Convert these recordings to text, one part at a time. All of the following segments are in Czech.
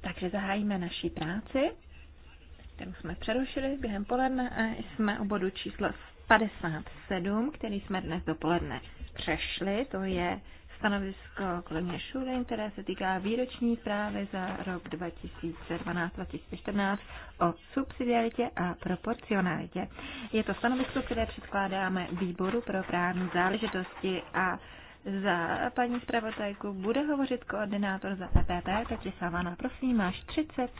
Takže zahájíme naší práci, kterou jsme přerušili během poledne a jsme u bodu číslo 57, který jsme dnes dopoledne přešli. To je stanovisko kolegyně Šulin, které se týká výroční zprávy za rok 2012-2014 o subsidiaritě a proporcionalitě. Je to stanovisko, které předkládáme výboru pro právní záležitosti a za paní zpravodajku bude hovořit koordinátor za EPP, takže Savana. Prosím, máš 30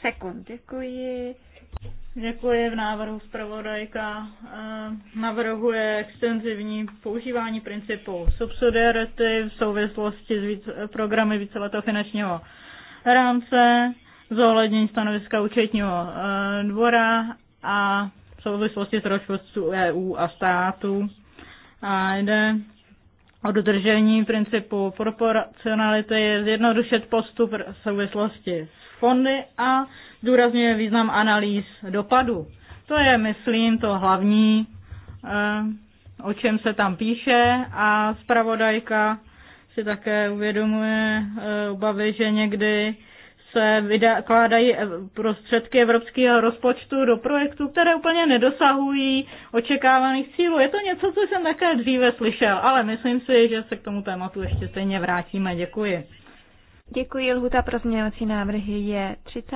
sekund. Děkuji. Děkuji. V návrhu zpravodajka eh, navrhuje extenzivní používání principu subsidiarity v souvislosti s víc, programy víceletého finančního rámce, zohlednění stanoviska účetního eh, dvora a v souvislosti s rozpočtu EU a států. A jde o dodržení principu proporcionality je zjednodušit postup v souvislosti s fondy a důrazňuje význam analýz dopadu. To je, myslím, to hlavní, eh, o čem se tam píše a zpravodajka si také uvědomuje eh, obavy, že někdy se vykládají eh, prostředky evropského rozpočtu do projektů, které úplně nedosahují očekávaných cílů. Je to něco, co jsem také dříve slyšel, ale myslím si, že se k tomu tématu ještě stejně vrátíme. Děkuji. Děkuji. Lhuta pro změnovací návrhy je 30.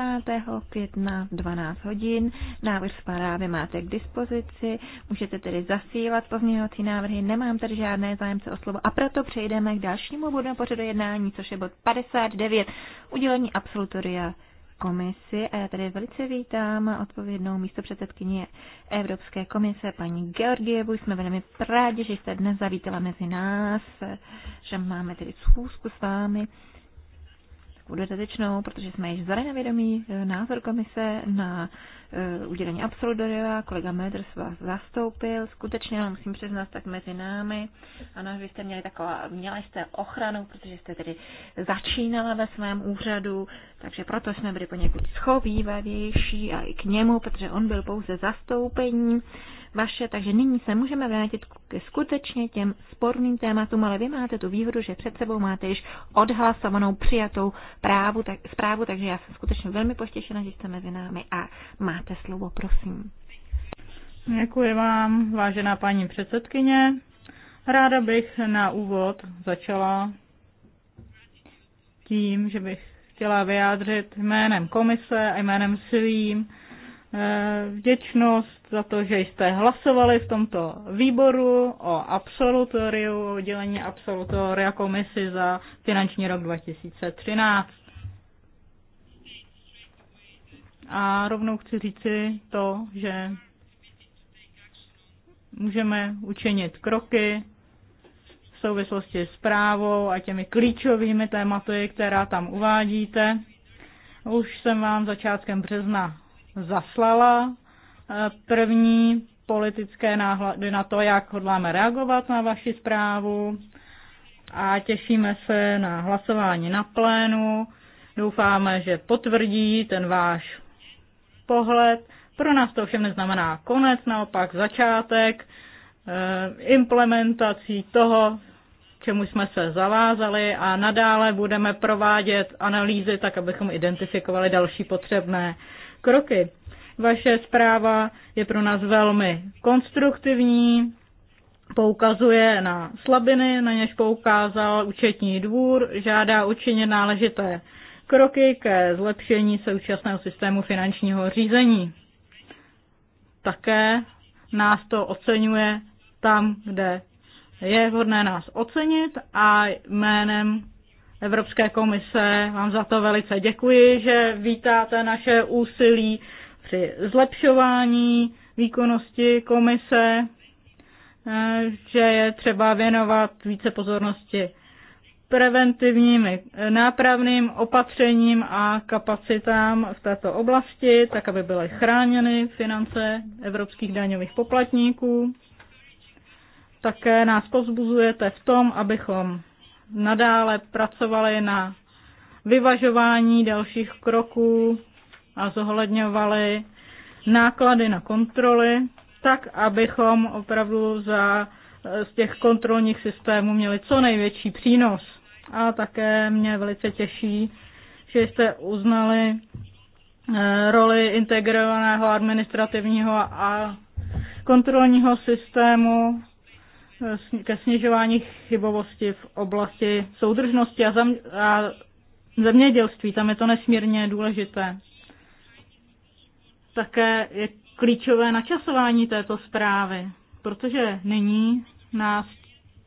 května 12 hodin. Návrh zprávy máte k dispozici. Můžete tedy zasílat pozměňovací návrhy. Nemám tady žádné zájemce o slovo. A proto přejdeme k dalšímu bodu pořadu jednání, což je bod 59. Udělení absolutoria komisi a já tady velice vítám odpovědnou místo předsedkyně Evropské komise, paní Georgievu. Jsme velmi rádi, že jste dnes zavítala mezi nás, že máme tedy schůzku s vámi dodatečnou, protože jsme již vzali na vědomí e, názor komise na e, udělení absolutoria. Kolega Medrs vás zastoupil. Skutečně, ale musím přiznat, tak mezi námi. Ano, vy jste měli taková, měla jste ochranu, protože jste tedy začínala ve svém úřadu, takže proto jsme byli poněkud schovývavější a i k němu, protože on byl pouze zastoupením vaše, takže nyní se můžeme vrátit k skutečně těm sporným tématům, ale vy máte tu výhodu, že před sebou máte již odhlasovanou přijatou právu, tak, zprávu, takže já jsem skutečně velmi poštěšena, že jste mezi námi a máte slovo, prosím. Děkuji vám, vážená paní předsedkyně. Ráda bych na úvod začala tím, že bych chtěla vyjádřit jménem komise a jménem svým Eh, vděčnost za to, že jste hlasovali v tomto výboru o absolutoriu, o udělení absolutoria komisi za finanční rok 2013. A rovnou chci říci to, že můžeme učinit kroky v souvislosti s právou a těmi klíčovými tématy, která tam uvádíte. Už jsem vám začátkem března zaslala eh, první politické náhledy na to, jak hodláme reagovat na vaši zprávu a těšíme se na hlasování na plénu. Doufáme, že potvrdí ten váš pohled. Pro nás to ovšem neznamená konec, naopak začátek eh, implementací toho, čemu jsme se zavázali a nadále budeme provádět analýzy tak, abychom identifikovali další potřebné kroky. Vaše zpráva je pro nás velmi konstruktivní, poukazuje na slabiny, na něž poukázal účetní dvůr, žádá učinit náležité kroky ke zlepšení současného systému finančního řízení. Také nás to oceňuje tam, kde je vhodné nás ocenit a jménem Evropské komise. Vám za to velice děkuji, že vítáte naše úsilí při zlepšování výkonnosti komise, že je třeba věnovat více pozornosti preventivním nápravným opatřením a kapacitám v této oblasti, tak aby byly chráněny finance evropských daňových poplatníků. Také nás pozbuzujete v tom, abychom nadále pracovali na vyvažování dalších kroků a zohledňovali náklady na kontroly, tak abychom opravdu za, eh, z těch kontrolních systémů měli co největší přínos. A také mě velice těší, že jste uznali eh, roli integrovaného administrativního a kontrolního systému ke snižování chybovosti v oblasti soudržnosti a, zem, a zemědělství. Tam je to nesmírně důležité. Také je klíčové načasování této zprávy, protože nyní nás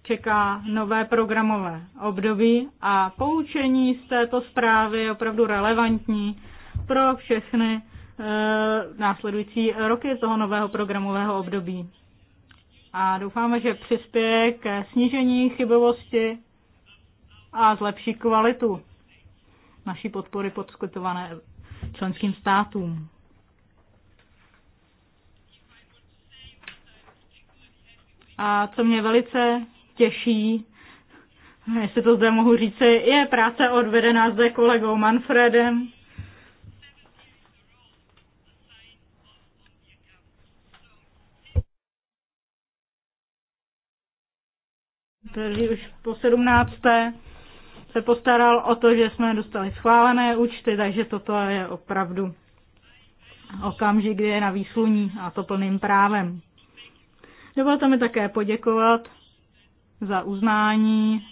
čeká nové programové období a poučení z této zprávy je opravdu relevantní pro všechny e, následující roky z toho nového programového období a doufáme, že přispěje ke snížení chybovosti a zlepší kvalitu naší podpory podskytované členským státům. A co mě velice těší, jestli to zde mohu říci, je práce odvedená zde kolegou Manfredem který už po 17. se postaral o to, že jsme dostali schválené účty, takže toto je opravdu okamžik, kdy je na výsluní a to plným právem. Dovolte mi také poděkovat za uznání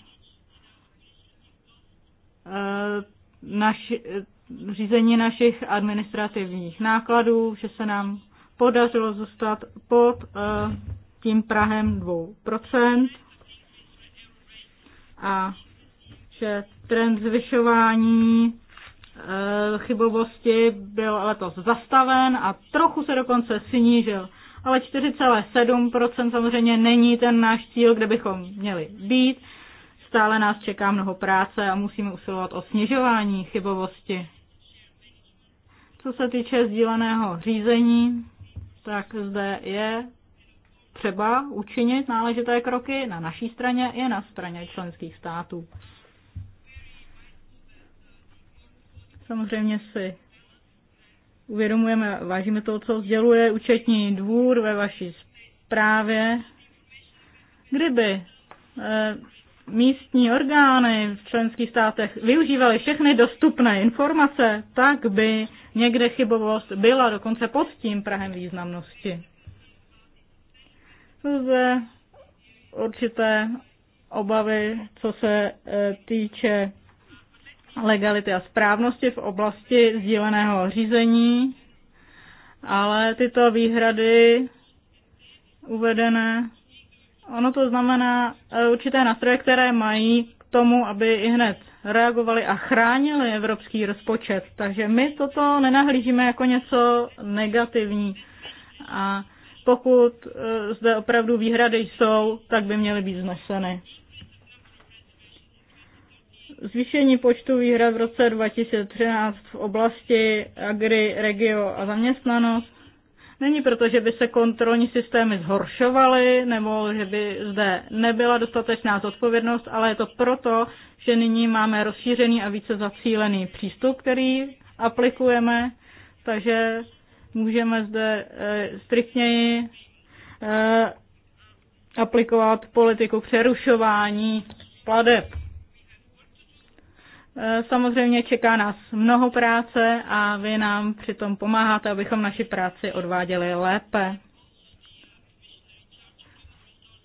eh, naši, eh, řízení našich administrativních nákladů, že se nám podařilo zůstat pod eh, tím Prahem 2% a že trend zvyšování eh, chybovosti byl letos zastaven a trochu se dokonce snížil. Ale 4,7% samozřejmě není ten náš cíl, kde bychom měli být. Stále nás čeká mnoho práce a musíme usilovat o snižování chybovosti. Co se týče sdíleného řízení, tak zde je třeba učinit náležité kroky na naší straně i na straně členských států. Samozřejmě si uvědomujeme, vážíme to, co sděluje účetní dvůr ve vaší zprávě. Kdyby eh, místní orgány v členských státech využívaly všechny dostupné informace, tak by někde chybovost byla dokonce pod tím Prahem významnosti lze určité obavy, co se e, týče legality a správnosti v oblasti sdíleného řízení, ale tyto výhrady uvedené, ono to znamená e, určité nástroje, které mají k tomu, aby i hned reagovali a chránili evropský rozpočet. Takže my toto nenahlížíme jako něco negativní. A pokud eh, zde opravdu výhrady jsou, tak by měly být zneseny. Zvýšení počtu výhrad v roce 2013 v oblasti agri, regio a zaměstnanost Není proto, že by se kontrolní systémy zhoršovaly nebo že by zde nebyla dostatečná zodpovědnost, ale je to proto, že nyní máme rozšířený a více zacílený přístup, který aplikujeme, takže Můžeme zde eh, striktněji eh, aplikovat politiku přerušování pladeb. Eh, samozřejmě čeká nás mnoho práce a vy nám přitom pomáháte, abychom naši práci odváděli lépe.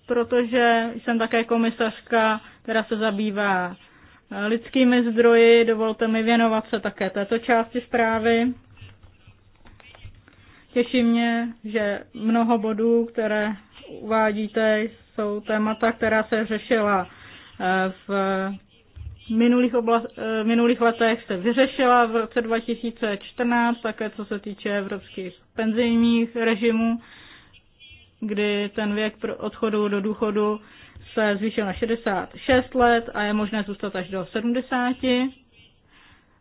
Protože jsem také komisařka, která se zabývá lidskými zdroji, dovolte mi věnovat se také této části zprávy. Těší mě, že mnoho bodů, které uvádíte, jsou témata, která se řešila eh, v minulých, oblast, eh, minulých letech, se vyřešila v roce 2014, také co se týče evropských penzijních režimů, kdy ten věk pro odchodu do důchodu se zvýšil na 66 let a je možné zůstat až do 70.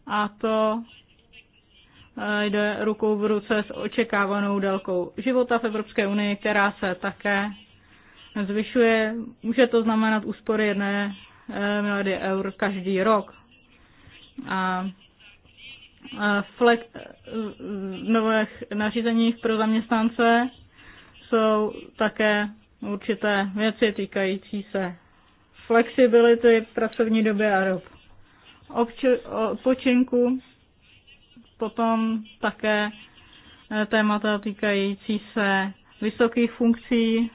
A to Eh, jde rukou v ruce s očekávanou délkou života v Evropské unii, která se také zvyšuje. Může to znamenat úspory jedné eh, miliardy eur každý rok. A eh, flek, v nových nařízeních pro zaměstnance jsou také určité věci týkající se flexibility, pracovní doby a rob odpočinku Potom také eh, témata týkající se vysokých funkcí.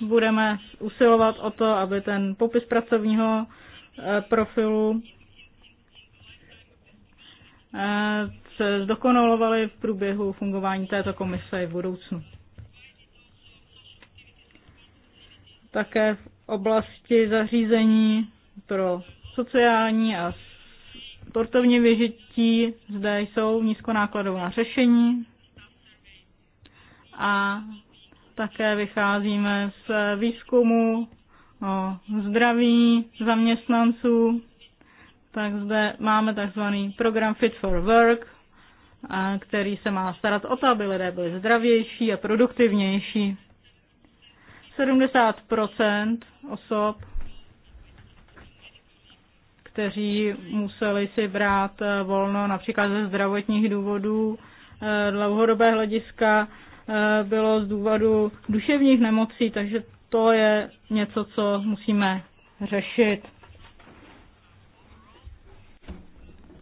Budeme usilovat o to, aby ten popis pracovního eh, profilu eh, se zdokonalovali v průběhu fungování této komise i v budoucnu. Také v oblasti zařízení pro sociální a sportovně vyžití, zde jsou nízkonákladová řešení a také vycházíme z výzkumu o zdraví zaměstnanců, tak zde máme takzvaný program Fit for Work, který se má starat o to, aby lidé byli zdravější a produktivnější. 70 osob kteří museli si brát eh, volno například ze zdravotních důvodů, eh, dlouhodobé hlediska eh, bylo z důvodu duševních nemocí, takže to je něco, co musíme řešit.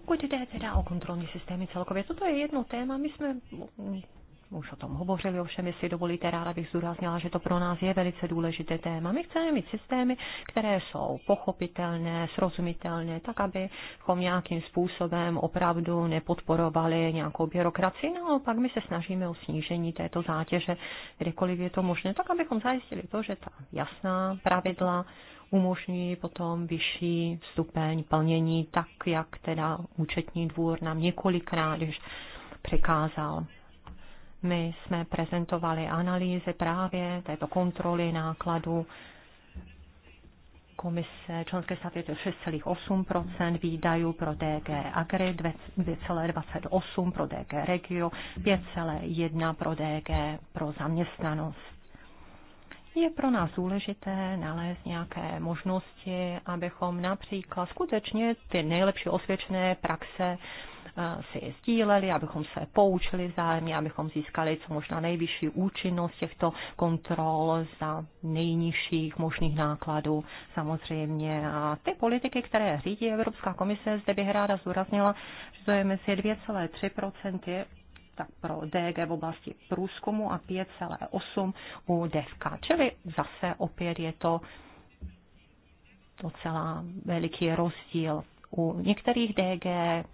Pokud jde teda o kontrolní systémy celkově, toto je jedno téma, my jsme už o tom hovořili, ovšem, jestli dovolíte, ráda bych zdůraznila, že to pro nás je velice důležité téma. My chceme mít systémy, které jsou pochopitelné, srozumitelné, tak abychom nějakým způsobem opravdu nepodporovali nějakou byrokracii. Naopak my se snažíme o snížení této zátěže, kdekoliv je to možné, tak abychom zajistili to, že ta jasná pravidla umožňují potom vyšší stupeň plnění, tak jak teda účetní dvůr nám několikrát již překázal. My jsme prezentovali analýzy právě této kontroly nákladů komise členské státy 6,8 výdajů pro DG Agri, 2,28 pro DG Regio, 5,1 pro DG pro zaměstnanost. Je pro nás důležité nalézt nějaké možnosti, abychom například skutečně ty nejlepší osvědčené praxe Eh, si je sdíleli, abychom se poučili vzájemně, abychom získali co možná nejvyšší účinnost těchto kontrol za nejnižších možných nákladů samozřejmě. A ty politiky, které řídí Evropská komise, zde bych ráda zdůraznila, že to je mezi 2,3 tak pro DG v oblasti průzkumu a 5,8 u DFK. Čili zase opět je to docela veliký rozdíl u některých DG,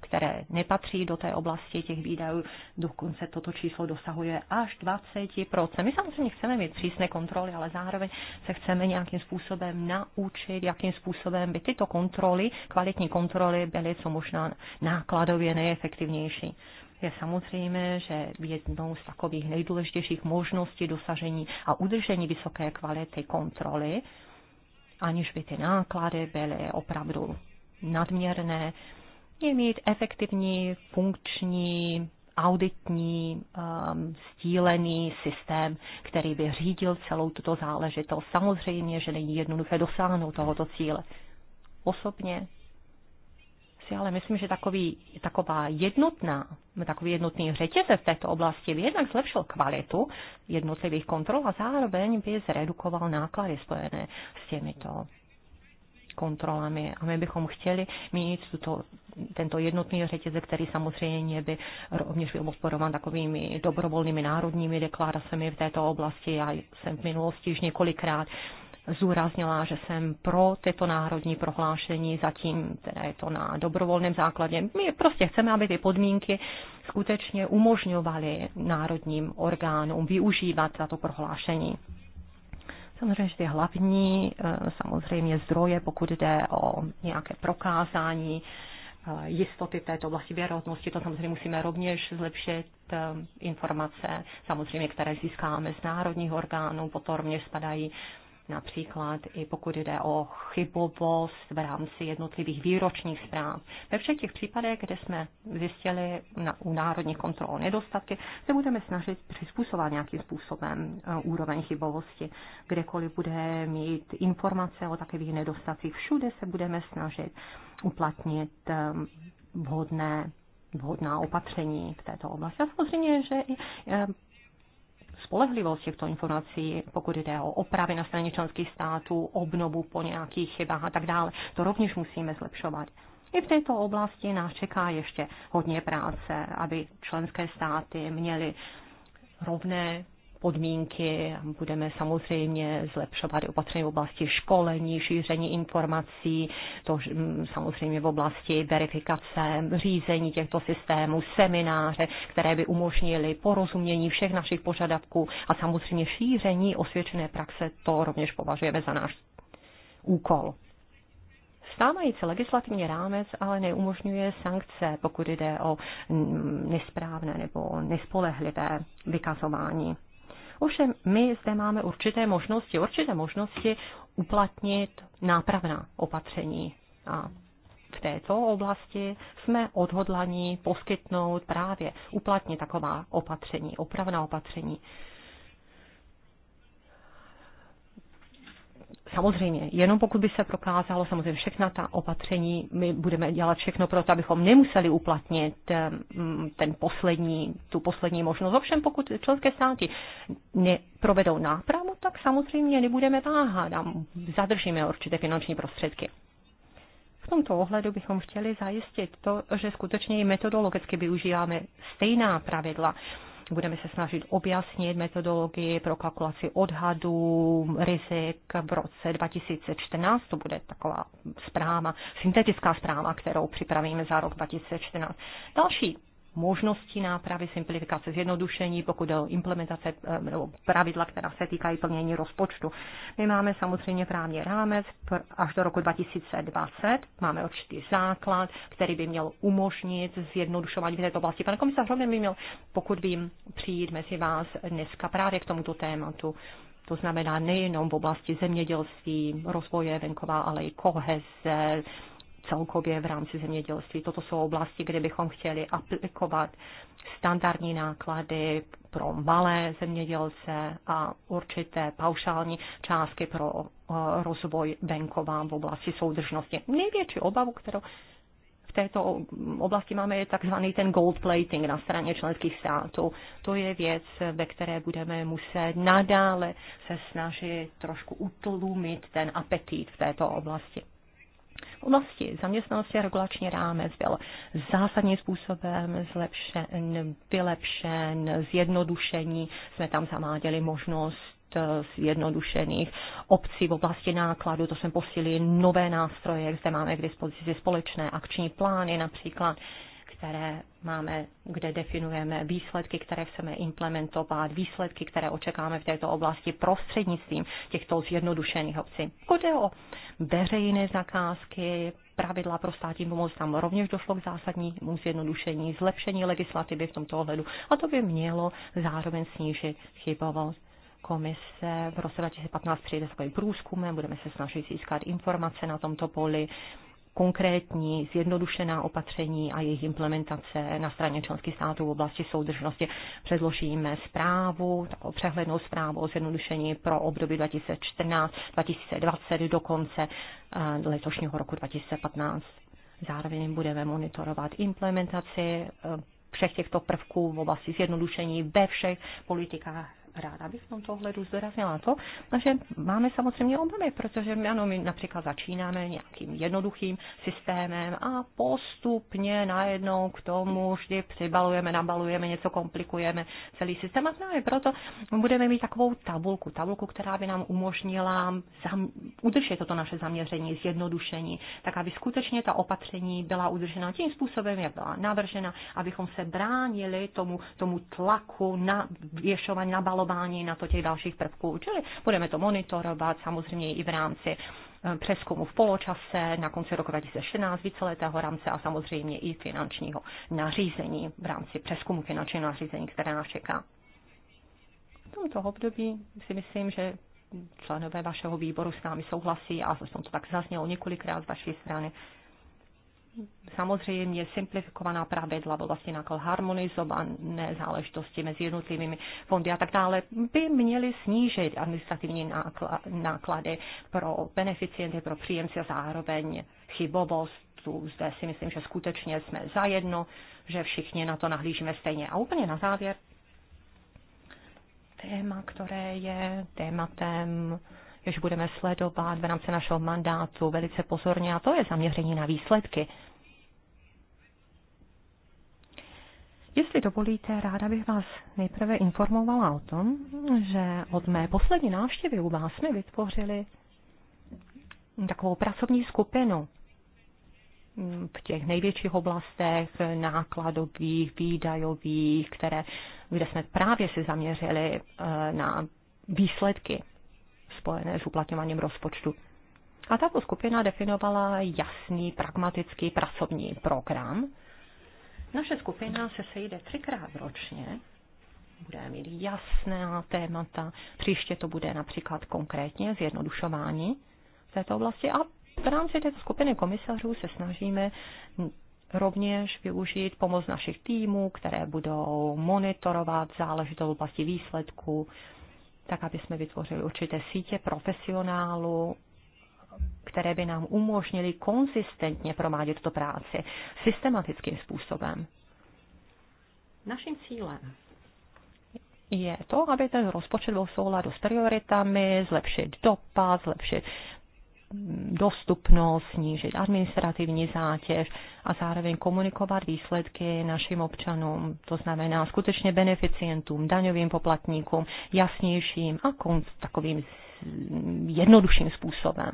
které nepatří do té oblasti těch výdajů, dokonce toto číslo dosahuje až 20%. My samozřejmě chceme mít přísné kontroly, ale zároveň se chceme nějakým způsobem naučit, jakým způsobem by tyto kontroly, kvalitní kontroly, byly co možná nákladově nejefektivnější. Je samozřejmé, že jednou z takových nejdůležitějších možností dosažení a udržení vysoké kvality kontroly, aniž by ty náklady byly opravdu nadměrné, je mít efektivní, funkční, auditní, um, stílený systém, který by řídil celou tuto záležitost. Samozřejmě, že není jednoduché dosáhnout tohoto cíle. Osobně si ale myslím, že takový, taková jednotná, takový jednotný řetězec v této oblasti by jednak zlepšil kvalitu jednotlivých kontrol a zároveň by zredukoval náklady spojené s těmito kontrolami. A my bychom chtěli mít tuto, tento jednotný řetězec, který samozřejmě by rovněž byl podporován takovými dobrovolnými národními deklaracemi v této oblasti. Já jsem v minulosti již několikrát zúraznila, že jsem pro tyto národní prohlášení, zatím je to na dobrovolném základě. My prostě chceme, aby ty podmínky skutečně umožňovaly národním orgánům využívat tato prohlášení. Samozřejmě, že ty hlavní eh, samozřejmě zdroje, pokud jde o nějaké prokázání eh, jistoty této oblasti věrohodnosti, to samozřejmě musíme rovněž zlepšit eh, informace, samozřejmě, které získáme z národních orgánů, potom rovněž spadají například i pokud jde o chybovost v rámci jednotlivých výročních zpráv. Ve všech těch případech, kde jsme zjistili na, u národních kontrol nedostatky, se budeme snažit přizpůsobovat nějakým způsobem eh, úroveň chybovosti. Kdekoliv bude mít informace o takových nedostatcích, všude se budeme snažit uplatnit eh, vhodné vhodná opatření v této oblasti. A samozřejmě, že i eh, spolehlivost těchto informací, pokud jde o opravy na straně členských států, obnovu po nějakých chybách a tak dále, to rovněž musíme zlepšovat. I v této oblasti nás čeká ještě hodně práce, aby členské státy měly rovné podmínky. Budeme samozřejmě zlepšovat opatření v oblasti školení, šíření informací, to hm, samozřejmě v oblasti verifikace, řízení těchto systémů, semináře, které by umožnili porozumění všech našich požadavků a samozřejmě šíření osvědčené praxe, to rovněž považujeme za náš úkol. Stávající legislativní rámec ale neumožňuje sankce, pokud jde o hm, nesprávné nebo nespolehlivé vykazování Ovšem my zde máme určité možnosti, určité možnosti uplatnit nápravná opatření. A v této oblasti jsme odhodlani poskytnout právě uplatnit taková opatření, opravná opatření samozřejmě, jenom pokud by se prokázalo, samozřejmě všechna ta opatření, my budeme dělat všechno pro to, abychom nemuseli uplatnit ehm, ten poslední, tu poslední možnost. Ovšem, pokud členské státy neprovedou nápravu, tak samozřejmě nebudeme váhat a zadržíme určité finanční prostředky. V tomto ohledu bychom chtěli zajistit to, že skutečně i metodologicky využíváme stejná pravidla Budeme se snažit objasnit metodologii pro kalkulaci odhadů rizik v roce 2014. To bude taková zpráva, syntetická zpráva, kterou připravíme za rok 2014. Další možnosti nápravy, simplifikace, zjednodušení, pokud jde o implementace eh, nebo pravidla, která se týkají plnění rozpočtu. My máme samozřejmě právní rámec až do roku 2020, máme určitý základ, který by měl umožnit zjednodušování v této oblasti. Pan komisař hlavně by měl, pokud vím, přijít mezi vás dneska právě k tomuto tématu. To znamená nejenom v oblasti zemědělství, rozvoje venkova, ale i koheze, celkově v rámci zemědělství. Toto jsou oblasti, kde bychom chtěli aplikovat standardní náklady pro malé zemědělce a určité paušální částky pro eh, rozvoj venkova v oblasti soudržnosti. Největší obavu, kterou v této oblasti máme je takzvaný ten gold plating na straně členských států. To je věc, ve které budeme muset nadále se snažit trošku utlumit ten apetit v této oblasti. V oblasti zaměstnanosti regulační rámec byl zásadním způsobem zlepšen, vylepšen, zjednodušení. Jsme tam zaváděli možnost eh, zjednodušených obcí v oblasti nákladu, to jsme posílili nové nástroje, kde máme k dispozici společné akční plány například které máme, kde definujeme výsledky, které chceme implementovat, výsledky, které očekáváme v této oblasti prostřednictvím těchto zjednodušených obcí. Pokud je o veřejné zakázky, pravidla pro státní pomoc, tam rovněž došlo k zásadnímu zjednodušení, zlepšení legislativy v tomto ohledu a to by mělo zároveň snížit chybovost. Komise v roce 2015 přijde s takovým průzkumem, budeme se snažit získat informace na tomto poli konkrétní zjednodušená opatření a jejich implementace na straně členských států v oblasti soudržnosti. Předložíme zprávu, takovou přehlednou zprávu o zjednodušení pro období 2014-2020 do konce eh, letošního roku 2015. Zároveň budeme monitorovat implementaci eh, všech těchto prvků v oblasti zjednodušení ve všech politikách ráda bych v tomto ohledu zdorazila to, no, že máme samozřejmě obavy, protože ano, my například začínáme nějakým jednoduchým systémem a postupně najednou k tomu vždy přibalujeme, nabalujeme, něco komplikujeme, celý systém. A právě proto budeme mít takovou tabulku, tabulku, která by nám umožnila zam, udržet toto naše zaměření, zjednodušení, tak aby skutečně ta opatření byla udržena tím způsobem, jak byla navržena, abychom se bránili tomu, tomu tlaku na věšování, nabalování fungování na to těch dalších prvků. Čili budeme to monitorovat samozřejmě i v rámci eh, přeskumu v poločase na konci roku 2016, víceletého rámce a samozřejmě i finančního nařízení v rámci přeskumu finančního nařízení, které nás čeká. V tomto období si myslím, že členové vašeho výboru s námi souhlasí a jsem to tak zaznělo několikrát z vaší strany, samozřejmě simplifikovaná pravidla v oblasti náklad harmonizované záležitosti mezi jednotlivými fondy a tak dále, by měly snížit administrativní náklady pro beneficienty, pro příjemce a zároveň chybovost. Zde si myslím, že skutečně jsme zajedno, že všichni na to nahlížíme stejně. A úplně na závěr téma, které je tématem jež budeme sledovat v rámci našeho mandátu velice pozorně a to je zaměření na výsledky. Jestli dovolíte, ráda bych vás nejprve informovala o tom, že od mé poslední návštěvy u vás jsme vytvořili takovou pracovní skupinu v těch největších oblastech nákladových, výdajových, které, kde jsme právě se zaměřili eh, na výsledky spojené s uplatňováním rozpočtu. A tato skupina definovala jasný, pragmatický pracovní program. Naše skupina se sejde třikrát ročně, bude mít jasná témata, příště to bude například konkrétně zjednodušování v této oblasti a v rámci této skupiny komisařů se snažíme rovněž využít pomoc našich týmů, které budou monitorovat záležitou oblasti výsledků, tak aby jsme vytvořili určité sítě profesionálů, které by nám umožnili konzistentně provádět tuto práci systematickým způsobem. Naším cílem je to, aby ten rozpočet byl v souladu s prioritami, zlepšit dopad, zlepšit dostupnost, snížit administrativní zátěž a zároveň komunikovat výsledky našim občanům, to znamená skutečně beneficientům, daňovým poplatníkům, jasnějším a takovým jednodušším způsobem.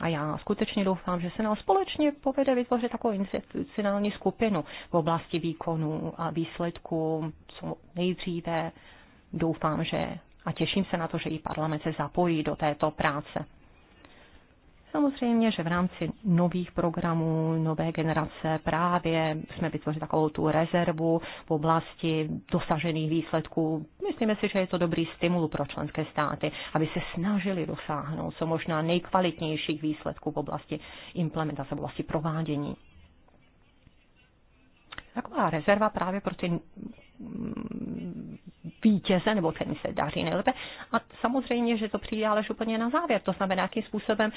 A já skutečně doufám, že se nám společně povede vytvořit takovou institucionální skupinu v oblasti výkonu a výsledku co nejdříve. Doufám, že a těším se na to, že i parlament se zapojí do této práce. Samozřejmě, že v rámci nových programů, nové generace právě jsme vytvořili takovou tu rezervu v oblasti dosažených výsledků. Myslíme si, že je to dobrý stimul pro členské státy, aby se snažili dosáhnout co možná nejkvalitnějších výsledků v oblasti implementace, v oblasti provádění. Taková rezerva právě pro ty Mm, vítěze, nebo ten se daří nejlépe. A samozřejmě, že to přijde ale úplně na závěr. To znamená, jakým způsobem,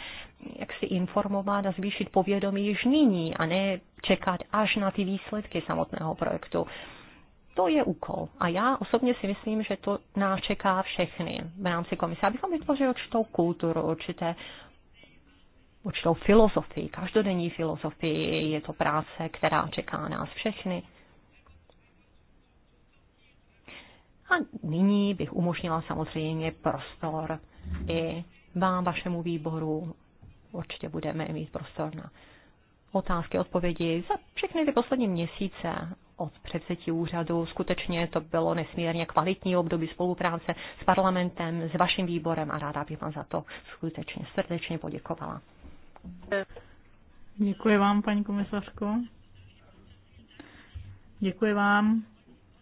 jak si informovat a zvýšit povědomí již nyní a ne čekat až na ty výsledky samotného projektu. To je úkol. A já osobně si myslím, že to nás čeká všechny v rámci komise, abychom vytvořili určitou kulturu, určité určitou filozofii, každodenní filozofii. Je to práce, která čeká nás všechny. A nyní bych umožnila samozřejmě prostor i vám, vašemu výboru. Určitě budeme mít prostor na otázky, odpovědi za všechny ty poslední měsíce od předsedí úřadu. Skutečně to bylo nesmírně kvalitní období spolupráce s parlamentem, s vaším výborem a ráda bych vám za to skutečně srdečně poděkovala. Děkuji vám, paní komisařko. Děkuji vám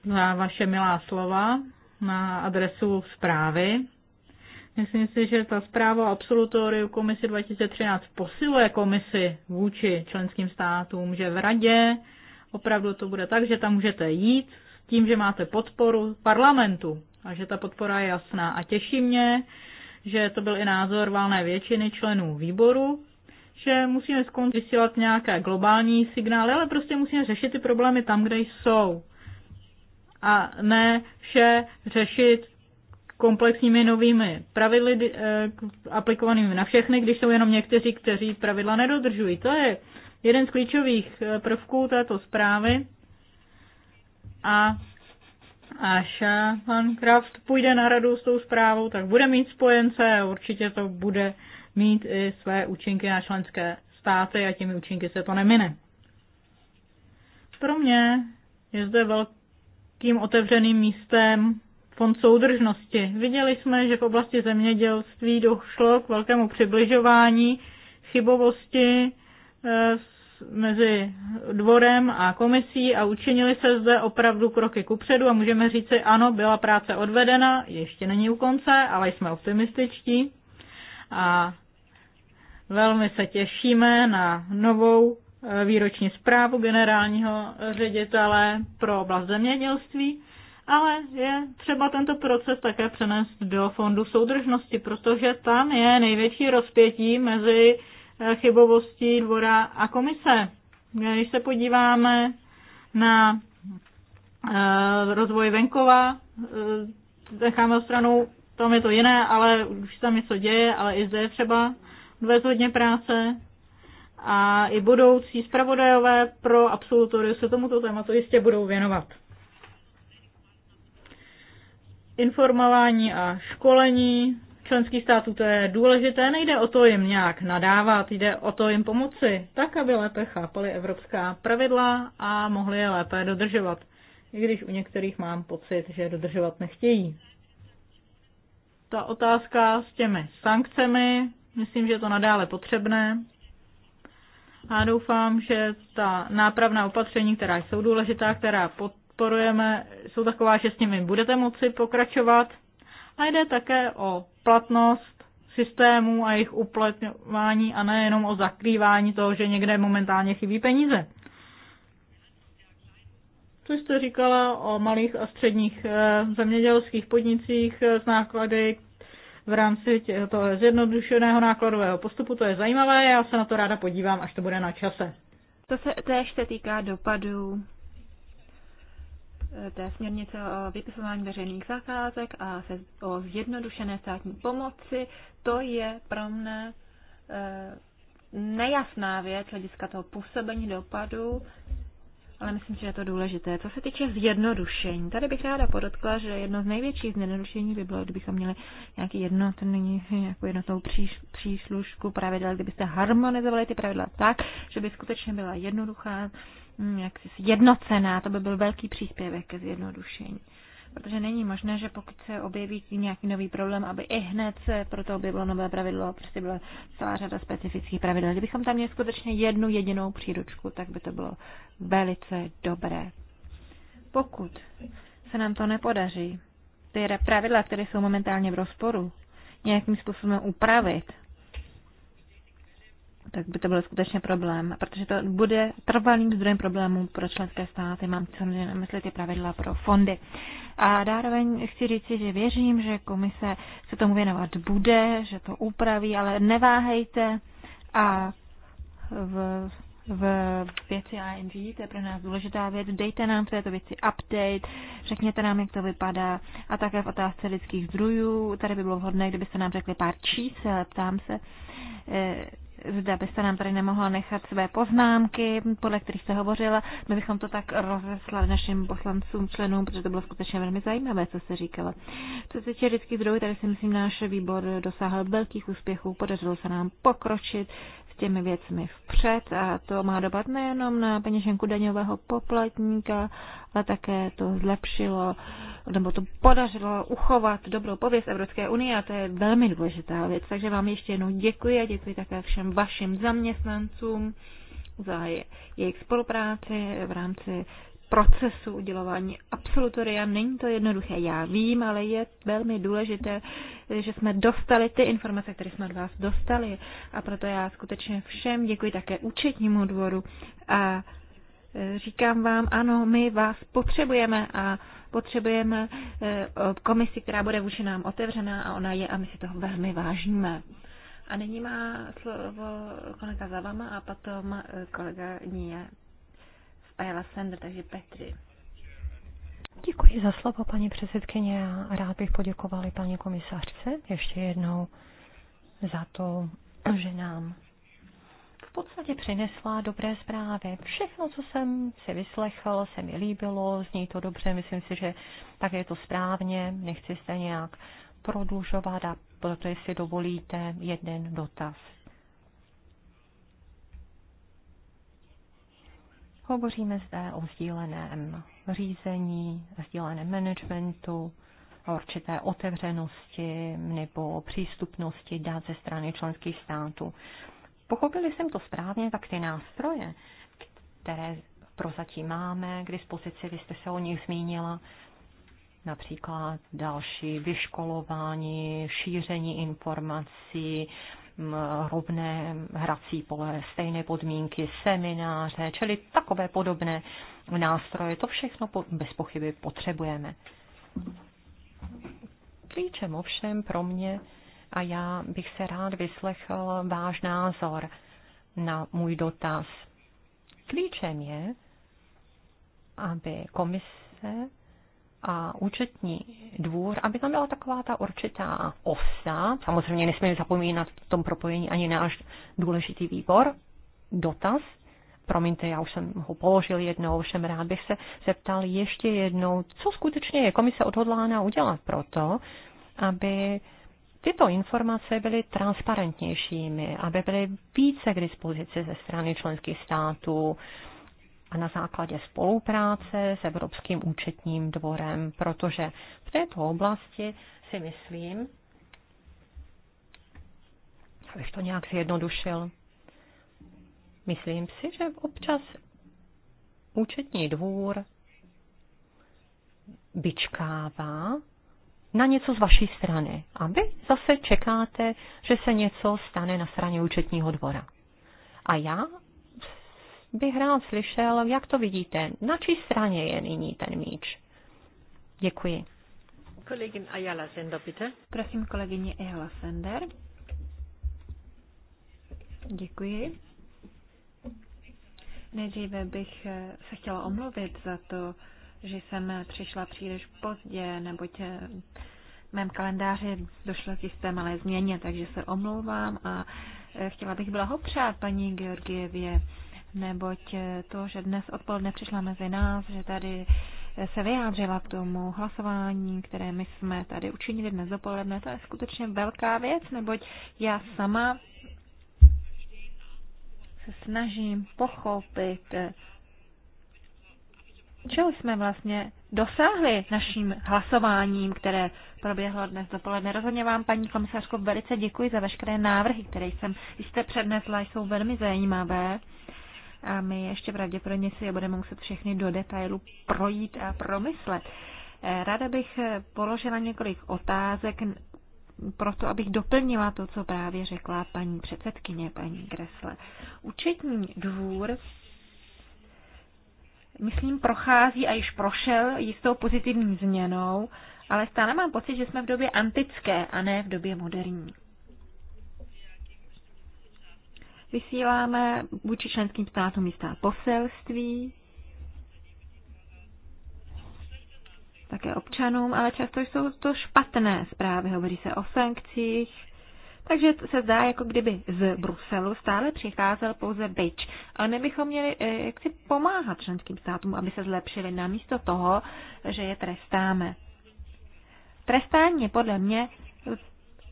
za vaše milá slova na adresu zprávy. Myslím si, že ta zpráva o absolutoriu komisi 2013 posiluje komisi vůči členským státům, že v radě opravdu to bude tak, že tam můžete jít s tím, že máte podporu parlamentu a že ta podpora je jasná. A těší mě, že to byl i názor valné většiny členů výboru, že musíme skončit vysílat nějaké globální signály, ale prostě musíme řešit ty problémy tam, kde jsou a ne vše řešit komplexními novými pravidly eh, aplikovanými na všechny, když jsou jenom někteří, kteří pravidla nedodržují. To je jeden z klíčových eh, prvků této zprávy. A až eh, pan Kraft půjde na radu s tou zprávou, tak bude mít spojence a určitě to bude mít i své účinky na členské státy a těmi účinky se to nemine. Pro mě je zde velký tím otevřeným místem Fond soudržnosti. Viděli jsme, že v oblasti zemědělství došlo k velkému přibližování chybovosti eh, mezi dvorem a komisí a učinili se zde opravdu kroky kupředu a můžeme říci, ano, byla práce odvedena, ještě není u konce, ale jsme optimističtí a velmi se těšíme na novou výroční zprávu generálního ředitele pro oblast zemědělství, ale je třeba tento proces také přenést do fondu soudržnosti, protože tam je největší rozpětí mezi eh, chybovostí dvora a komise. Když se podíváme na eh, rozvoj venkova, eh, necháme stranou, tam je to jiné, ale už tam něco děje, ale i zde je třeba dvě hodně práce a i budoucí zpravodajové pro absolutory se tomuto tématu jistě budou věnovat. Informování a školení členských států to je důležité, nejde o to jim nějak nadávat, jde o to jim pomoci, tak aby lépe chápali evropská pravidla a mohli je lépe dodržovat, i když u některých mám pocit, že dodržovat nechtějí. Ta otázka s těmi sankcemi, myslím, že je to nadále potřebné, a doufám, že ta nápravná opatření, která jsou důležitá, která podporujeme, jsou taková, že s nimi budete moci pokračovat. A jde také o platnost systémů a jejich uplatňování a nejenom o zakrývání toho, že někde momentálně chybí peníze. Co jste říkala o malých a středních eh, zemědělských podnicích eh, s náklady, v rámci toho zjednodušeného nákladového postupu. To je zajímavé, já se na to ráda podívám, až to bude na čase. To se též se týká dopadů eh, té směrnice o vypisování veřejných zakázek a se, o zjednodušené státní pomoci. To je pro mne e, nejasná věc hlediska toho působení dopadu ale myslím že je to důležité. Co se týče zjednodušení, tady bych ráda podotkla, že jedno z největších zjednodušení by bylo, kdybychom měli nějaký jednotný, nějakou jednotnou příš, příslušku pravidel, kdybyste harmonizovali ty pravidla tak, že by skutečně byla jednoduchá, mm, jaksi jednocená, to by byl velký příspěvek ke zjednodušení. Protože není možné, že pokud se objeví nějaký nový problém, aby i hned se pro to objevilo nové pravidlo, prostě byla celá řada specifických pravidel. Kdybychom tam měli skutečně jednu jedinou příručku, tak by to bylo velice dobré. Pokud se nám to nepodaří, ty pravidla, které jsou momentálně v rozporu, nějakým způsobem upravit, tak by to byl skutečně problém, protože to bude trvalým zdrojem problémů pro členské státy. Mám samozřejmě na mysli ty pravidla pro fondy. A zároveň chci říci, že věřím, že komise se tomu věnovat bude, že to upraví, ale neváhejte a v v věci ING, to je pro nás důležitá věc. Dejte nám v této věci update, řekněte nám, jak to vypadá. A také v otázce lidských zdrojů, tady by bylo vhodné, kdybyste nám řekli pár čísel. Ptám se, eh, zda byste nám tady nemohla nechat své poznámky, podle kterých jste hovořila. My bychom to tak rozeslali našim poslancům, členům, protože to bylo skutečně velmi zajímavé, co se říkala. Co se týče lidských zdrojů, tady si myslím, náš výbor dosáhl velkých úspěchů, podařilo se nám pokročit s těmi věcmi vpřed a to má dopad nejenom na peněženku daňového poplatníka, ale také to zlepšilo uh, nebo to podařilo uchovat dobrou pověst Evropské unie a to je velmi důležitá věc. Takže vám ještě jednou děkuji a děkuji také všem vašim zaměstnancům za jejich spolupráci v rámci procesu udělování absolutoria. Není to jednoduché, já vím, ale je velmi důležité, že jsme dostali ty informace, které jsme od vás dostali. A proto já skutečně všem děkuji také účetnímu dvoru a říkám vám, ano, my vás potřebujeme a Potřebujeme eh, komisi, která bude vůči nám otevřená a ona je a my si toho velmi vážíme. A nyní má slovo kolega vama a potom eh, kolega Níje z Ayala Sender, takže Petri. Děkuji za slovo, paní předsedkyně. Rád bych poděkovali paní komisařce ještě jednou za to, že nám podstatě přinesla dobré zprávy. Všechno, co jsem si vyslechl, se mi líbilo, zní to dobře, myslím si, že tak je to správně, nechci se nějak prodlužovat a proto, jestli dovolíte, jeden dotaz. Hovoříme zde o sdíleném řízení, sdíleném managementu, o určité otevřenosti nebo přístupnosti dát ze strany členských států pochopili jsem to správně, tak ty nástroje, které prozatím máme k dispozici, vy jste se o nich zmínila, například další vyškolování, šíření informací, rovné hrací pole, stejné podmínky, semináře, čili takové podobné nástroje. To všechno bez pochyby potřebujeme. Klíčem ovšem pro mě a já bych se rád vyslechl váš názor na můj dotaz. Klíčem je, aby komise a účetní dvůr, aby tam byla taková ta určitá osa. Samozřejmě nesmím zapomínat v tom propojení ani náš důležitý výbor. Dotaz. Promiňte, já už jsem ho položil jednou, všem rád bych se zeptal ještě jednou, co skutečně je komise odhodlána udělat proto, aby tyto informace byly transparentnějšími, aby byly více k dispozici ze strany členských států a na základě spolupráce s Evropským účetním dvorem, protože v této oblasti si myslím, abych to nějak zjednodušil, myslím si, že občas účetní dvůr vyčkává na něco z vaší strany. A vy zase čekáte, že se něco stane na straně účetního dvora. A já bych rád slyšel, jak to vidíte, na čí straně je nyní ten míč. Děkuji. Kolegin Ayala Sender, bitte. Prosím kolegyně Ayala Sender. Děkuji. Nejdříve bych eh, se chtěla omluvit za to, že jsem přišla příliš pozdě, neboť eh, v mém kalendáři došlo k jisté malé změně, takže se omlouvám a eh, chtěla bych blahopřát paní Georgievě, neboť eh, to, že dnes odpoledne přišla mezi nás, že tady se vyjádřila k tomu hlasování, které my jsme tady učinili dnes dopoledne, to je skutečně velká věc, neboť já sama se snažím pochopit čeho jsme vlastně dosáhli naším hlasováním, které proběhlo dnes dopoledne. Rozhodně vám, paní komisařko, velice děkuji za veškeré návrhy, které jsem jste přednesla, jsou velmi zajímavé. A my ještě pravděpodobně si je budeme muset všechny do detailu projít a promyslet. Eh, ráda bych položila několik otázek, proto abych doplnila to, co právě řekla paní předsedkyně, paní Gresle. Učetní dvůr myslím, prochází a již prošel jistou pozitivní změnou, ale stále mám pocit, že jsme v době antické a ne v době moderní. Vysíláme vůči členským státům jistá poselství, také občanům, ale často jsou to špatné zprávy. Hovoří se o sankcích, takže se zdá, jako kdyby z Bruselu stále přicházel pouze byč. A nebychom měli eh, jak si pomáhat členským státům, aby se zlepšili, namísto toho, že je trestáme. Trestání je podle mě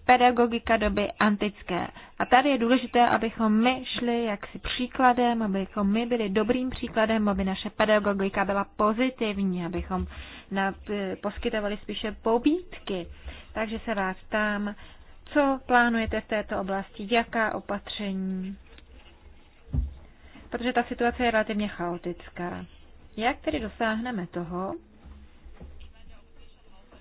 pedagogika doby antické. A tady je důležité, abychom my šli jaksi příkladem, abychom my byli dobrým příkladem, aby naše pedagogika byla pozitivní, abychom nad, eh, poskytovali spíše pobídky. Takže se vás tam co plánujete v této oblasti? Jaká opatření? Protože ta situace je relativně chaotická. Jak tedy dosáhneme toho?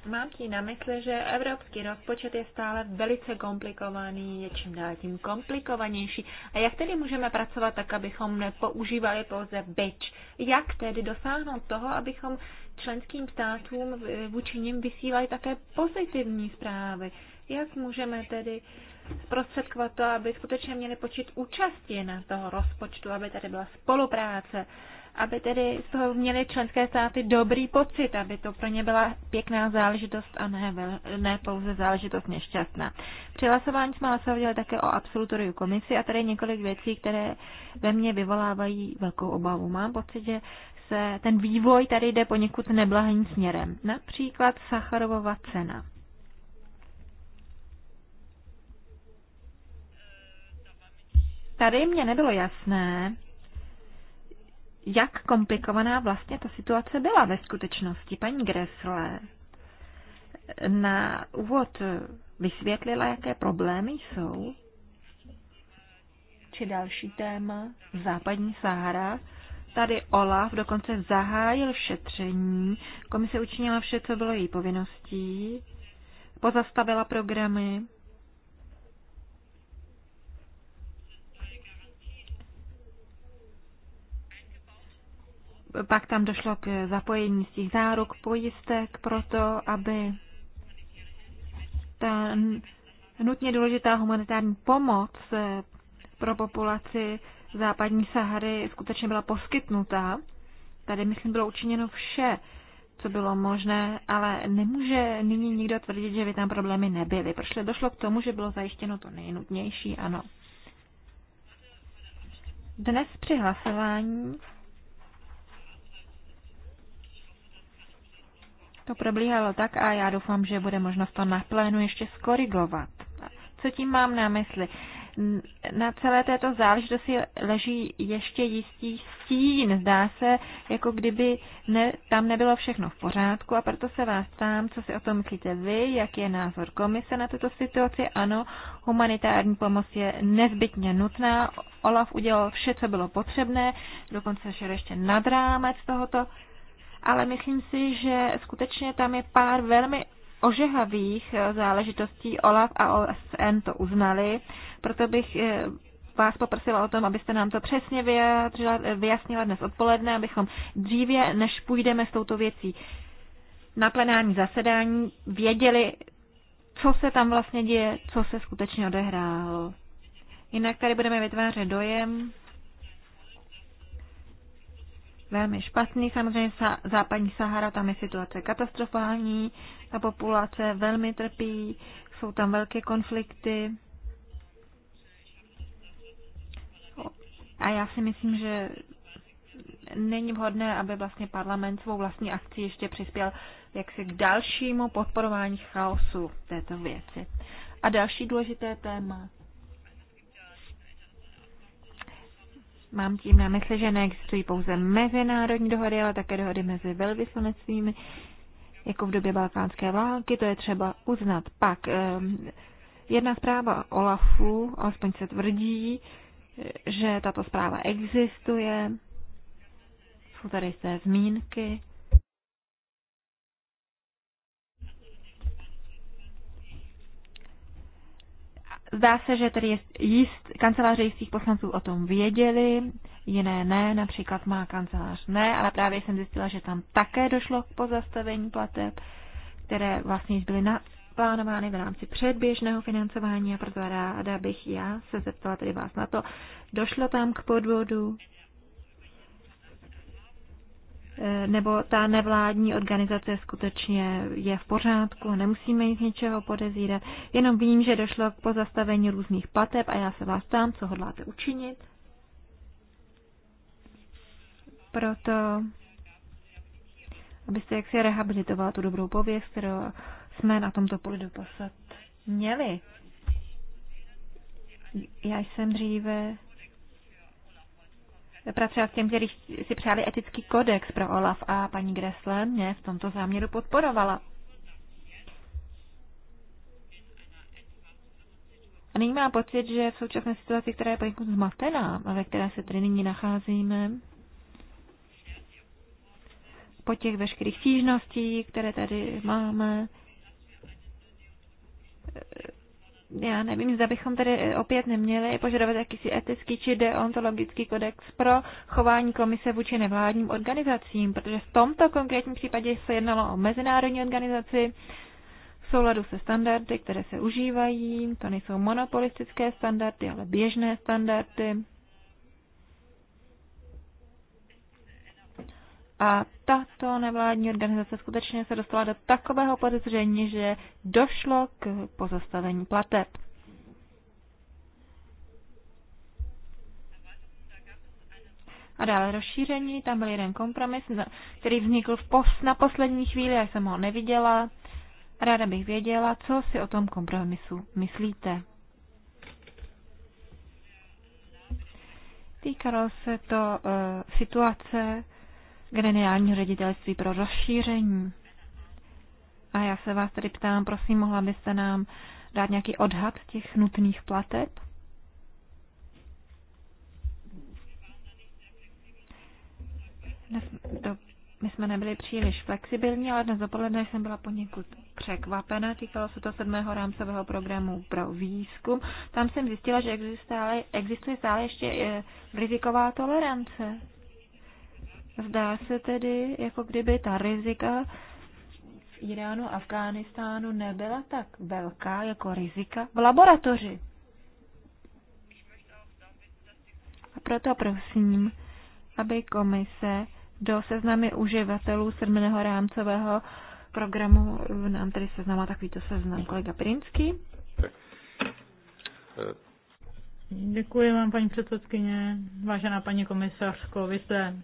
Mám tím na mysli, že evropský rozpočet je stále velice komplikovaný, je čím dál tím komplikovanější. A jak tedy můžeme pracovat tak, abychom nepoužívali pouze byč? Jak tedy dosáhnout toho, abychom členským státům vůči ním vysílali také pozitivní zprávy? Jak můžeme tedy zprostředkovat to, aby skutečně měli počít účasti na toho rozpočtu, aby tady byla spolupráce, aby tedy z toho měly členské státy dobrý pocit, aby to pro ně byla pěkná záležitost a ne, ne pouze záležitost nešťastná. Při hlasování jsme hlasovali také o absolutoriu komisi a tady několik věcí, které ve mně vyvolávají velkou obavu. Mám pocit, že se ten vývoj tady jde poněkud neblahým směrem. Například Sacharovova cena. Tady mě nebylo jasné, jak komplikovaná vlastně ta situace byla ve skutečnosti. Paní Gressle na úvod vysvětlila, jaké problémy jsou. Či další téma, západní Sahara. Tady Olaf dokonce zahájil šetření, komise učinila vše, co bylo její povinností, pozastavila programy, pak tam došlo k zapojení z těch záruk pojistek proto, aby ta nutně důležitá humanitární pomoc eh, pro populaci západní Sahary skutečně byla poskytnuta. Tady, myslím, bylo učiněno vše, co bylo možné, ale nemůže nyní nikdo tvrdit, že by tam problémy nebyly. Proč došlo k tomu, že bylo zajištěno to nejnutnější? Ano. Dnes při hlasování to probíhalo tak a já doufám, že bude možnost to na plénu ještě skorigovat. Co tím mám na mysli? Na celé této záležitosti leží ještě jistý stín. Zdá se, jako kdyby ne, tam nebylo všechno v pořádku a proto se vás ptám, co si o tom myslíte vy, jaký je názor komise na tuto situaci. Ano, humanitární pomoc je nezbytně nutná. Olaf udělal vše, co bylo potřebné, dokonce šel ještě nad rámec tohoto ale myslím si, že skutečně tam je pár velmi ožehavých eh, záležitostí. OLAF a OSN to uznali, proto bych eh, vás poprosila o tom, abyste nám to přesně vyjadřila, eh, vyjasnila dnes odpoledne, abychom dříve, než půjdeme s touto věcí na plenární zasedání, věděli, co se tam vlastně děje, co se skutečně odehrálo. Jinak tady budeme vytvářet dojem, velmi špatný. Samozřejmě západní Sahara, tam je situace katastrofální, ta populace velmi trpí, jsou tam velké konflikty. A já si myslím, že není vhodné, aby vlastně parlament svou vlastní akci ještě přispěl jaksi k dalšímu podporování chaosu této věci. A další důležité téma Mám tím na mysli, že neexistují pouze mezinárodní dohody, ale také dohody mezi velvyslanectvími, jako v době balkánské války, to je třeba uznat. Pak ehm, jedna zpráva OLAFu, alespoň se tvrdí, že tato zpráva existuje, jsou tady jisté zmínky Zdá se, že tedy jist, kanceláře jistých poslanců o tom věděli, jiné ne, například má kancelář ne, ale právě jsem zjistila, že tam také došlo k pozastavení plateb, které vlastně byly na, plánovány v rámci předběžného financování a proto ráda bych já se zeptala tedy vás na to, došlo tam k podvodu, Eh, nebo ta nevládní organizace skutečně je v pořádku, nemusíme jich ničeho podezírat. Jenom vím, že došlo k pozastavení různých plateb a já se vás ptám, co hodláte učinit. Proto, abyste jaksi rehabilitovala tu dobrou pověst, kterou jsme na tomto poli doposud měli. Já jsem dříve pracovat s těm, kteří si přáli etický kodex pro OLAF a paní Gressle mě v tomto záměru podporovala. A nyní mám pocit, že v současné situaci, která je poněkud zmatená a ve které se tedy nyní nacházíme, po těch veškerých stížností, které tady máme, já nevím, zda bychom tady opět neměli požadovat jakýsi etický či deontologický kodex pro chování komise vůči nevládním organizacím, protože v tomto konkrétním případě se jednalo o mezinárodní organizaci v souladu se standardy, které se užívají, to nejsou monopolistické standardy, ale běžné standardy. A tato nevládní organizace skutečně se dostala do takového podezření, že došlo k pozastavení plateb. A dále rozšíření, tam byl jeden kompromis, který vznikl v pos, na poslední chvíli, já jsem ho neviděla. Ráda bych věděla, co si o tom kompromisu myslíte. Týkalo se to uh, situace generálního ředitelství pro rozšíření. A já se vás tedy ptám, prosím, mohla byste nám dát nějaký odhad těch nutných plateb? Dnes do, my jsme nebyli příliš flexibilní, ale dnes dopoledne jsem byla poněkud překvapena. Týkalo se to sedmého rámcového programu pro výzkum. Tam jsem zjistila, že existuje, existuje stále ještě eh, riziková tolerance. Zdá se tedy, jako kdyby ta rizika v Iránu a Afghánistánu nebyla tak velká jako rizika v laboratoři. A proto prosím, aby komise do seznamy uživatelů sedmého rámcového programu nám tedy seznama takovýto seznam kolega Prinsky. Tak. Eh, Děkuji vám, paní předsedkyně. Vážená paní komisařko, vy jste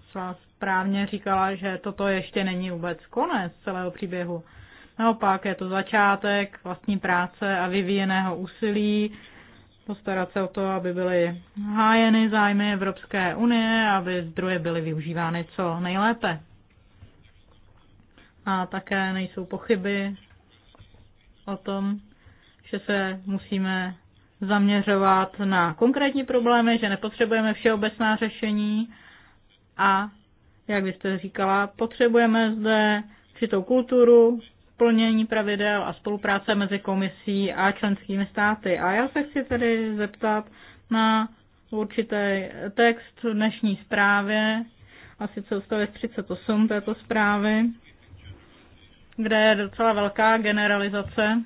správně říkala, že toto ještě není vůbec konec celého příběhu. Naopak je to začátek vlastní práce a vyvíjeného úsilí postarat se o to, aby byly hájeny zájmy Evropské unie, aby zdroje byly využívány co nejlépe. A také nejsou pochyby o tom, že se musíme zaměřovat na konkrétní problémy, že nepotřebujeme všeobecná řešení a, jak byste říkala, potřebujeme zde určitou kulturu, plnění pravidel a spolupráce mezi komisí a členskými státy. A já se chci tedy zeptat na určitý text v dnešní zprávě, asi co 38 této zprávy, kde je docela velká generalizace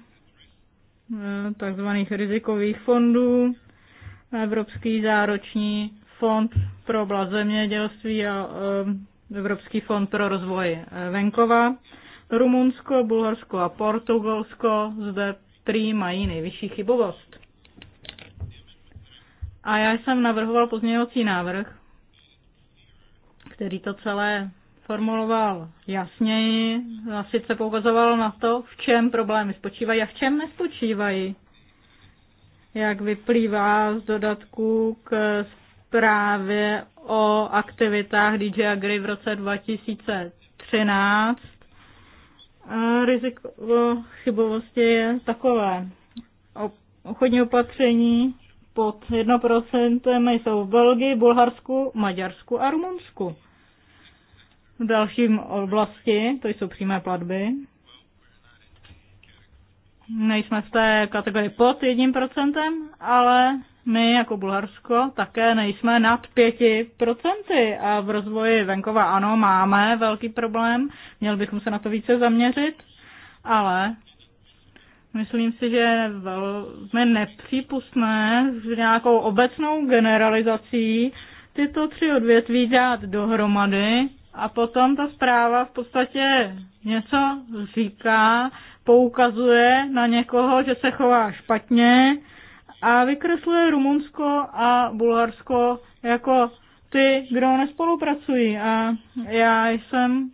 Eh, takzvaných rizikových fondů, Evropský zároční fond pro oblast zemědělství a eh, Evropský fond pro rozvoj eh, venkova. Rumunsko, Bulharsko a Portugalsko zde prý mají nejvyšší chybovost. A já jsem navrhoval pozměňovací návrh, který to celé formuloval jasněji, a sice poukazoval na to, v čem problémy spočívají a v čem nespočívají. Jak vyplývá z dodatku k zprávě o aktivitách DJ Agri v roce 2013, a riziko chybovosti je takové. Obchodní opatření pod 1% jsou v Belgii, Bulharsku, Maďarsku a Rumunsku. V dalším oblasti, to jsou přímé platby. Nejsme v té kategorii pod jedním procentem, ale my jako Bulharsko také nejsme nad 5%. A v rozvoji venkova ano, máme velký problém, měli bychom se na to více zaměřit, ale myslím si, že je velmi nepřípustné s nějakou obecnou generalizací tyto tři odvětví dát dohromady a potom ta zpráva v podstatě něco říká, poukazuje na někoho, že se chová špatně a vykresluje Rumunsko a Bulharsko jako ty, kdo nespolupracují. A já jsem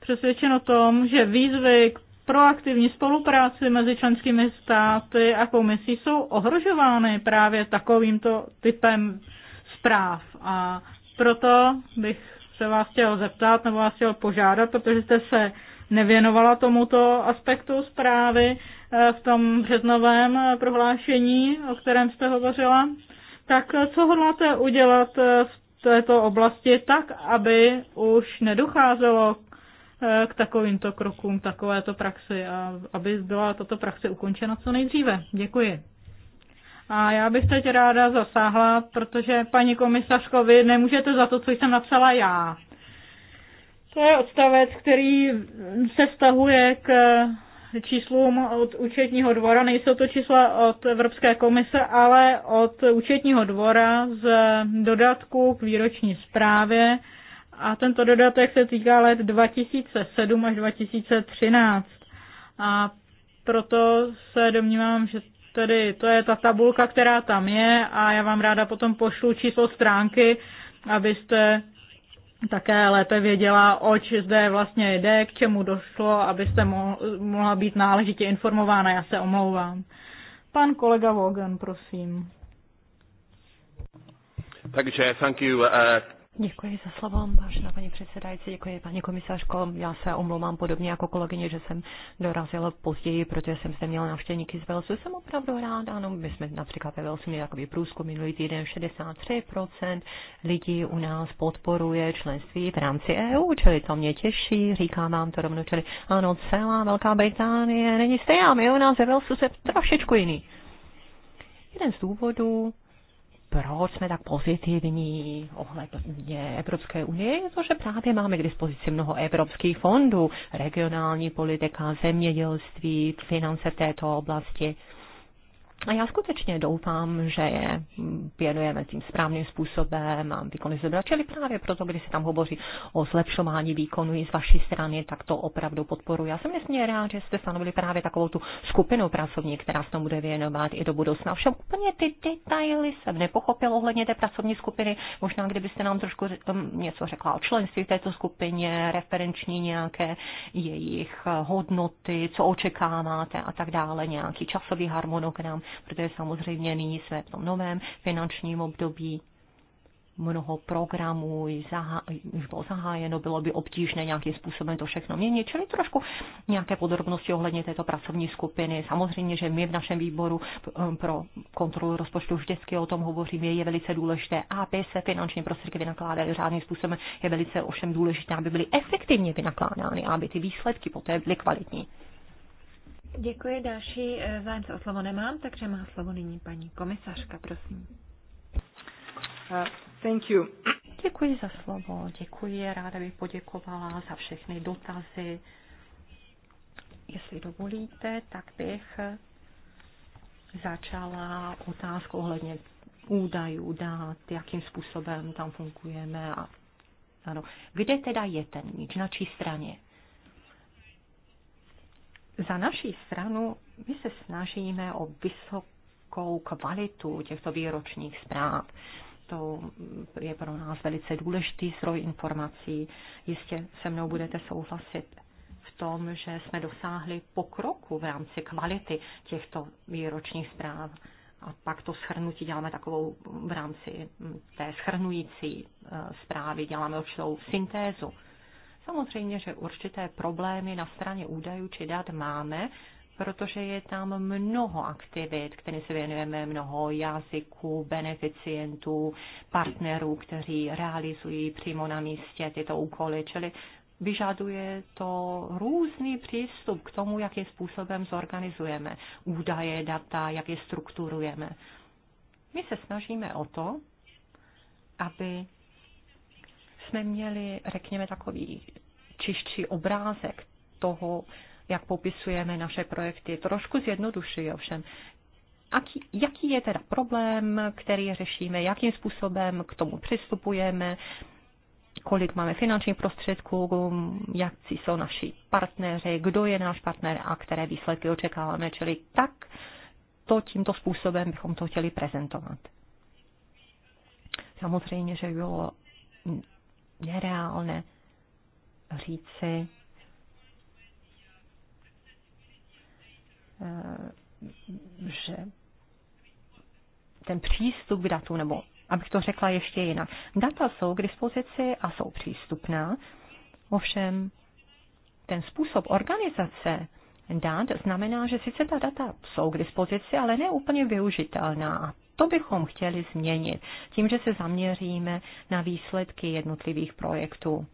přesvědčen o tom, že výzvy k proaktivní spolupráci mezi členskými státy a komisí jsou ohrožovány právě takovýmto typem zpráv. A proto bych se vás chtěl zeptat nebo vás chtěl požádat, protože jste se nevěnovala tomuto aspektu zprávy eh, v tom březnovém eh, prohlášení, o kterém jste hovořila. Tak eh, co hodláte udělat v této oblasti tak, aby už nedocházelo k takovýmto krokům, takovéto praxi a aby byla tato praxe ukončena co nejdříve? Děkuji. A já bych teď ráda zasáhla, protože paní komisařko, vy nemůžete za to, co jsem napsala já. To je odstavec, který se stahuje k číslům od účetního dvora. Nejsou to čísla od Evropské komise, ale od účetního dvora z dodatku k výroční zprávě. A tento dodatek se týká let 2007 až 2013. A proto se domnívám, že Tedy to je ta tabulka, která tam je a já vám ráda potom pošlu číslo stránky, abyste také lépe věděla, oč zde vlastně jde, k čemu došlo, abyste mohla být náležitě informována. Já se omlouvám. Pan kolega Vogan, prosím. Takže thank you, uh, Děkuji za slovo, vážená paní předsedající, děkuji paní komisařko. Já se omlouvám podobně jako kolegyně, že jsem dorazila později, protože jsem zde měla návštěvníky z Velsu. Jsem opravdu ráda, ano, my jsme například ve Velsu měli takový průzkum minulý týden, 63% lidí u nás podporuje členství v rámci EU, čili to mě těší, říkám vám to rovnou, čili ano, celá Velká Británie není stejná, my u nás ve Velsu se trošičku jiný. Jeden z důvodů, proč jsme tak pozitivní ohledně Evropské unie, je to, že právě máme k dispozici mnoho evropských fondů, regionální politika, zemědělství, finance v této oblasti. A já skutečně doufám, že je mm, věnujeme tím správným způsobem a výkony zebra. Čili právě proto, když se tam hovoří o zlepšování výkonu i z vaší strany, tak to opravdu podporuji. Já jsem nesmírně rád, že jste stanovili právě takovou tu skupinu pracovní, která se tomu bude věnovat i do budoucna. Všem úplně ty detaily jsem nepochopil ohledně té pracovní skupiny. Možná, kdybyste nám trošku mm, něco řekla o členství v této skupině, referenční nějaké jejich hodnoty, co očekáváte a tak dále, nějaký časový harmonogram protože samozřejmě nyní jsme v tom novém finančním období mnoho programů už bylo zahájeno, bylo by obtížné nějakým způsobem to všechno měnit, čili trošku nějaké podrobnosti ohledně této pracovní skupiny. Samozřejmě, že my v našem výboru eh, pro kontrolu rozpočtu vždycky o tom hovoříme, je velice důležité, aby se finanční prostředky vynakládaly řádným způsobem, je velice ovšem důležité, aby byly efektivně vynakládány, aby ty výsledky poté byly kvalitní. Děkuji. Další eh, zájemce o slovo nemám, takže má slovo nyní paní komisařka, prosím. Uh, thank you. Děkuji za slovo, děkuji, ráda bych poděkovala za všechny dotazy. Jestli dovolíte, tak bych začala otázku ohledně údajů, dát, jakým způsobem tam fungujeme. A, ano. Kde teda je ten míč? Na čí straně? Za naší stranu my se snažíme o vysokou kvalitu těchto výročních zpráv. To je pro nás velice důležitý zdroj informací. Jistě se mnou budete souhlasit v tom, že jsme dosáhli pokroku v rámci kvality těchto výročních zpráv. A pak to schrnutí děláme takovou v rámci té schrnující eh, zprávy, děláme určitou syntézu Samozřejmě, že určité problémy na straně údajů či dat máme, protože je tam mnoho aktivit, které se věnujeme, mnoho jazyků, beneficientů, partnerů, kteří realizují přímo na místě tyto úkoly, čili vyžaduje to různý přístup k tomu, jakým způsobem zorganizujeme údaje, data, jak je strukturujeme. My se snažíme o to, aby jsme měli, řekněme, takový čistší obrázek toho, jak popisujeme naše projekty. Trošku zjednodušuji ovšem. Aký, jaký je teda problém, který řešíme, jakým způsobem k tomu přistupujeme, kolik máme finančních prostředků, Jak jsou naši partneři, kdo je náš partner a které výsledky očekáváme. Čili tak to tímto způsobem bychom to chtěli prezentovat. Samozřejmě, že bylo reálné říci, eh, že ten přístup k datu, nebo abych to řekla ještě jinak, data jsou k dispozici a jsou přístupná, ovšem ten způsob organizace dat znamená, že sice ta data jsou k dispozici, ale ne úplně využitelná. A to bychom chtěli změnit tím, že se zaměříme na výsledky jednotlivých projektů.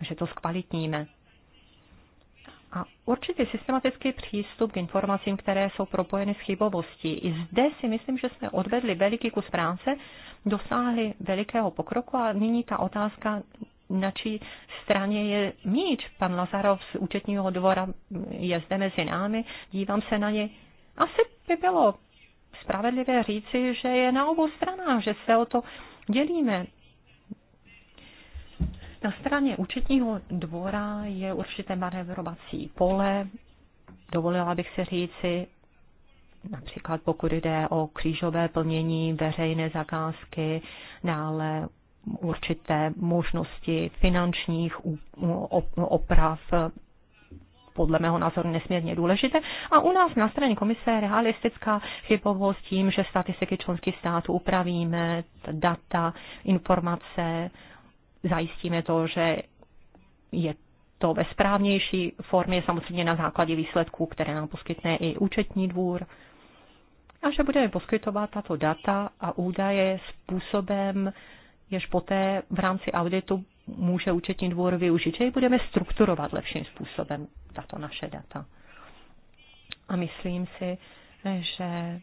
Že to zkvalitníme. A určitě systematický přístup k informacím, které jsou propojeny s chybovostí. I zde si myslím, že jsme odvedli veliký kus práce, dosáhli velikého pokroku a nyní ta otázka, na čí straně je míč. Pan Lazarov z účetního dvora je zde mezi námi, dívám se na ně. Asi by bylo spravedlivé říci, že je na obou stranách, že se o to dělíme. Na straně účetního dvora je určité manévrovací pole, dovolila bych se říci, například pokud jde o křížové plnění veřejné zakázky, dále určité možnosti finančních oprav podle mého názoru nesmírně důležité. A u nás na straně komise realistická chybovost tím, že statistiky členských států upravíme, data, informace, zajistíme to, že je to ve správnější formě, samozřejmě na základě výsledků, které nám poskytne i účetní dvůr. A že budeme poskytovat tato data a údaje způsobem, jež poté v rámci auditu může účetní dvůr využít, že ji budeme strukturovat lepším způsobem, tato naše data. A myslím si, že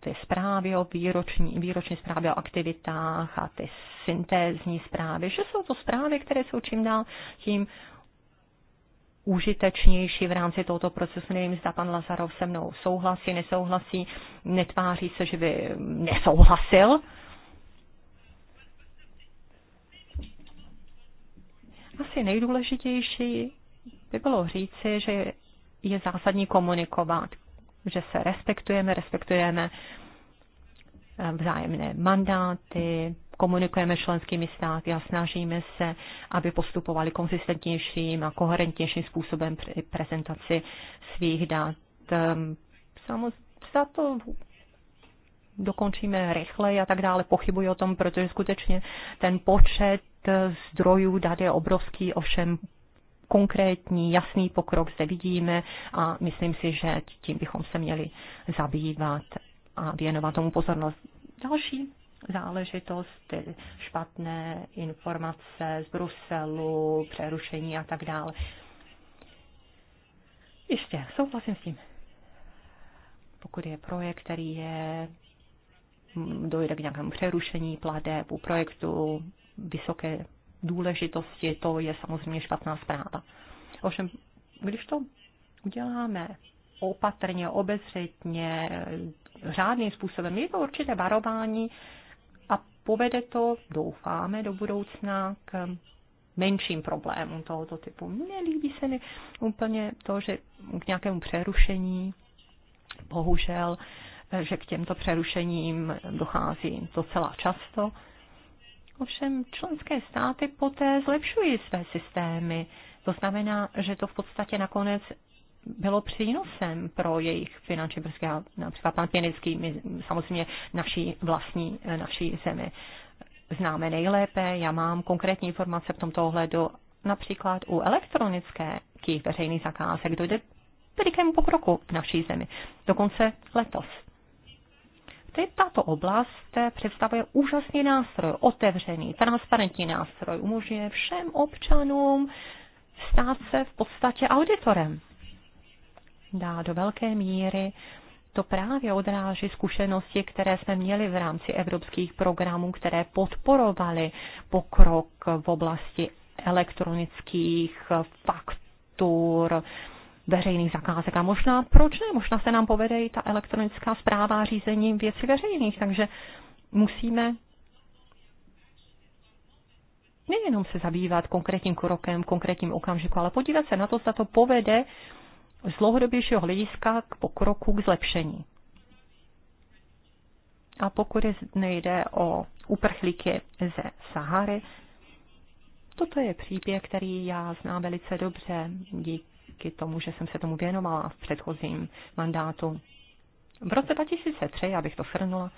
ty zprávy o výroční, výroční zprávy o aktivitách a ty syntézní zprávy, že jsou to zprávy, které jsou čím dál tím užitečnější v rámci tohoto procesu. Nevím, zda pan Lazarov se mnou souhlasí, nesouhlasí, netváří se, že by nesouhlasil Asi nejdůležitější by bylo říci, že je zásadní komunikovat, že se respektujeme, respektujeme eh, vzájemné mandáty, komunikujeme s členskými státy a snažíme se, aby postupovali konzistentnějším a koherentnějším způsobem při prezentaci svých dat. Ehm, Samozřejmě to dokončíme rychleji a tak dále. Pochybuji o tom, protože skutečně ten počet zdrojů dat je obrovský, ovšem konkrétní, jasný pokrok zde vidíme a myslím si, že tím bychom se měli zabývat a věnovat tomu pozornost. Další záležitost, špatné informace z Bruselu, přerušení a tak dále. Ještě, souhlasím s tím. Pokud je projekt, který je, dojde k nějakému přerušení plateb u projektu, vysoké důležitosti, to je samozřejmě špatná zpráva. Ovšem, když to uděláme opatrně, obezřetně, řádným způsobem, je to určité varování a povede to, doufáme, do budoucna k menším problémům tohoto typu. Nelíbí se mi úplně to, že k nějakému přerušení, bohužel, že k těmto přerušením dochází docela často Ovšem členské státy poté zlepšují své systémy. To znamená, že to v podstatě nakonec bylo přínosem pro jejich finanční brzky, například pan Pěnický, my samozřejmě naší vlastní, eh, naší zemi známe nejlépe. Já mám konkrétní informace v tomto ohledu například u elektronické kých veřejných zakázek dojde k velikému pokroku v naší zemi. Dokonce letos Teď tato oblast představuje úžasný nástroj, otevřený, transparentní nástroj, umožňuje všem občanům stát se v podstatě auditorem. Dá do velké míry to právě odráží zkušenosti, které jsme měli v rámci evropských programů, které podporovaly pokrok v oblasti elektronických faktur, veřejných zakázek. A možná, proč ne? Možná se nám povede i ta elektronická zpráva a řízení věcí veřejných, takže musíme nejenom se zabývat konkrétním krokem, konkrétním okamžiku, ale podívat se na to, zda to povede z dlouhodobějšího hlediska k pokroku, k zlepšení. A pokud nejde o uprchlíky ze Sahary, toto je příběh, který já znám velice dobře díky díky tomu, že jsem se tomu věnovala v předchozím mandátu. V roce 2003, abych to shrnula,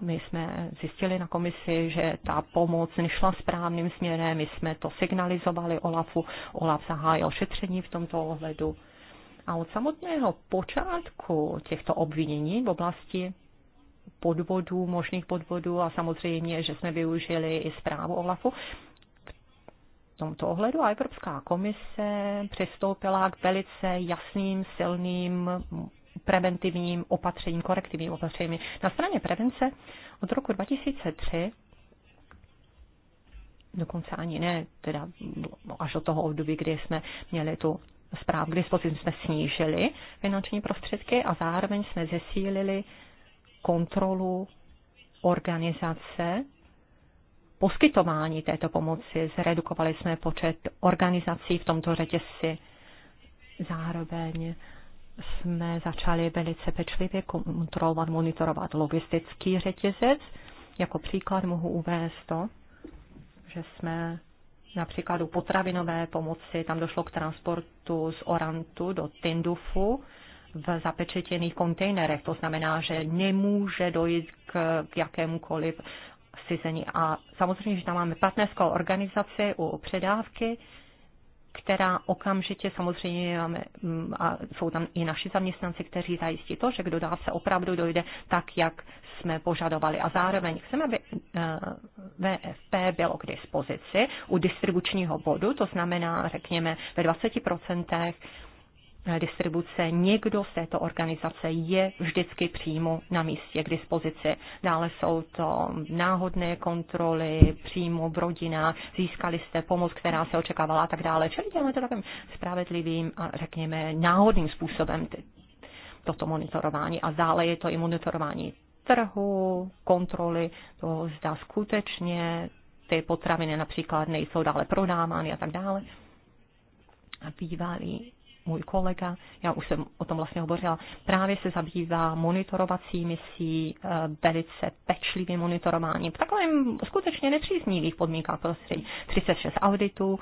my jsme zjistili na komisi, že ta pomoc nešla správným směrem, my jsme to signalizovali Olafu, Olaf zahájil šetření v tomto ohledu. A od samotného počátku těchto obvinění v oblasti podvodů, možných podvodů a samozřejmě, že jsme využili i zprávu Olafu, tomto ohledu a Evropská komise přistoupila k velice jasným, silným preventivním opatřením, korektivním opatřením. Na straně prevence od roku 2003 dokonce ani ne, teda no, až do toho období, kdy jsme měli tu zpráv kdy jsme snížili finanční prostředky a zároveň jsme zesílili kontrolu organizace poskytování této pomoci, zredukovali jsme počet organizací v tomto řetězci. Zároveň jsme začali velice pečlivě kontrolovat, monitorovat logistický řetězec. Jako příklad mohu uvést to, že jsme například u potravinové pomoci, tam došlo k transportu z Orantu do Tindufu v zapečetěných kontejnerech. To znamená, že nemůže dojít k jakémukoliv nařízení. A samozřejmě, že tam máme partnerskou organizaci u předávky, která okamžitě samozřejmě máme, mm, a jsou tam i naši zaměstnanci, kteří zajistí to, že k dodávce opravdu dojde tak, jak jsme požadovali. A zároveň chceme, aby eh, VFP bylo k dispozici u distribučního bodu, to znamená, řekněme, ve 20% Eh, distribuce. Někdo z této organizace je vždycky přímo na místě k dispozici. Dále jsou to náhodné kontroly přímo v rodina, získali jste pomoc, která se očekávala a tak dále. Čili děláme to takovým spravedlivým a řekněme náhodným způsobem toto monitorování. A dále je to i monitorování trhu, kontroly, to zda skutečně ty potraviny například nejsou dále prodávány a tak dále. A bývalý můj kolega, já už jsem o tom vlastně hovořila, právě se zabývá monitorovací misí, eh, velice pečlivým monitorováním v takovém skutečně nepříznivých podmínkách prostředí. 36 auditů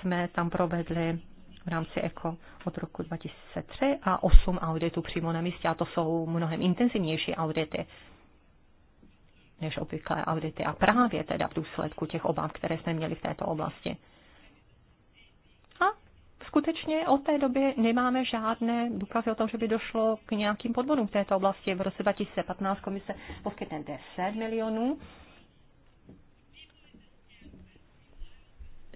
jsme tam provedli v rámci ECO od roku 2003 a 8 auditů přímo na místě a to jsou mnohem intenzivnější audity než obvyklé audity a právě teda v důsledku těch obav, které jsme měli v této oblasti skutečně od té doby nemáme žádné důkazy o tom, že by došlo k nějakým podvodům v této oblasti. V roce 2015 komise poskytne 10 milionů.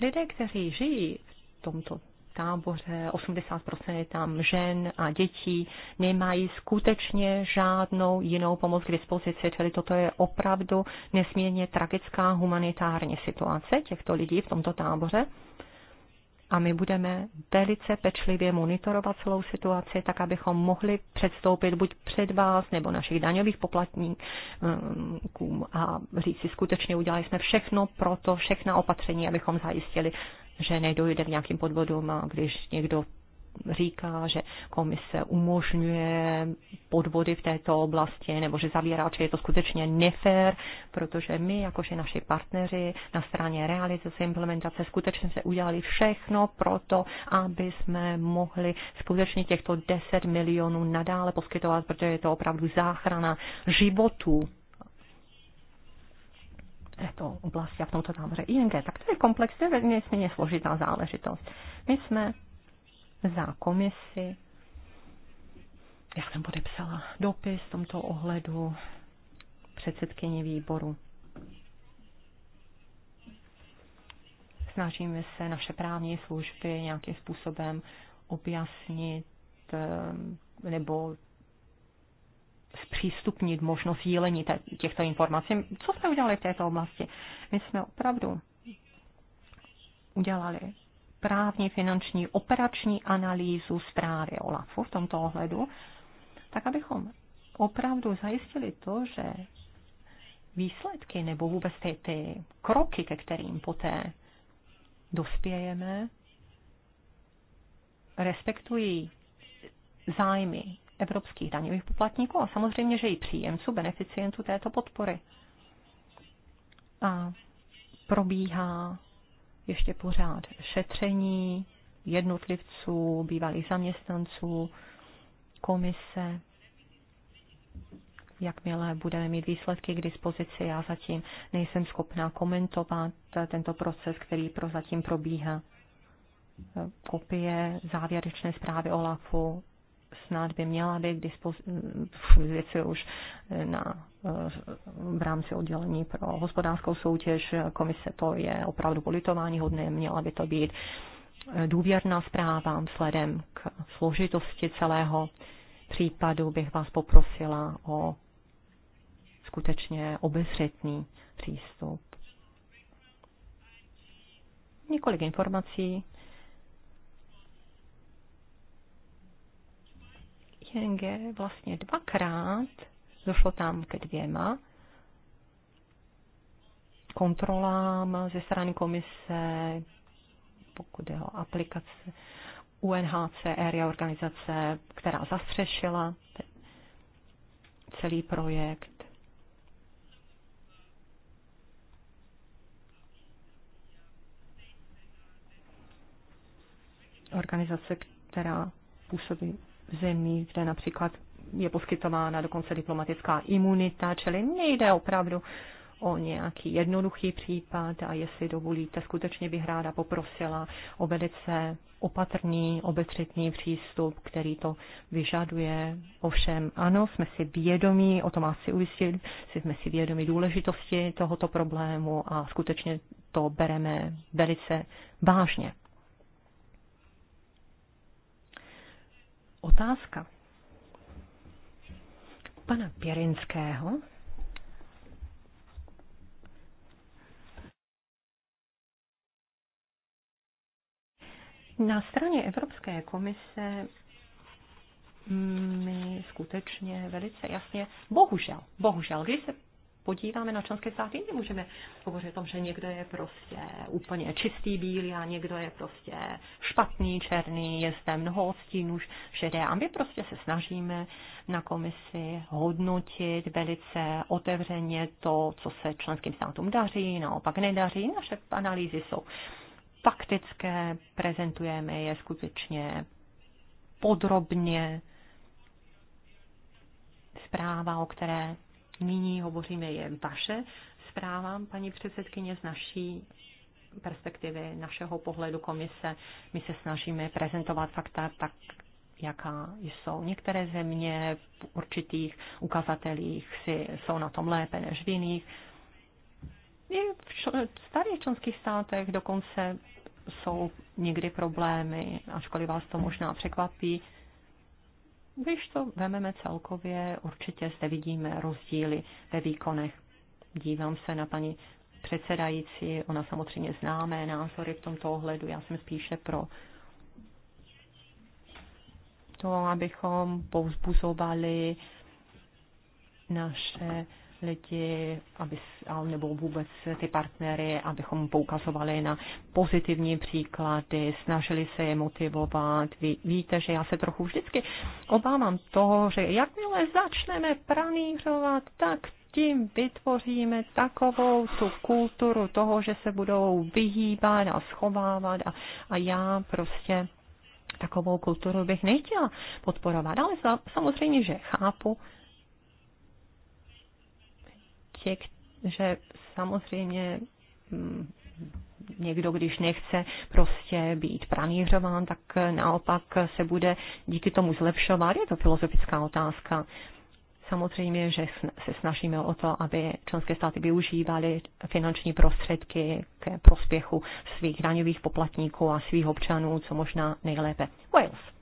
Lidé, kteří žijí v tomto táboře, 80% je tam žen a dětí, nemají skutečně žádnou jinou pomoc k dispozici, čili toto je opravdu nesmírně tragická humanitární situace těchto lidí v tomto táboře a my budeme velice pečlivě monitorovat celou situaci, tak abychom mohli předstoupit buď před vás nebo našich daňových poplatníkům a říct si skutečně udělali jsme všechno pro to, všechna opatření, abychom zajistili, že nedojde k nějakým podvodům a když někdo říká, že komise umožňuje podvody v této oblasti nebo že zavírá, že je to skutečně nefér, protože my, jakože naši partneři na straně realizace implementace, skutečně se udělali všechno pro to, aby jsme mohli skutečně těchto 10 milionů nadále poskytovat, protože je to opravdu záchrana životů této oblasti a to tam táboře ING. Tak to je komplex, to je nesmírně složitá záležitost. My jsme za komisi. Já jsem podepsala dopis v tomto ohledu předsedkyni výboru. Snažíme se naše právní služby nějakým způsobem objasnit ehm, nebo zpřístupnit možnost jílení těchto informací. Co jsme udělali v této oblasti? My jsme opravdu udělali právně finanční, operační analýzu zprávy OLAFu v tomto ohledu, tak abychom opravdu zajistili to, že výsledky nebo vůbec ty, ty kroky, ke kterým poté dospějeme, respektují zájmy evropských daňových poplatníků a samozřejmě, že i příjemců, beneficientů této podpory. A probíhá ještě pořád šetření jednotlivců, bývalých zaměstnanců, komise. Jakmile budeme mít výsledky k dispozici, já zatím nejsem schopná komentovat tento proces, který prozatím probíhá. Kopie závěrečné zprávy OLAFu snad by měla být k dispozici už na v rámci oddělení pro hospodářskou soutěž. Komise to je opravdu politování hodné, měla by to být důvěrná zpráva vzhledem k složitosti celého případu bych vás poprosila o skutečně obezřetný přístup. Několik informací. ING vlastně dvakrát Došlo tam ke dvěma kontrolám ze strany komise, pokud je o UNHCR je organizace, která zastřešila celý projekt. Organizace, která působí v zemích, kde například je poskytována dokonce diplomatická imunita, čili nejde opravdu o nějaký jednoduchý případ a jestli dovolíte, skutečně bych ráda poprosila o velice opatrný, obetřetný přístup, který to vyžaduje. Ovšem, ano, jsme si vědomí, o tom asi ujistit, jsme si vědomi důležitosti tohoto problému a skutečně to bereme velice vážně. Otázka pana Pěrinského. Na straně Evropské komise mm, my skutečně velice jasně, bohužel, bohužel, když se podíváme na členské státy, nemůžeme hovořit o tom, že někdo je prostě úplně čistý bílý a někdo je prostě špatný černý, je zde mnoho odstínů šedé a my prostě se snažíme na komisi hodnotit velice otevřeně to, co se členským státům daří, naopak nedaří. Naše analýzy jsou faktické, prezentujeme je skutečně podrobně. Zpráva, o které nyní hovoříme, je vaše zpráva, paní předsedkyně, z naší perspektivy, našeho pohledu komise. My se snažíme prezentovat fakta tak, jaká jsou. Některé země v určitých ukazatelích si, jsou na tom lépe než v jiných. I v starých členských státech dokonce jsou někdy problémy, ačkoliv vás to možná překvapí. Když to vememe celkově, určitě zde vidíme rozdíly ve výkonech. Dívám se na paní předsedající, ona samozřejmě známé názory v tomto ohledu, já jsem spíše pro to, abychom pouzbuzovali naše lidi, aby, nebo vůbec ty partnery, abychom poukazovali na pozitivní příklady, snažili se je motivovat. Ví, víte, že já se trochu vždycky obávám toho, že jakmile začneme pranířovat, tak tím vytvoříme takovou tu kulturu toho, že se budou vyhýbat a schovávat a, a já prostě takovou kulturu bych nechtěla podporovat. Ale samozřejmě, že chápu, oblasti, že samozřejmě mm, někdo, když nechce prostě být pranířován, tak naopak se bude díky tomu zlepšovat. Je to filozofická otázka. Samozřejmě, že se snažíme o to, aby členské státy využívaly finanční prostředky k prospěchu svých daňových poplatníků a svých občanů, co možná nejlépe. Wales.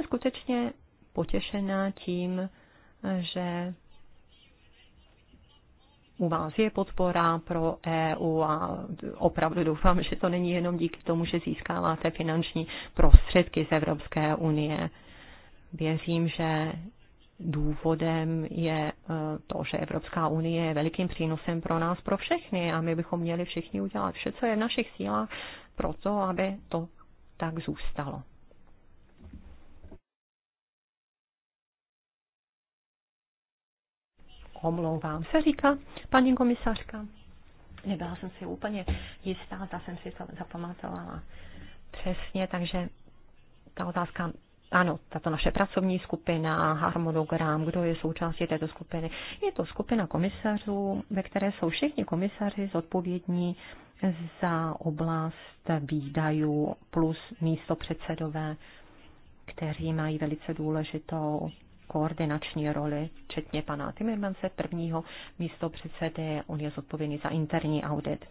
jsem skutečně potěšená tím, že u vás je podpora pro EU a opravdu doufám, že to není jenom díky tomu, že získáváte finanční prostředky z Evropské unie. Věřím, že důvodem je e, to, že Evropská unie je velikým přínosem pro nás, pro všechny a my bychom měli všichni udělat vše, co je v našich sílách, proto aby to tak zůstalo. Omlouvám se, říká paní komisařka. Nebyla jsem si úplně jistá, zda jsem si to zapamatovala přesně, takže ta otázka ano, tato naše pracovní skupina, harmonogram, kdo je součástí této skupiny. Je to skupina komisařů, ve které jsou všichni komisaři zodpovědní za oblast výdajů plus místo předsedové, kteří mají velice důležitou koordinační roli, včetně pana Timmermanse, prvního místo předsedy, on je zodpovědný za interní audit.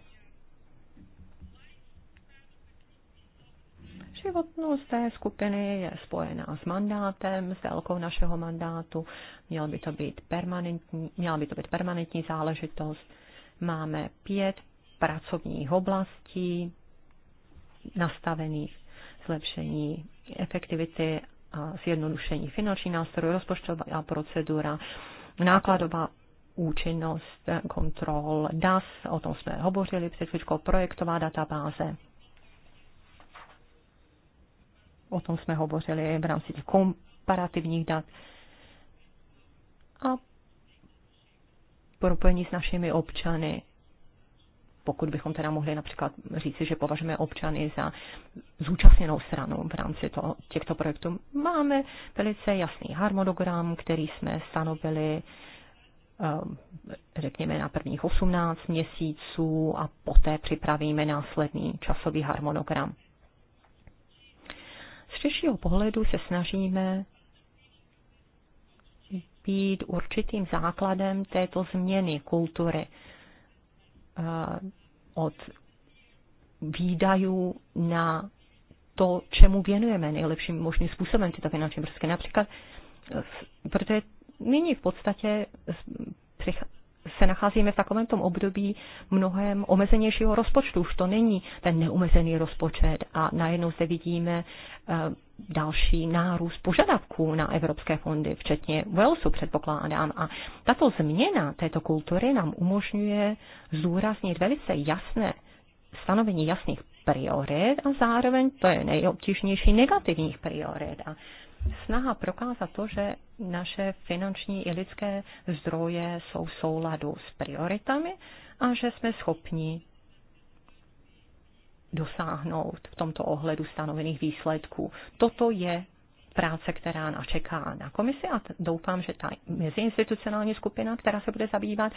Životnost té skupiny je spojená s mandátem, s délkou našeho mandátu. Měl by to být permanentní, měla by to být permanentní záležitost. Máme pět pracovních oblastí nastavených zlepšení efektivity zjednodušení finanční nástrojů, rozpočtová procedura, nákladová účinnost kontrol DAS, o tom jsme hovořili před chvíličkou, projektová databáze. O tom jsme hovořili v rámci těch komparativních dat. A propojení s našimi občany, pokud bychom teda mohli například říci, že považujeme občany za zúčastněnou stranu v rámci to, těchto projektů. Máme velice jasný harmonogram, který jsme stanovili eh, řekněme na prvních 18 měsíců a poté připravíme následný časový harmonogram. Z širšího pohledu se snažíme být určitým základem této změny kultury. Eh, od výdajů na to, čemu věnujeme nejlepším možným způsobem tyto finanční prostředky. Například, protože nyní v podstatě se nacházíme v takovém tom období mnohem omezenějšího rozpočtu. Už to není ten neomezený rozpočet a najednou se vidíme eh, další nárůst požadavků na evropské fondy, včetně Walesu předpokládám. A tato změna této kultury nám umožňuje zúraznit velice jasné stanovení jasných priorit a zároveň to je nejobtížnější negativních priorit. A snaha prokázat to, že naše finanční i lidské zdroje jsou v souladu s prioritami a že jsme schopni dosáhnout v tomto ohledu stanovených výsledků. Toto je práce, která nás čeká na komisi a doufám, že ta meziinstitucionální skupina, která se bude zabývat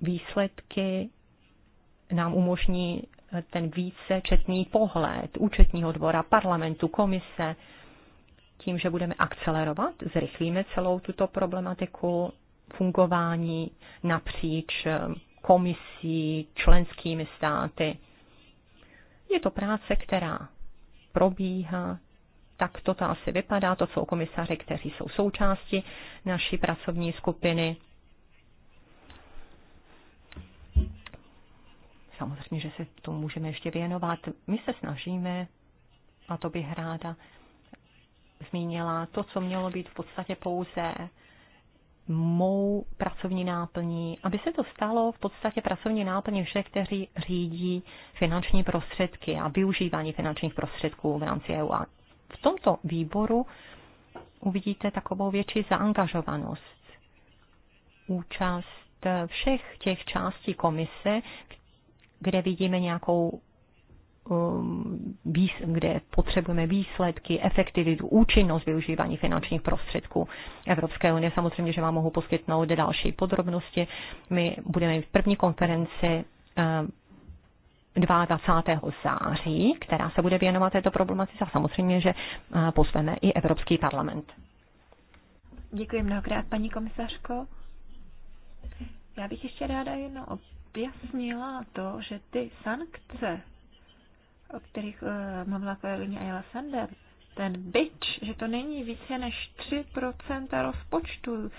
výsledky, nám umožní ten více četný pohled účetního dvora, parlamentu, komise, tím, že budeme akcelerovat, zrychlíme celou tuto problematiku fungování napříč eh, komisí, členskými státy, je to práce, která probíhá, tak to, to asi vypadá, to jsou komisaři, kteří jsou součástí naší pracovní skupiny. Samozřejmě, že se tomu můžeme ještě věnovat. My se snažíme, a to bych ráda zmínila, to, co mělo být v podstatě pouze mou pracovní náplní, aby se to stalo v podstatě pracovní náplní všech, kteří řídí finanční prostředky a využívání finančních prostředků v rámci EU. A v tomto výboru uvidíte takovou větší zaangažovanost, účast všech těch částí komise, kde vidíme nějakou Um, kde potřebujeme výsledky, efektivitu, účinnost využívání finančních prostředků Evropské unie. Samozřejmě, že vám mohu poskytnout další podrobnosti. My budeme v první konferenci 22. Um, září, která se bude věnovat této problematice a samozřejmě, že uh, pozveme i Evropský parlament. Děkuji mnohokrát, paní komisařko. Já bych ještě ráda jenom objasnila to, že ty sankce, o kterých uh, mluvila kolegyně Ayala Sander, ten byč, že to není více než 3% rozpočtu,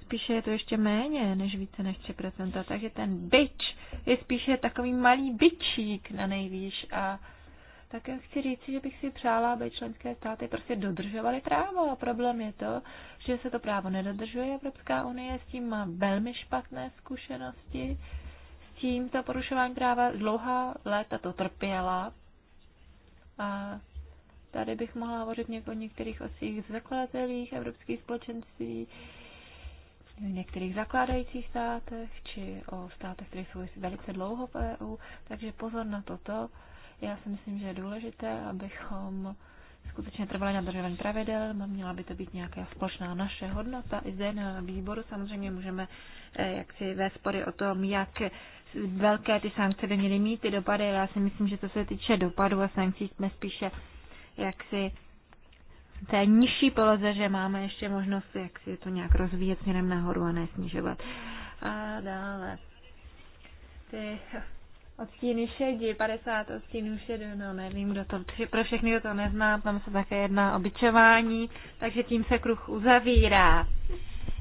spíše je to ještě méně než více než 3%, takže ten byč je spíše takový malý byčík na nejvýš a také chci říct, že bych si přála, aby členské státy prostě dodržovaly právo. A problém je to, že se to právo nedodržuje. Evropská unie s tím má velmi špatné zkušenosti. S tím to porušování práva dlouhá léta to trpěla. A tady bych mohla hovořit něk- o některých osích zakladatelích evropských společenství, v některých zakládajících státech, či o státech, které jsou velice dlouho v EU, takže pozor na toto. Já si myslím, že je důležité, abychom skutečně trvali na dodržování pravidel, měla by to být nějaká společná naše hodnota. I zde na výboru samozřejmě můžeme eh, jak si ve spory o tom, jak velké ty sankce by měly mít ty dopady. Já si myslím, že to se týče dopadu a sankcí jsme spíše jaksi té nižší poloze, že máme ještě možnost, jak si to nějak rozvíjet směrem nahoru a nesnižovat. A dále. Ty odstíny šedi, 50 odstínů šedu, no nevím, kdo to, pro všechny, kdo to nezná, tam se také jedná o bičování, takže tím se kruh uzavírá.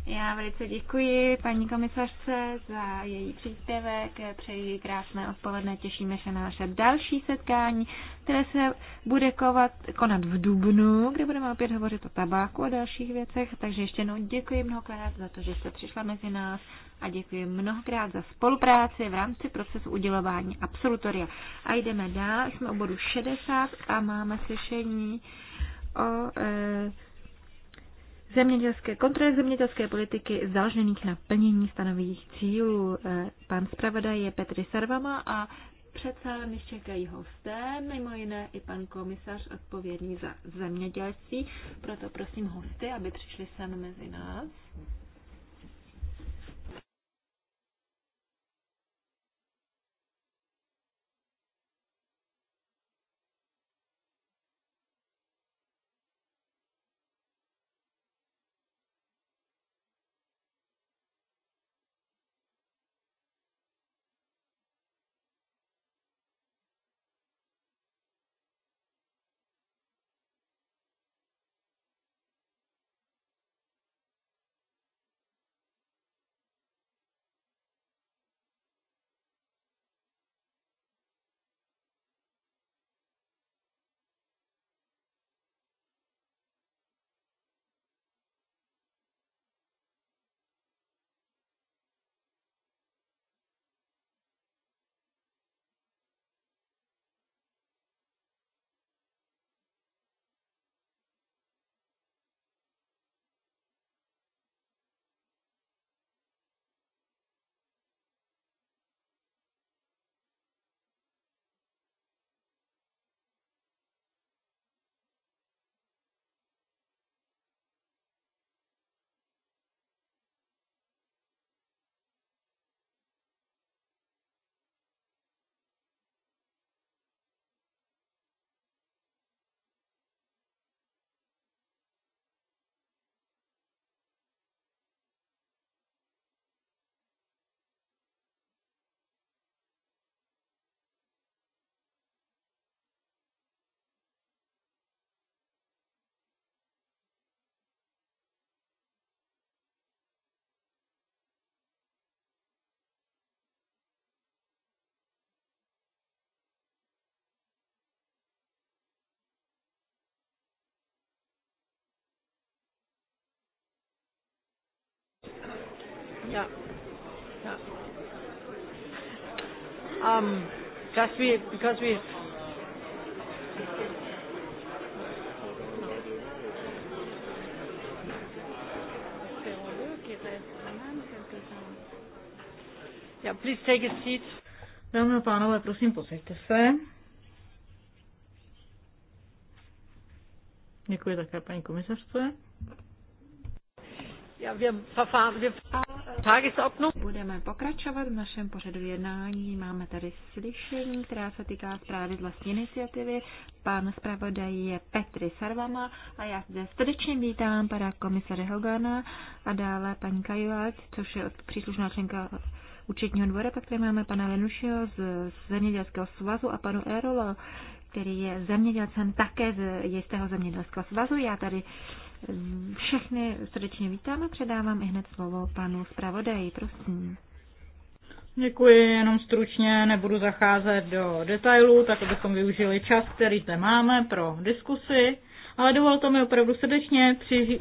Já velice děkuji paní komisařce za její příspěvek, přeji krásné odpoledne, těšíme se na naše další setkání, které se bude kovat, konat v Dubnu, kde budeme opět hovořit o tabáku a dalších věcech, takže ještě jednou děkuji mnohokrát za to, že jste přišla mezi nás a děkuji mnohokrát za spolupráci v rámci procesu udělování absolutoria. A jdeme dál, jsme u bodu 60 a máme slyšení o... E, zemědělské kontroly zemědělské politiky založených na plnění stanových cílů. E, pan zpravodaj je Petr Sarvama a přece mi čekají hosté, mimo jiné i pan komisař odpovědný za zemědělství, proto prosím hosty, aby přišli sem mezi nás. Ja. ja. Um, just we, because we Yeah, please take a seat. Dámy a pánové, prosím, posaďte se. Děkuji také paní komisařce. Ja, wir vím, wir Tagesordnung. Budeme pokračovat v našem pořadu jednání. Máme tady slyšení, která se týká zprávy z vlastní iniciativy. Pan zpravodaj je Petri Sarvama a já zde srdečně vítám pana komisaře Hogana a dále paní Kajuác, což je od příslušná členka účetního dvora, pak tady máme pana Lenušio z Zemědělského svazu a panu Erola, který je zemědělcem také z jistého zemědělského svazu. Já tady všechny srdečně vítám a předávám i hned slovo panu zpravodaji, prosím. Děkuji, jenom stručně nebudu zacházet do detailů, tak abychom využili čas, který zde máme pro diskusi. Ale dovolte mi opravdu srdečně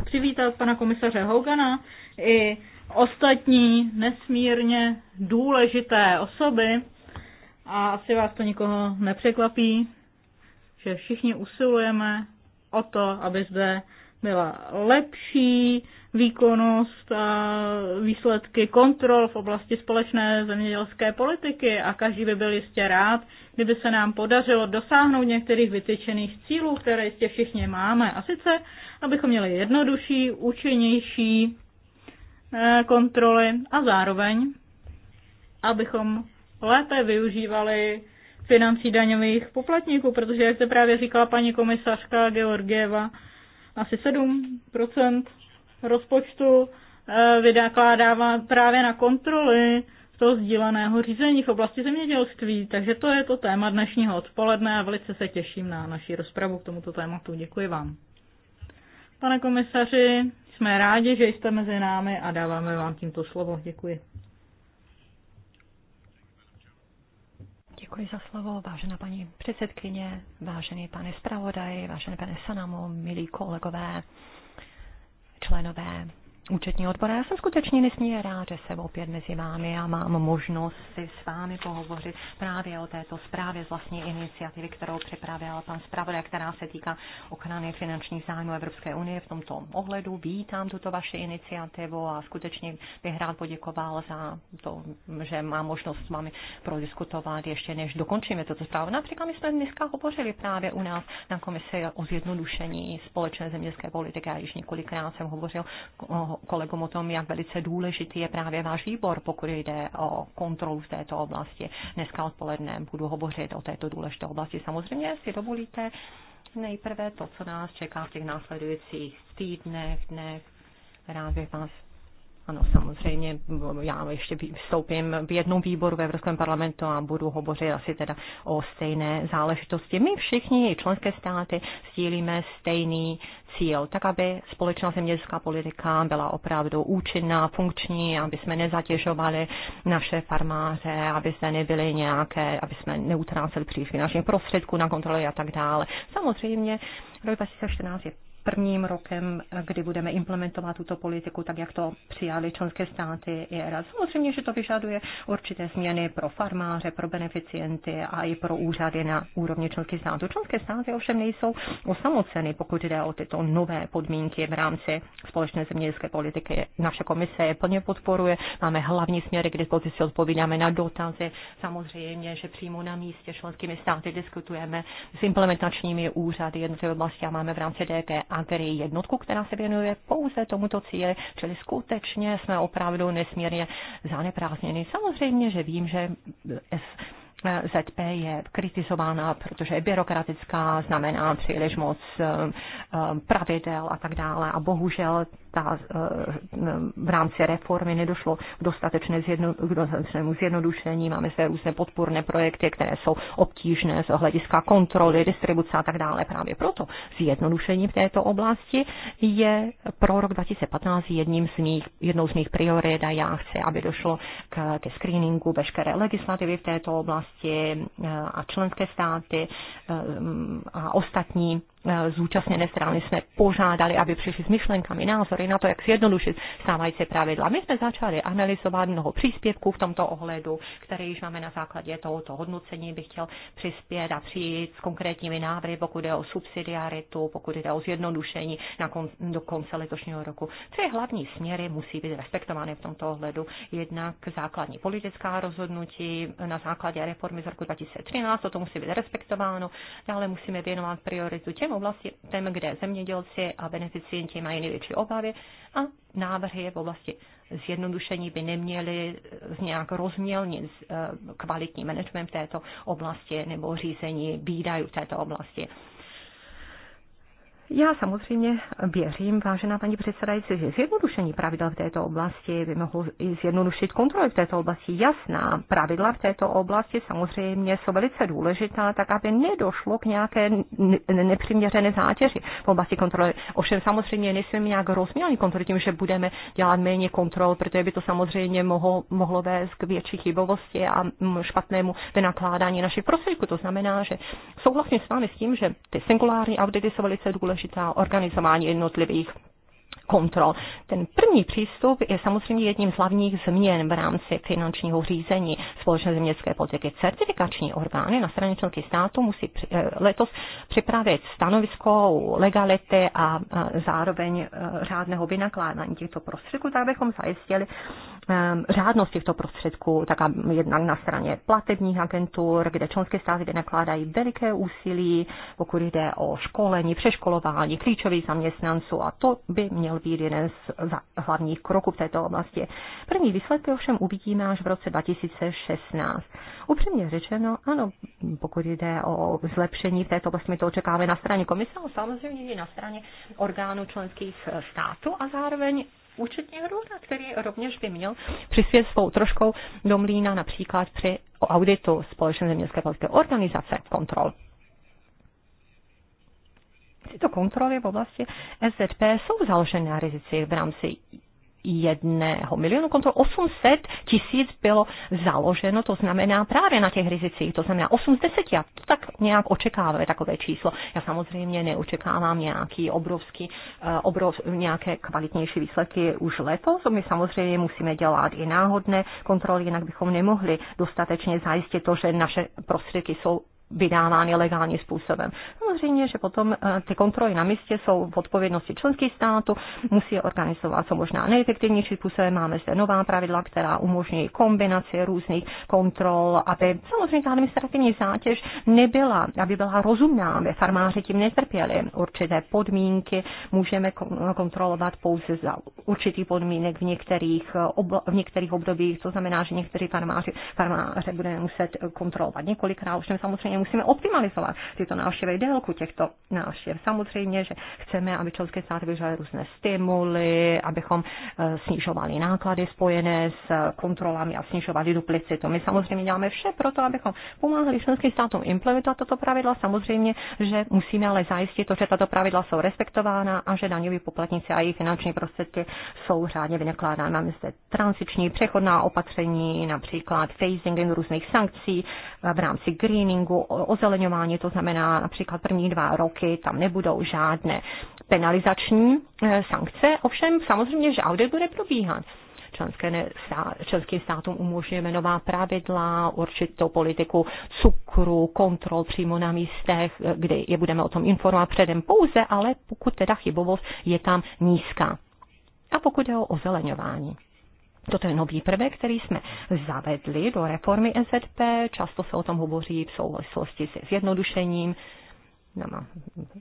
přivítat pana komisaře Hogana i ostatní nesmírně důležité osoby. A asi vás to nikoho nepřekvapí, že všichni usilujeme o to, aby zde byla lepší výkonnost a výsledky kontrol v oblasti společné zemědělské politiky a každý by byl jistě rád, kdyby se nám podařilo dosáhnout některých vytyčených cílů, které jistě všichni máme. A sice, abychom měli jednodušší, účinnější eh, kontroly a zároveň, abychom lépe využívali financí daňových poplatníků, protože, jak se právě říkala paní komisařka Georgieva, asi 7% rozpočtu eh, vydákládává právě na kontroly toho sdíleného řízení v oblasti zemědělství. Takže to je to téma dnešního odpoledne a velice se těším na naši rozpravu k tomuto tématu. Děkuji vám. Pane komisaři, jsme rádi, že jste mezi námi a dáváme vám tímto slovo. Děkuji. Děkuji za slovo, vážená paní předsedkyně, vážený pane zpravodaj, vážený pane Sanamu, milí kolegové, členové účetní odbor. Já jsem skutečně nesmírně rád, že jsem opět mezi vámi a mám možnost si s vámi pohovořit právě o této zprávě z vlastní iniciativy, kterou připravila pan zpravodaj, která se týká ochrany finančních zájmů Evropské unie. V tomto ohledu vítám tuto vaši iniciativu a skutečně bych rád poděkoval za to, že mám možnost s vámi prodiskutovat ještě než dokončíme tuto zprávu. Například my jsme dneska hovořili právě u nás na komisi o zjednodušení společné zemědělské politiky. Já již několikrát jsem hovořil kolegům o tom, jak velice důležitý je právě váš výbor, pokud jde o kontrolu v této oblasti. Dneska odpoledne budu hovořit o této důležité oblasti. Samozřejmě, jestli dovolíte, nejprve to, co nás čeká v těch následujících týdnech, dnech. Rád bych vás ano, samozřejmě, já ještě vstoupím v jednom výboru v Evropském parlamentu a budu hovořit asi teda o stejné záležitosti. My všichni, členské státy, sdílíme stejný cíl, tak aby společná zemědělská politika byla opravdu účinná, funkční, aby jsme nezatěžovali naše farmáře, aby zde nebyly nějaké, aby jsme neutráceli příliš finančních prostředků na kontroly a tak dále. Samozřejmě rok 2014 je prvním rokem, kdy budeme implementovat tuto politiku, tak jak to přijali členské státy i ERA. Samozřejmě, že to vyžaduje určité změny pro farmáře, pro beneficienty a i pro úřady na úrovni členských států. Členské státy ovšem nejsou osamoceny, pokud jde o tyto nové podmínky v rámci společné zemědělské politiky. Naše komise je plně podporuje, máme hlavní směry, kde si odpovídáme na dotazy. Samozřejmě, že přímo na místě členskými státy diskutujeme s implementačními úřady jednotlivé oblasti a máme v rámci DG a tedy jednotku, která se věnuje pouze tomuto cíli, čili skutečně jsme opravdu nesmírně zaneprázdněni. Samozřejmě, že vím, že ZP je kritizována, protože je byrokratická, znamená příliš moc eh, pravidel a tak dále. A bohužel ta, eh, v rámci reformy nedošlo k dostatečné zjedno, dostatečnému zjednodušení. Máme zde různé podporné projekty, které jsou obtížné z hlediska kontroly, distribuce a tak dále. Právě proto zjednodušení v této oblasti je pro rok 2015 jedním z mých, jednou z mých priorit a já chci, aby došlo k, ke screeningu veškeré legislativy v této oblasti oblasti eh, a členské státy eh, a ostatní Eh, zúčastněné strany jsme požádali, aby přišli s myšlenkami, názory na to, jak zjednodušit stávající pravidla. My jsme začali analyzovat mnoho příspěvků v tomto ohledu, které již máme na základě tohoto hodnocení, bych chtěl přispět a přijít s konkrétními návrhy, pokud jde o subsidiaritu, pokud jde o zjednodušení na kon, do konce letošního roku. Tři hlavní směry musí být respektovány v tomto ohledu. Jednak základní politická rozhodnutí na základě reformy z roku 2013, toto musí být respektováno. Dále musíme věnovat prioritu těm oblasti tém, kde zemědělci a beneficienti mají největší obavy a návrhy v oblasti zjednodušení by neměly eh, nějak rozmělnit eh, kvalitní management v této oblasti nebo řízení výdajů v této oblasti. Já samozřejmě věřím, vážená paní předsedající, že zjednodušení pravidel v této oblasti by mohlo i zjednodušit kontroly v této oblasti. Jasná pravidla v této oblasti samozřejmě jsou velice důležitá, tak aby nedošlo k nějaké nepřiměřené zátěži v oblasti kontroly. Ovšem samozřejmě nesmíme nějak rozmělnit kontroly tím, že budeme dělat méně kontrol, protože by to samozřejmě mohlo, mohlo vést k větší chybovosti a špatnému vynakládání našich prostředků. To znamená, že souhlasím s vámi s tím, že ty singulární audity jsou velice důležité důležitá organizování jednotlivých kontrol. Ten první přístup je samozřejmě jedním z hlavních změn v rámci finančního řízení společné zemědělské politiky. Certifikační orgány na straně členky státu musí eh, letos připravit stanovisko legality a zároveň eh, řádného vynakládání těchto prostředků, tak abychom zajistili Eh, řádnost těchto prostředků, tak jednak na straně platebních agentur, kde členské státy nakládají veliké úsilí, pokud jde o školení, přeškolování klíčových zaměstnanců a to by měl být jeden z hlavních kroků v této oblasti. První výsledky ovšem uvidíme až v roce 2016. Upřímně řečeno, ano, pokud jde o zlepšení v této oblasti, my to očekáváme na straně komise, ale samozřejmě i na straně orgánů členských států a zároveň účetního dvora, který rovněž by měl přispět svou troškou do mlína například při auditu společné zemědělské politické organizace kontrol. Tyto kontroly v oblasti SZP jsou založeny na rizici v rámci jedného milionu kontrol 800 tisíc bylo založeno, to znamená právě na těch rizicích, to znamená 8 z 10. Já to tak nějak očekáváme, takové číslo. Já samozřejmě neočekávám nějaký obrovský, eh, obrov, nějaké kvalitnější výsledky už letos. My samozřejmě musíme dělat i náhodné kontroly, jinak bychom nemohli dostatečně zajistit to, že naše prostředky jsou vydávány legálním způsobem. Samozřejmě, že potom eh, ty kontroly na místě jsou v odpovědnosti členských států, musí je organizovat co možná nejefektivnější způsobem. Máme zde nová pravidla, která umožňují kombinaci různých kontrol, aby samozřejmě ta administrativní zátěž nebyla, aby byla rozumná, aby farmáři tím netrpěli. Určité podmínky můžeme kontrolovat pouze za určitý podmínek v některých, eh, v některých obdobích, to znamená, že někteří farmáři, farmáře budeme muset eh, kontrolovat několikrát, už samozřejmě musíme optimalizovat tyto návštěvy, délku těchto návštěv. Samozřejmě, že chceme, aby členské státy vyžadovaly různé stimuly, abychom eh, snižovali náklady spojené s eh, kontrolami a snižovali duplicitu. My samozřejmě děláme vše pro to, abychom pomáhali členským státům implementovat tato pravidla. Samozřejmě, že musíme ale zajistit to, že tato pravidla jsou respektována a že daňoví poplatníci a jejich finanční prostředky jsou řádně vynakládány. Máme zde transiční přechodná opatření, například phasing různých sankcí eh, v rámci greeningu, ozeleňování, to znamená například první dva roky, tam nebudou žádné penalizační eh, sankce, ovšem samozřejmě, že audit bude probíhat členské členským státům umožňujeme nová pravidla, určitou politiku cukru, kontrol přímo na místech, eh, kdy je budeme o tom informovat předem pouze, ale pokud teda chybovost je tam nízká. A pokud je o ozeleňování. Toto je nový prvek, který jsme zavedli do reformy SZP. Často se o tom hovoří v souvislosti se zjednodušením. No, no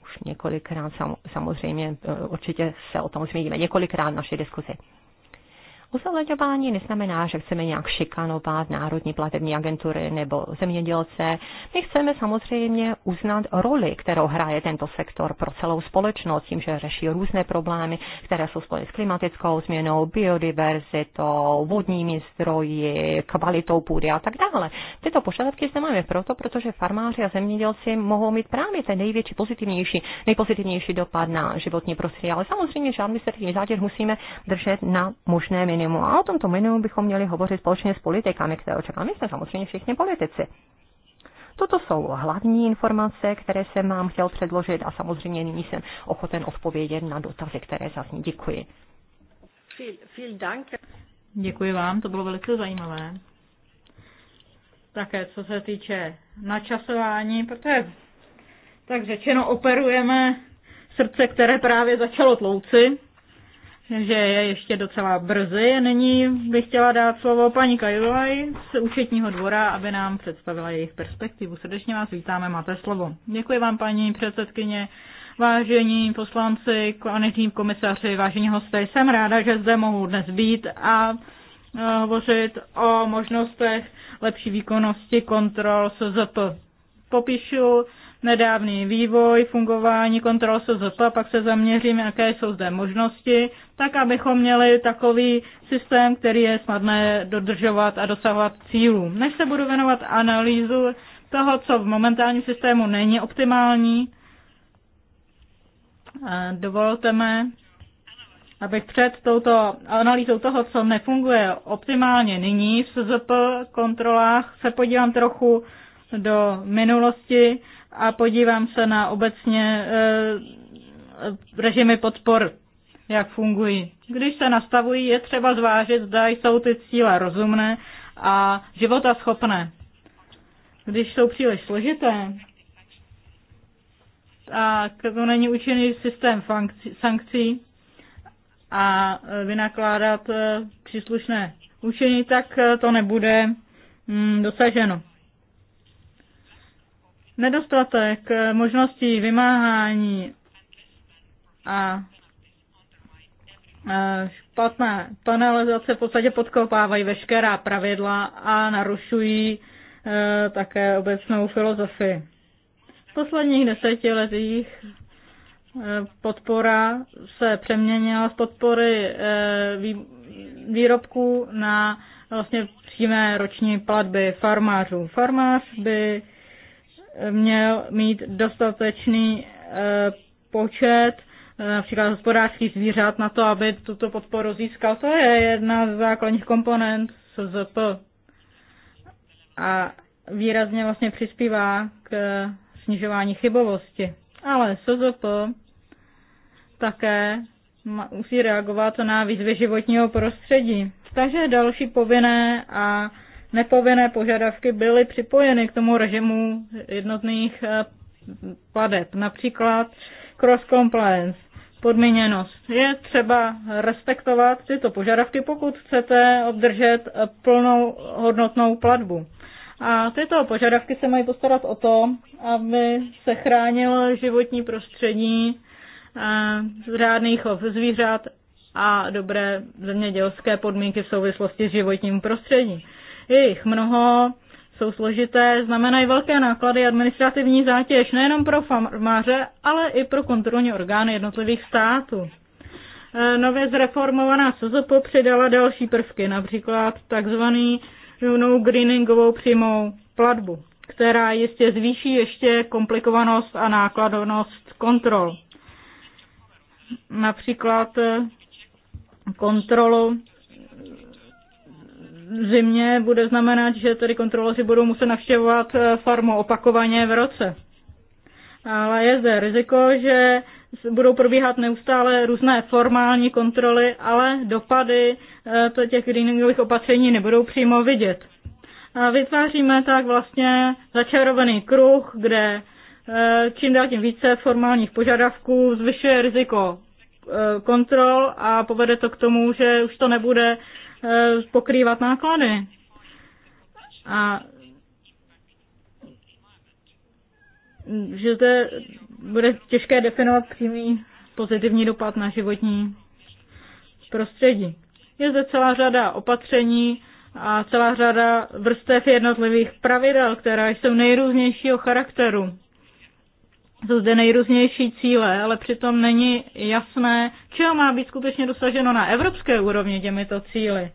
už několikrát, samozřejmě, e, určitě se o tom zmíníme několikrát v naší diskuzi. Ozeleňování neznamená, že chceme nějak šikanovat národní platební agentury nebo zemědělce. My chceme samozřejmě uznat roli, kterou hraje tento sektor pro celou společnost, tím, že řeší různé problémy, které jsou spojeny s klimatickou změnou, biodiverzitou, vodními zdroji, kvalitou půdy a tak dále. Tyto požadavky zde máme proto, protože farmáři a zemědělci mohou mít právě ten největší pozitivnější, nejpozitivnější dopad na životní prostředí, ale samozřejmě žádný se zátěž musíme držet na možné minimum minimu. A o tomto minimu bychom měli hovořit společně s politikami, které očekáváme. My jsme samozřejmě všichni politici. Toto jsou hlavní informace, které jsem vám chtěl předložit a samozřejmě nyní jsem ochoten odpovědět na dotazy, které zazní. Děkuji. Děkuji vám, to bylo velice zajímavé. Také co se týče načasování, protože tak řečeno operujeme srdce, které právě začalo tlouci že je ještě docela brzy. Není bych chtěla dát slovo paní Kajulaj z účetního dvora, aby nám představila jejich perspektivu. Srdečně vás vítáme, máte slovo. Děkuji vám, paní předsedkyně. Vážení poslanci, konečním komisaři, vážení hosté, jsem ráda, že zde mohu dnes být a eh, hovořit o možnostech lepší výkonnosti kontrol SZP. Popíšu nedávný vývoj, fungování kontrol SZP a pak se zaměříme, jaké jsou zde možnosti, tak abychom měli takový systém, který je snadné dodržovat a dosahovat cílů. Než se budu věnovat analýzu toho, co v momentálním systému není optimální, eh, dovolte mi, abych před touto analýzou toho, co nefunguje optimálně nyní v SZP kontrolách, se podívám trochu do minulosti a podívám se na obecně eh, režimy podpor, jak fungují. Když se nastavují, je třeba zvážit, zda jsou ty cíle rozumné a života schopné. Když jsou příliš složité, a to není účinný systém sankcí a eh, vynakládat eh, příslušné účinní, tak to nebude mm, dosaženo. Nedostatek eh, možností vymáhání a eh, špatné penalizace v podstatě podkopávají veškerá pravidla a narušují eh, také obecnou filozofii. V posledních desetiletích podpora se přeměnila z podpory výrobků na vlastně přímé roční platby farmářů. Farmář by měl mít dostatečný eh, počet eh, například hospodářských zvířat na to, aby tuto podporu získal. To je jedna z základních komponent SZP. A výrazně vlastně přispívá k eh, snižování chybovosti. Ale SZP také musí reagovat na výzvy životního prostředí. Takže další povinné a nepovinné požadavky byly připojeny k tomu režimu jednotných eh, padeb. Například cross compliance, podmíněnost. Je třeba respektovat tyto požadavky, pokud chcete obdržet eh, plnou hodnotnou platbu. A tyto požadavky se mají postarat o to, aby se chránilo životní prostředí eh, řádných chov zvířat a dobré zemědělské podmínky v souvislosti s životním prostředím. Je jich mnoho, jsou složité, znamenají velké náklady administrativní zátěž nejenom pro farmáře, ale i pro kontrolní orgány jednotlivých států. E, nově zreformovaná SZP přidala další prvky, například takzvaný junou no greeningovou přímou platbu, která jistě zvýší ještě komplikovanost a nákladovnost kontrol. Například e, kontrolu zimě bude znamenat, že tedy kontroloři budou muset navštěvovat eh, farmu opakovaně v roce. Ale je zde riziko, že budou probíhat neustále různé formální kontroly, ale dopady eh, to těch greeningových opatření nebudou přímo vidět. A vytváříme tak vlastně začarovaný kruh, kde eh, čím dál tím více formálních požadavků zvyšuje riziko kontrol a povede to k tomu, že už to nebude Eh, pokrývat náklady. A že to bude těžké definovat přímý pozitivní dopad na životní prostředí. Je zde celá řada opatření a celá řada vrstev jednotlivých pravidel, která jsou nejrůznějšího charakteru. Jsou zde nejrůznější cíle, ale přitom není jasné, čeho má být skutečně dosaženo na evropské úrovni těmito cíly.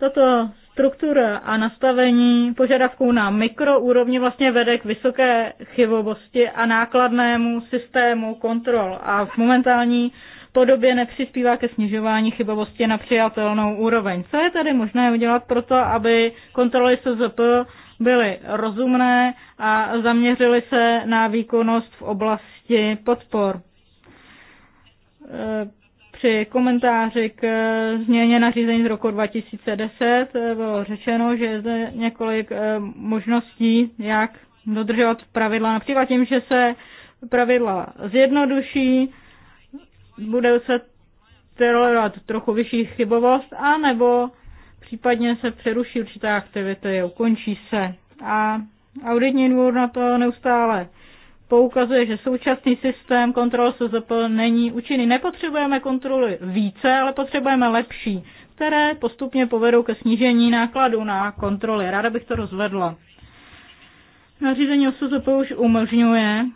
Tato struktura a nastavení požadavků na mikroúrovni vlastně vede k vysoké chybovosti a nákladnému systému kontrol a v momentální podobě nepřispívá ke snižování chybovosti na přijatelnou úroveň. Co je tedy možné udělat pro to, aby kontroly SZP byly rozumné a zaměřily se na výkonnost v oblasti podpor. E, při komentáři k e, změně nařízení z roku 2010 e, bylo řečeno, že je zde několik možností, jak dodržovat pravidla, například tím, že se pravidla zjednoduší, bude se tolerovat trochu vyšší chybovost, anebo případně se přeruší určitá aktivita, je ukončí se. A auditní dvůr na to neustále poukazuje, že současný systém kontrol SZP není účinný. Nepotřebujeme kontroly více, ale potřebujeme lepší, které postupně povedou ke snížení nákladů na kontroly. Ráda bych to rozvedla. Nařízení o SZP už umožňuje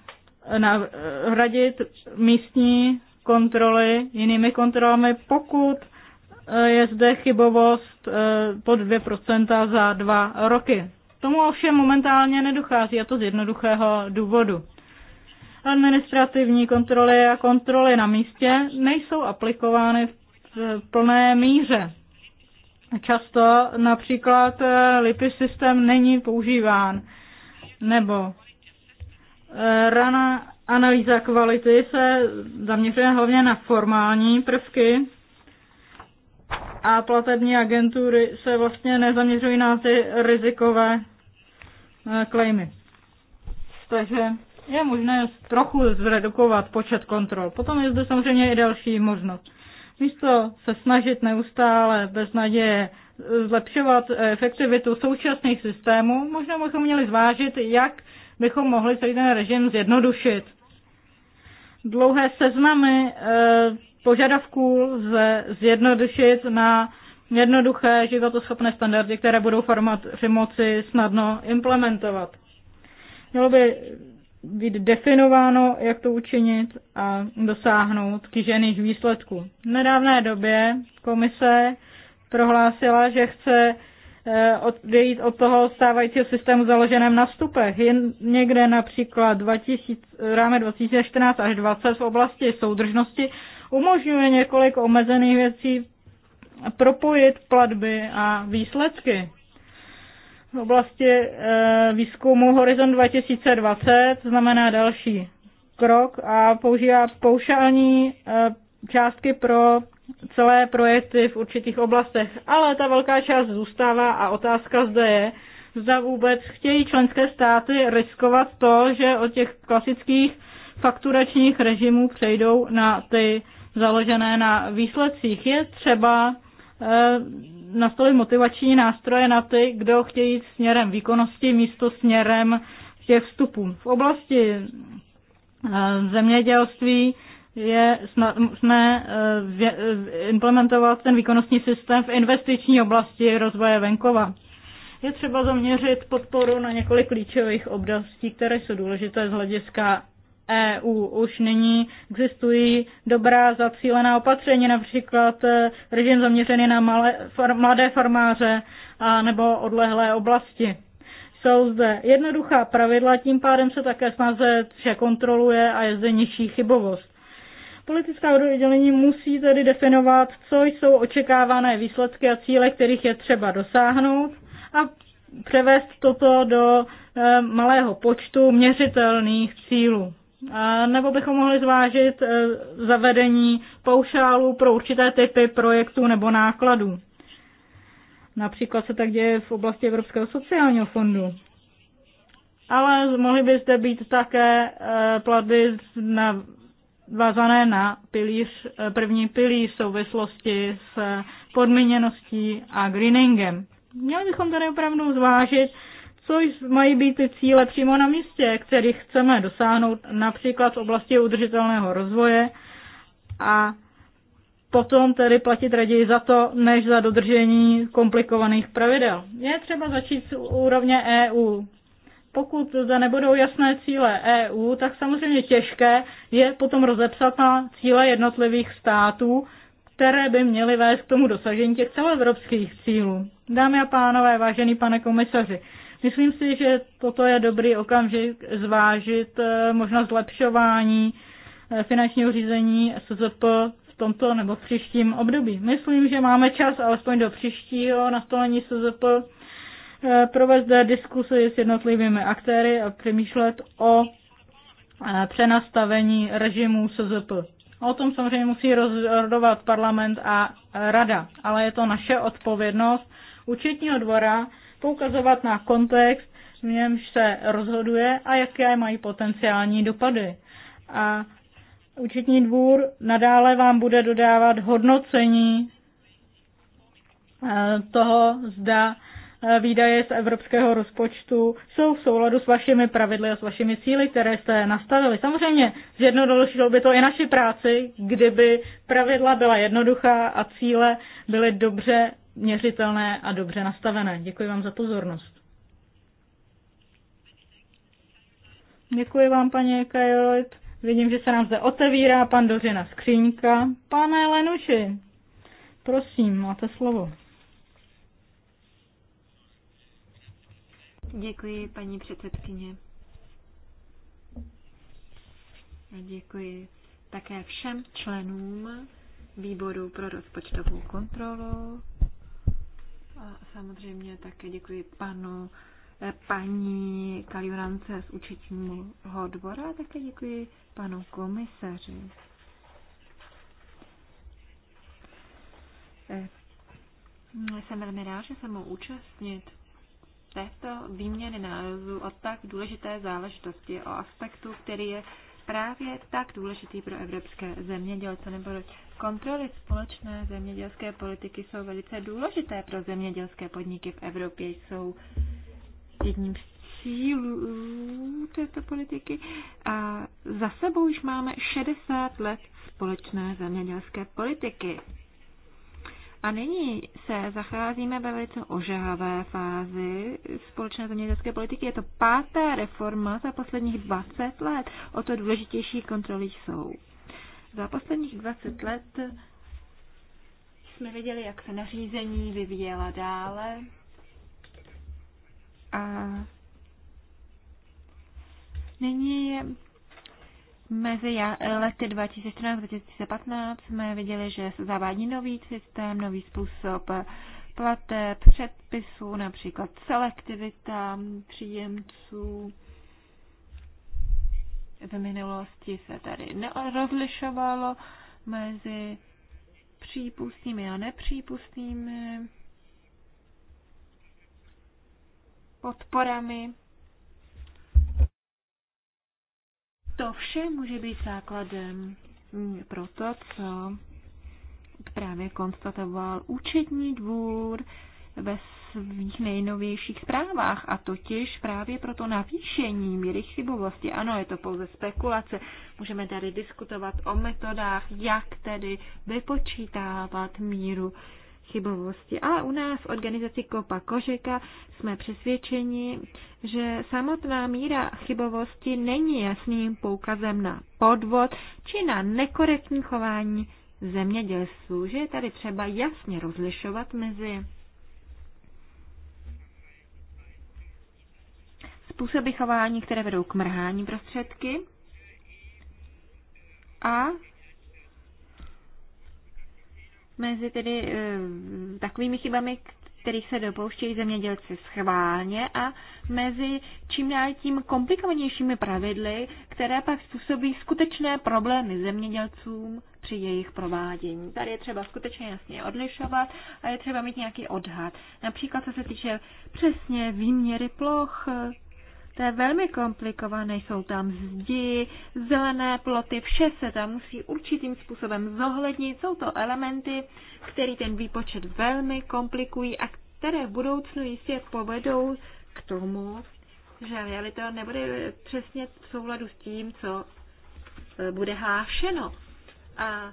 eh, hradit místní kontroly jinými kontrolami, pokud je zde chybovost eh, pod 2% za dva roky. Tomu ovšem momentálně nedochází a to z jednoduchého důvodu. Administrativní kontroly a kontroly na místě nejsou aplikovány v plné míře. Často například eh, LIPI systém není používán nebo eh, rana analýza kvality se zaměřuje hlavně na formální prvky, a platební agentury se vlastně nezaměřují na ty rizikové eh, klejmy. Takže je možné trochu zredukovat počet kontrol. Potom je zde samozřejmě i další možnost. Místo se snažit neustále bez naděje zlepšovat efektivitu současných systémů, možná bychom měli zvážit, jak bychom mohli celý ten režim zjednodušit. Dlouhé seznamy eh, požadavků ze, zjednodušit na jednoduché životoschopné standardy, které budou moci snadno implementovat. Mělo by být definováno, jak to učinit a dosáhnout kýžených výsledků. V nedávné době komise prohlásila, že chce eh, odejít od toho stávajícího systému založeném na stupech. Jen někde například 2000, ráme 2014 až 2020 v oblasti soudržnosti umožňuje několik omezených věcí propojit platby a výsledky. V oblasti eh, výzkumu Horizon 2020 znamená další krok a používá poušální eh, částky pro celé projekty v určitých oblastech. Ale ta velká část zůstává a otázka zde je, zda vůbec chtějí členské státy riskovat to, že od těch klasických fakturačních režimů přejdou na ty založené na výsledcích. Je třeba eh, nastavit motivační nástroje na ty, kdo chtějí jít směrem výkonnosti místo směrem těch vstupů. V oblasti eh, zemědělství je snadné eh, implementovat ten výkonnostní systém v investiční oblasti rozvoje venkova. Je třeba zaměřit podporu na několik klíčových oblastí, které jsou důležité z hlediska EU. Už nyní existují dobrá zacílená opatření, například e, režim zaměřený na malé, far, mladé farmáře a nebo odlehlé oblasti. Jsou zde jednoduchá pravidla, tím pádem se také snáze vše kontroluje a je zde nižší chybovost. Politická oddělení musí tedy definovat, co jsou očekávané výsledky a cíle, kterých je třeba dosáhnout a převést toto do e, malého počtu měřitelných cílů nebo bychom mohli zvážit e, zavedení paušálu pro určité typy projektů nebo nákladů. Například se tak děje v oblasti Evropského sociálního fondu. Ale mohly by zde být také e, platby na, vázané na pilíř, e, první pilíř v souvislosti s podmíněností a greeningem. Měli bychom tady opravdu zvážit, co mají být ty cíle přímo na místě, kterých chceme dosáhnout například v oblasti udržitelného rozvoje a potom tedy platit raději za to, než za dodržení komplikovaných pravidel. Je třeba začít z úrovně EU. Pokud zde nebudou jasné cíle EU, tak samozřejmě těžké je potom rozepsat na cíle jednotlivých států, které by měly vést k tomu dosažení těch celoevropských cílů. Dámy a pánové, vážený pane komisaři, Myslím si, že toto je dobrý okamžik zvážit eh, možnost zlepšování eh, finančního řízení SZP v tomto nebo v příštím období. Myslím, že máme čas alespoň do příštího nastolení SZP eh, provést diskusy s jednotlivými aktéry a přemýšlet o přenastavení režimu SZP. O tom samozřejmě musí rozhodovat parlament a rada, ale je to naše odpovědnost účetního dvora poukazovat na kontext, v němž se rozhoduje a jaké mají potenciální dopady. A účetní dvůr nadále vám bude dodávat hodnocení e, toho, zda e, výdaje z evropského rozpočtu jsou v souladu s vašimi pravidly a s vašimi cíly, které jste nastavili. Samozřejmě zjednodušilo by to i naši práci, kdyby pravidla byla jednoduchá a cíle byly dobře měřitelné a dobře nastavené. Děkuji vám za pozornost. Děkuji vám, paní Kajot. Vidím, že se nám zde otevírá pandořina skřínka. Pane Lenuši, prosím, máte slovo. Děkuji, paní předsedkyně. A děkuji také všem členům výboru pro rozpočtovou kontrolu a samozřejmě také děkuji panu eh, paní Kaliurance z účetního dvora a také děkuji panu komisaři. Eh, jsem velmi rád, že se mohu účastnit této výměny názorů o tak důležité záležitosti, o aspektu, který je právě tak důležitý pro evropské zemědělce, nebo kontroly společné zemědělské politiky jsou velice důležité pro zemědělské podniky v Evropě, jsou jedním z cílů této politiky a za sebou už máme 60 let společné zemědělské politiky. A nyní se zacházíme ve velice ožehavé fázi společné zemědělské politiky. Je to pátá reforma za posledních 20 let. O to důležitější kontroly jsou. Za posledních 20 let jsme viděli, jak se nařízení vyvíjela dále. A nyní Mezi lety 2014-2015 jsme viděli, že se zavádí nový systém, nový způsob plate, předpisů, například selektivita příjemců. V minulosti se tady rozlišovalo mezi přípustnými a nepřípustnými podporami. To vše může být základem pro to, co právě konstatoval účetní dvůr ve svých nejnovějších zprávách a totiž právě pro to navýšení míry chybovosti. Ano, je to pouze spekulace. Můžeme tady diskutovat o metodách, jak tedy vypočítávat míru chybovosti. Ale u nás v organizaci Kopa Kožeka jsme přesvědčeni, že samotná míra chybovosti není jasným poukazem na podvod či na nekorektní chování zemědělců, že je tady třeba jasně rozlišovat mezi způsoby chování, které vedou k mrhání prostředky a mezi tedy eh, takovými chybami, kterých se dopouštějí zemědělci schválně a mezi čím dál tím komplikovanějšími pravidly, které pak způsobí skutečné problémy zemědělcům při jejich provádění. Tady je třeba skutečně jasně odlišovat a je třeba mít nějaký odhad. Například co se týče přesně výměry ploch, to je velmi komplikované, jsou tam zdi, zelené ploty, vše se tam musí určitým způsobem zohlednit. Jsou to elementy, které ten výpočet velmi komplikují a které v budoucnu jistě povedou k tomu, že realita nebude přesně v souladu s tím, co e, bude hášeno. A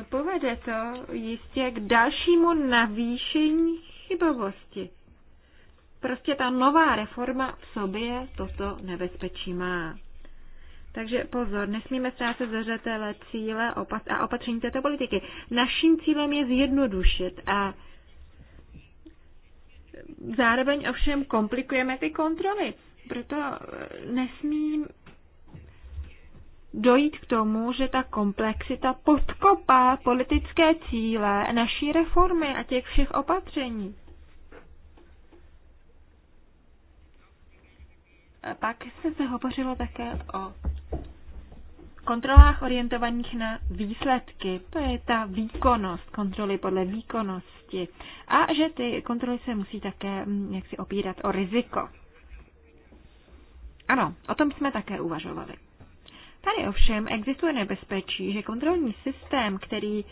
e, povede to jistě k dalšímu navýšení chybovosti. Prostě ta nová reforma v sobě toto nebezpečí má. Takže pozor, nesmíme ztrácet zřetele cíle a opatření této politiky. Naším cílem je zjednodušit a zároveň ovšem komplikujeme ty kontroly. Proto e, nesmím dojít k tomu, že ta komplexita podkopá politické cíle naší reformy a těch všech opatření. Pak se zde hovořilo také o kontrolách orientovaných na výsledky. To je ta výkonnost, kontroly podle výkonnosti. A že ty kontroly se musí také mm, jaksi opírat o riziko. Ano, o tom jsme také uvažovali. Tady ovšem existuje nebezpečí, že kontrolní systém, který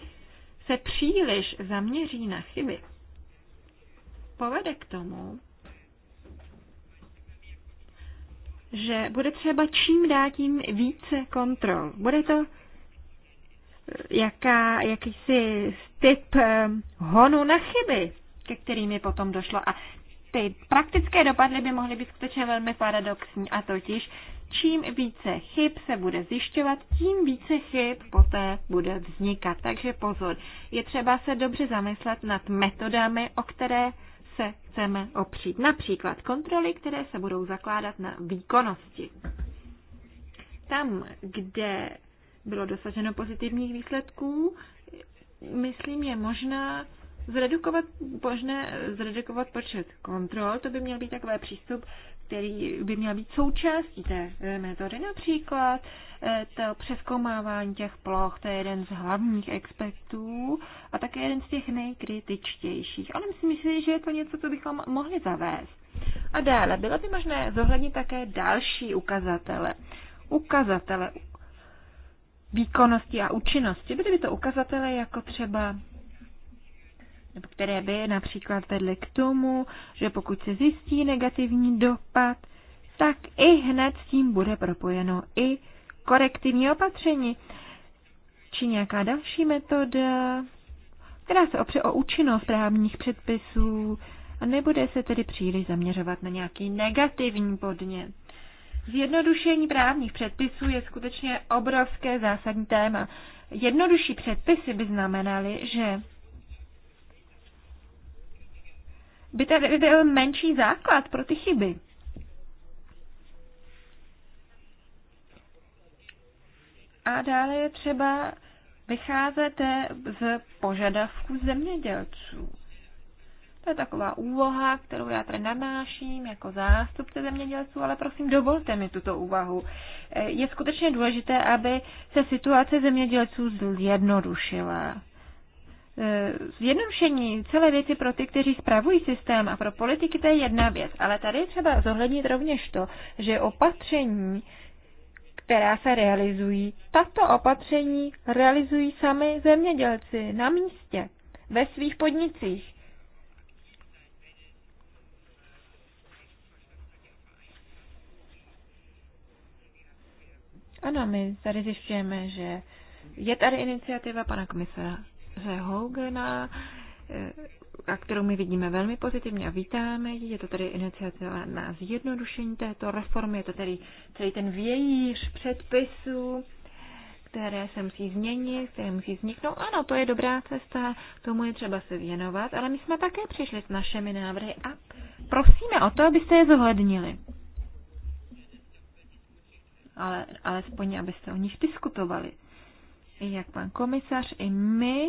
se příliš zaměří na chyby, povede k tomu, že bude třeba čím dát tím více kontrol. Bude to eh, jaká, jakýsi typ eh, honu na chyby, ke kterým je potom došlo. A ty praktické dopady by mohly být skutečně velmi paradoxní, a totiž čím více chyb se bude zjišťovat, tím více chyb poté bude vznikat. Takže pozor, je třeba se dobře zamyslet nad metodami, o které se chceme opřít. Například kontroly, které se budou zakládat na výkonnosti. Tam, kde bylo dosaženo pozitivních výsledků, myslím, je možná zredukovat, možné zredukovat počet kontrol. To by měl být takový přístup, který by měl být součástí té eh, metody. Například eh, to přeskoumávání těch ploch, to je jeden z hlavních expertů a také jeden z těch nejkritičtějších. Ale myslím si, že je to něco, co bychom mohli zavést. A dále bylo by možné zohlednit také další ukazatele. Ukazatele výkonnosti a účinnosti. Byly by to ukazatele jako třeba nebo které by například vedly k tomu, že pokud se zjistí negativní dopad, tak i hned s tím bude propojeno i korektivní opatření či nějaká další metoda, která se opře o účinnost právních předpisů a nebude se tedy příliš zaměřovat na nějaký negativní podnět. Zjednodušení právních předpisů je skutečně obrovské zásadní téma. Jednodušší předpisy by znamenaly, že by tady byl menší základ pro ty chyby. A dále je třeba vycházet z požadavků zemědělců. To je taková úloha, kterou já tady nanáším jako zástupce zemědělců, ale prosím, dovolte mi tuto úvahu. Je skutečně důležité, aby se situace zemědělců zjednodušila. Eh, zjednodušení celé věci pro ty, kteří spravují systém a pro politiky, to je jedna věc. Ale tady je třeba zohlednit rovněž to, že opatření, která se realizují, tato opatření realizují sami zemědělci na místě, ve svých podnicích. Ano, my tady zjišťujeme, že je tady iniciativa pana komisara Hougena, eh, a kterou my vidíme velmi pozitivně a vítáme. Je to tedy iniciativa na zjednodušení této reformy, je to tedy celý ten vějíř předpisů, které se musí změnit, které musí vzniknout. Ano, to je dobrá cesta, tomu je třeba se věnovat, ale my jsme také přišli s našimi návrhy a prosíme o to, abyste je zohlednili. Ale alespoň, abyste o nich diskutovali jak pan komisař, i my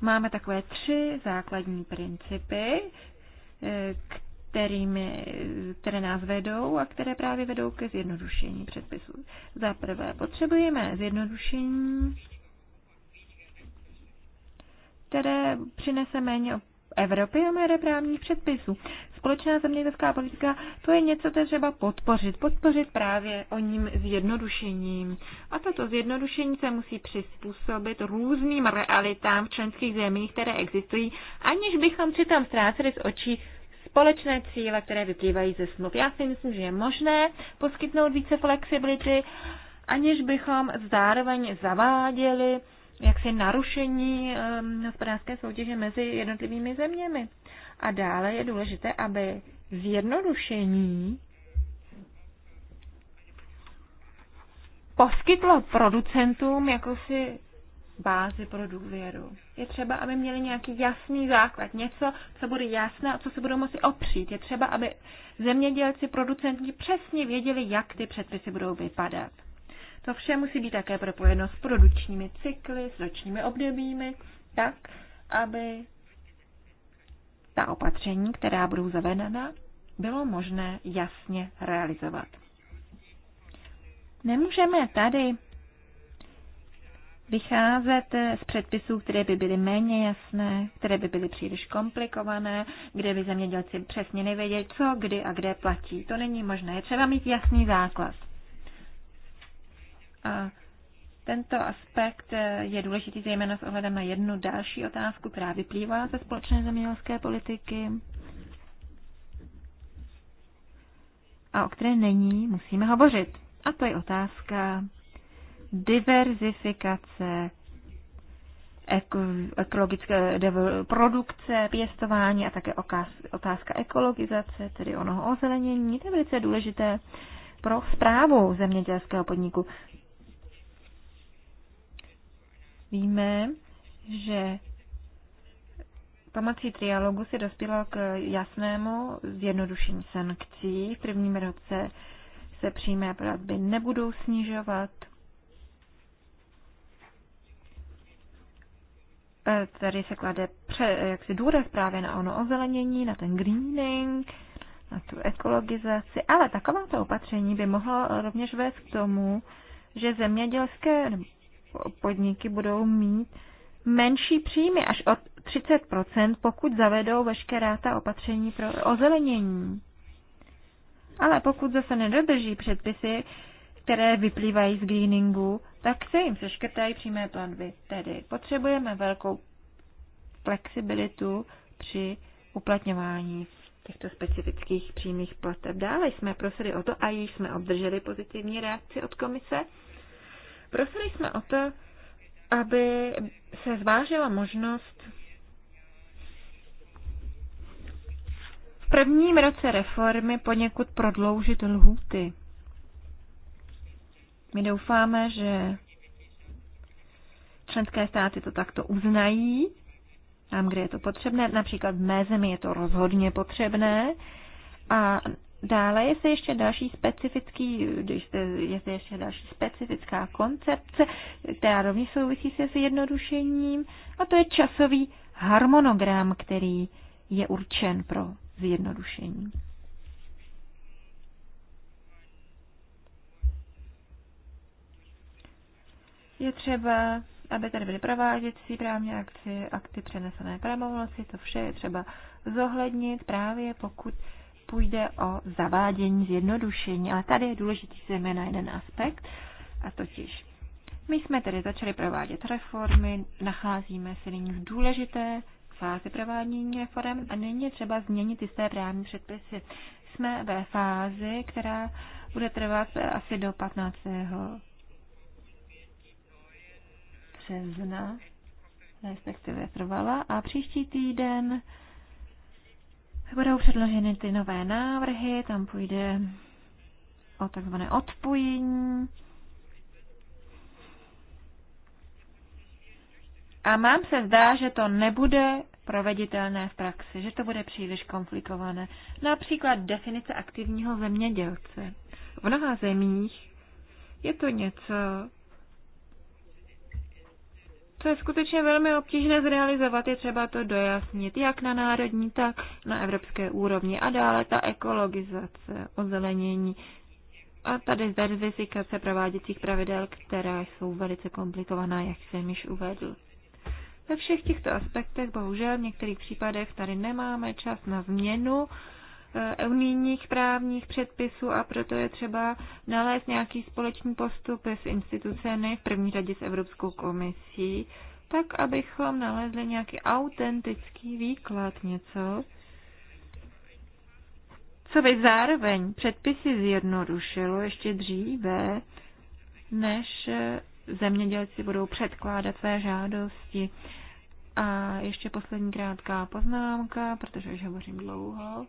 máme takové tři základní principy, eh, kterými, které nás vedou a které právě vedou ke zjednodušení předpisů. Za prvé, potřebujeme zjednodušení, které přinese méně Evropy a méně právních předpisů. Společná zemědělská politika, to je něco, co je třeba podpořit. Podpořit právě o ním zjednodušením. A toto zjednodušení se musí přizpůsobit různým realitám v členských zemích, které existují, aniž bychom přitom ztráceli z očí společné cíle, které vyplývají ze smluv. Já si myslím, že je možné poskytnout více flexibility, aniž bychom zároveň zaváděli jaksi narušení um, hospodářské soutěže mezi jednotlivými zeměmi. A dále je důležité, aby zjednodušení poskytlo producentům jakousi bázi pro důvěru. Je třeba, aby měli nějaký jasný základ, něco, co bude jasné a co se budou moci opřít. Je třeba, aby zemědělci, producenti přesně věděli, jak ty předpisy budou vypadat. To vše musí být také propojeno s produčními cykly, s ročními obdobími, tak, aby ta opatření, která budou zavedena, bylo možné jasně realizovat. Nemůžeme tady vycházet z předpisů, které by byly méně jasné, které by byly příliš komplikované, kde by zemědělci přesně nevěděli, co, kdy a kde platí. To není možné. Je třeba mít jasný základ. A tento aspekt eh, je důležitý zejména s ohledem na jednu další otázku, která vyplývá ze společné zemědělské politiky a o které není musíme hovořit. A to je otázka diverzifikace ekologické eh, produkce, pěstování a také otázka ekologizace, tedy onoho ozelenění. To je velice důležité pro zprávu zemědělského podniku. Víme, že Pomocí trialogu se dospělo k jasnému zjednodušení sankcí. V prvním roce se přímé platby nebudou snižovat. E, tady se klade pře, jaksi důraz právě na ono ozelenění, na ten greening, na tu ekologizaci, ale takováto opatření by mohlo rovněž vést k tomu, že zemědělské podniky budou mít menší příjmy až od 30 pokud zavedou veškerá ta opatření pro ozelenění. Ale pokud zase nedodrží předpisy, které vyplývají z greeningu, tak se jim seškrtají přímé platby. Tedy potřebujeme velkou flexibilitu při uplatňování těchto specifických přímých plateb. Dále jsme prosili o to a již jsme obdrželi pozitivní reakci od komise, Prosili jsme o to, aby se zvážila možnost v prvním roce reformy poněkud prodloužit lhůty. My doufáme, že členské státy to takto uznají, tam, kde je to potřebné. Například v mé zemi je to rozhodně potřebné a Dále je se ještě další specifický, eh, je se ještě další specifická koncepce, která rovněž souvisí se zjednodušením, a to je časový harmonogram, který je určen pro zjednodušení. Je třeba, aby tady byly prováděcí právní akci, akty přenesené pravomoci, to vše je třeba zohlednit právě pokud půjde o zavádění zjednodušení, ale tady je důležitý zejména jeden aspekt, a totiž my jsme tedy začali provádět reformy, nacházíme se nyní v důležité fázi provádění reform a je třeba změnit jisté právní předpisy. Jsme ve fázi, která bude trvat asi do 15. března, respektive trvala, a příští týden budou předloženy ty nové návrhy, tam půjde o takzvané odpojení. A mám se zdá, že to nebude proveditelné v praxi, že to bude příliš komplikované. Například definice aktivního zemědělce. V mnoha zemích je to něco, to je skutečně velmi obtížné zrealizovat, je třeba to dojasnit, jak na národní, tak na evropské úrovni. A dále ta ekologizace, ozelenění a tady zderzifikace prováděcích pravidel, která jsou velice komplikovaná, jak jsem již uvedl. Ve všech těchto aspektech bohužel v některých případech tady nemáme čas na změnu Eh, unijních právních předpisů a proto je třeba nalézt nějaký společný postup s institucemi, v první řadě s Evropskou komisí, tak abychom nalezli nějaký autentický výklad něco, co by zároveň předpisy zjednodušilo ještě dříve, než eh, zemědělci budou předkládat své žádosti. A ještě poslední krátká poznámka, protože už hovořím dlouho.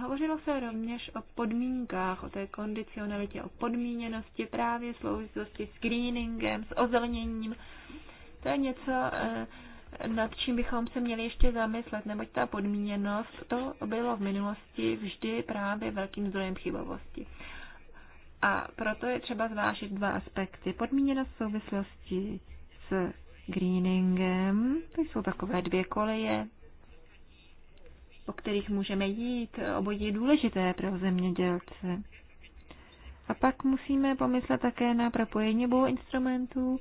Hovořilo se rovněž o podmínkách, o té kondicionalitě, o podmíněnosti právě v souvislosti s greeningem, s ozeleněním. To je něco, eh, nad čím bychom se měli ještě zamyslet, neboť ta podmíněnost, to bylo v minulosti vždy právě velkým zdrojem chybovosti. A proto je třeba zvážit dva aspekty. Podmíněnost v souvislosti s greeningem, to jsou takové dvě koleje, po kterých můžeme jít. Obojí je důležité pro zemědělce. A pak musíme pomyslet také na propojení obou instrumentů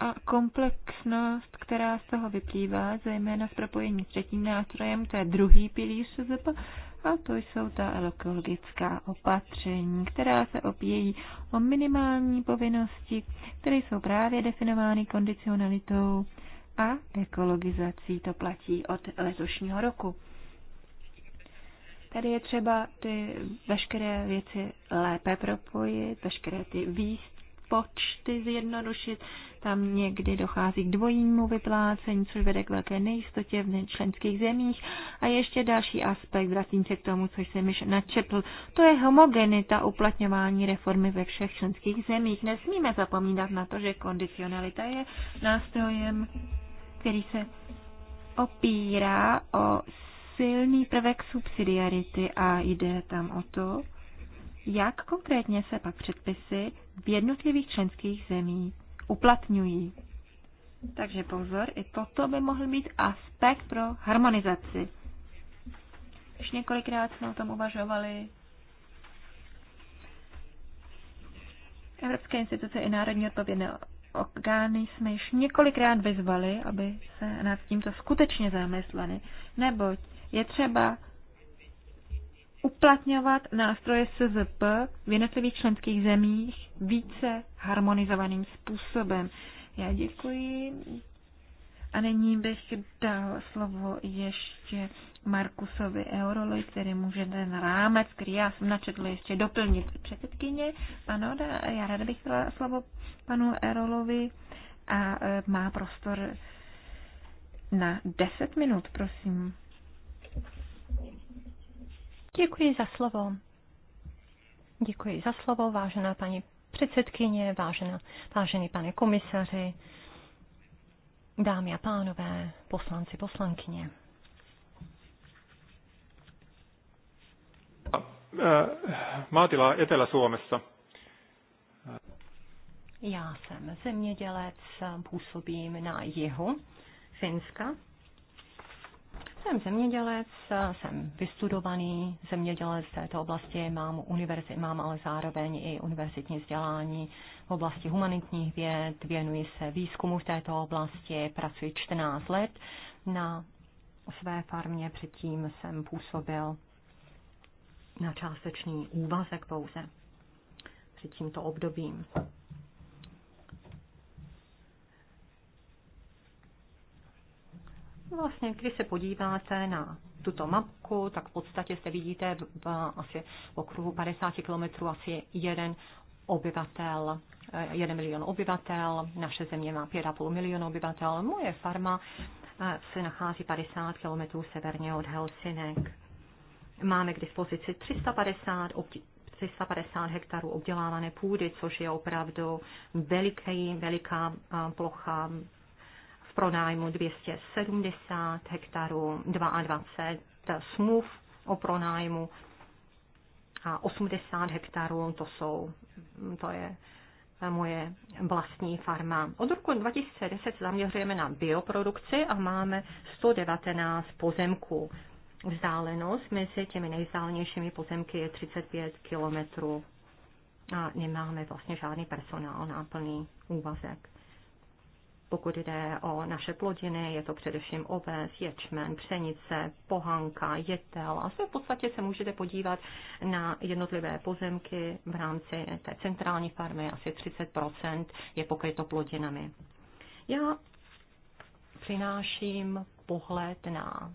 a komplexnost, která z toho vyplývá, zejména s propojením s třetím nástrojem, to je druhý pilíř SZP, a to jsou ta ekologická opatření, která se opějí o minimální povinnosti, které jsou právě definovány kondicionalitou a ekologizací. To platí od letošního roku. Tady je třeba ty veškeré věci lépe propojit, veškeré ty výpočty zjednodušit. Tam někdy dochází k dvojímu vyplácení, což vede k velké nejistotě v členských zemích. A ještě další aspekt, vracím se k tomu, co jsem již načetl, to je homogenita uplatňování reformy ve všech členských zemích. Nesmíme zapomínat na to, že kondicionalita je nástrojem který se opírá o silný prvek subsidiarity a jde tam o to, jak konkrétně se pak předpisy v jednotlivých členských zemí uplatňují. Takže pozor, i toto by mohl být aspekt pro harmonizaci. Už několikrát jsme o tom uvažovali. Evropské instituce i národní odpovědné orgány jsme již několikrát vyzvali, aby se nad tímto skutečně zamysleli, neboť je třeba uplatňovat nástroje SZP v jednotlivých členských zemích více harmonizovaným způsobem. Já děkuji a nyní bych dal slovo ještě Markusovi Euroli, který může ten rámec, který já jsem načetl, ještě doplnit předsedkyně. Ano, já ráda bych dala slovo panu Eurolovi a e, má prostor na 10 minut, prosím. Děkuji za slovo. Děkuji za slovo, vážená paní předsedkyně, vážená, vážený pane komisaři, Dámy a pánové, poslanci, poslankyně. E, Mátila Etelä-Suomessa. Já jsem zemědělec, působím na jihu Finska jsem zemědělec, jsem vystudovaný zemědělec v této oblasti, mám, univerzi, mám ale zároveň i univerzitní vzdělání v oblasti humanitních věd, věnuji se výzkumu v této oblasti, pracuji 14 let na své farmě, předtím jsem působil na částečný úvazek pouze před tímto obdobím. Vlastně, když se podíváte na tuto mapku, tak v podstatě se vidíte v, v, asi v okruhu 50 kilometrů asi jeden obyvatel, eh, jeden milion obyvatel, naše země má 5,5 milionu obyvatel, moje farma eh, se nachází 50 kilometrů severně od Helsinek. Máme k dispozici 350 obdě- 350 hektarů obdělávané půdy, což je opravdu veliký, veliká eh, plocha, v pronájmu 270 hektarů, 22 smluv o pronájmu a 80 hektarů, to, jsou, to je moje vlastní farma. Od roku 2010 zaměřujeme na bioprodukci a máme 119 pozemků. Vzdálenost mezi těmi nejvzdálenějšími pozemky je 35 kilometrů a nemáme vlastně žádný personál na plný úvazek. Pokud jde o naše plodiny, je to především oves, ječmen, pšenice, pohanka, jetel. A se v podstatě se můžete podívat na jednotlivé pozemky v rámci té centrální farmy. Asi 30% je pokryto plodinami. Já přináším pohled na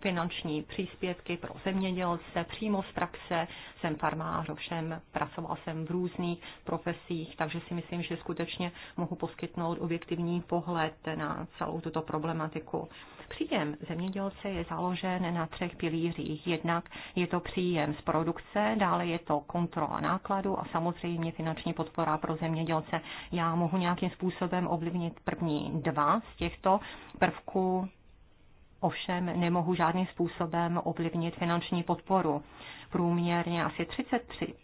finanční příspěvky pro zemědělce přímo z praxe. Jsem farmář, ovšem pracoval jsem v různých profesích, takže si myslím, že skutečně mohu poskytnout objektivní pohled na celou tuto problematiku. Příjem zemědělce je založen na třech pilířích. Jednak je to příjem z produkce, dále je to kontrola nákladu a samozřejmě finanční podpora pro zemědělce. Já mohu nějakým způsobem ovlivnit první dva z těchto prvků ovšem nemohu žádným způsobem ovlivnit finanční podporu. Průměrně asi 33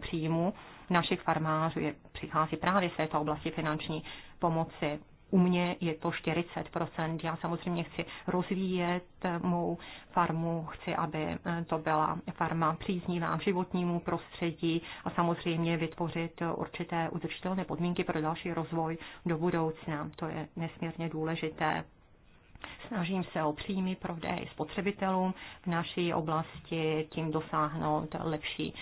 příjmu našich farmářů je, přichází právě z této oblasti finanční pomoci. U mě je to 40%. Já samozřejmě chci rozvíjet mou farmu, chci, aby eh, to byla farma příznivá k životnímu prostředí a samozřejmě vytvořit určité udržitelné podmínky pro další rozvoj do budoucna. To je nesmírně důležité. Snažím se o přímý prodej spotřebitelům v naší oblasti, tím dosáhnout lepší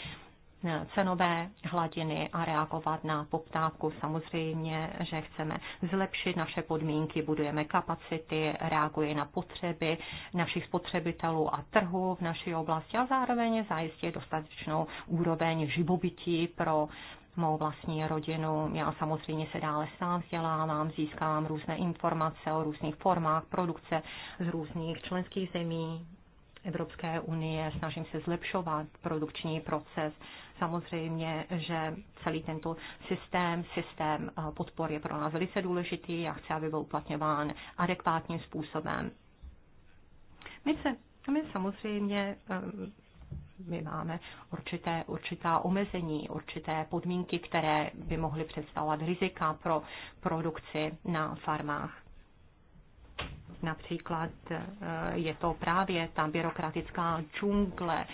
eh, cenové hladiny a reagovat na poptávku. Samozřejmě, že chceme zlepšit naše podmínky, budujeme kapacity, reaguje na potřeby našich spotřebitelů a trhu v naší oblasti a zároveň zajistit dostatečnou úroveň živobytí pro mou vlastní rodinu. Já samozřejmě se dále sám vzdělávám, získávám různé informace o různých formách produkce z různých členských zemí Evropské unie, snažím se zlepšovat produkční proces. Samozřejmě, že celý tento systém, systém eh, podpor je pro nás velice důležitý a chci, aby byl uplatňován adekvátním způsobem. My se my samozřejmě eh, my máme určité, určitá omezení, určité podmínky, které by mohly představovat rizika pro produkci na farmách. Například eh, je to právě ta byrokratická džungle,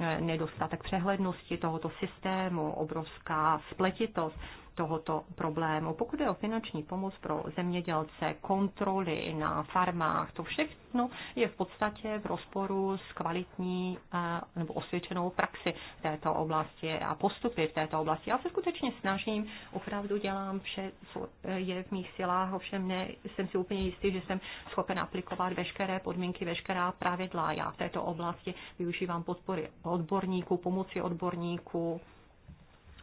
eh, nedostatek přehlednosti tohoto systému, obrovská spletitost tohoto problému. Pokud je o finanční pomoc pro zemědělce, kontroly na farmách, to všechno je v podstatě v rozporu s kvalitní eh, nebo osvědčenou praxi v této oblasti a postupy v této oblasti. Já se skutečně snažím, opravdu dělám vše, co eh, je v mých silách, ovšem ne, jsem si úplně jistý, že jsem schopen aplikovat veškeré podmínky, veškerá pravidla. Já v této oblasti využívám podpory odborníků, pomoci odborníků,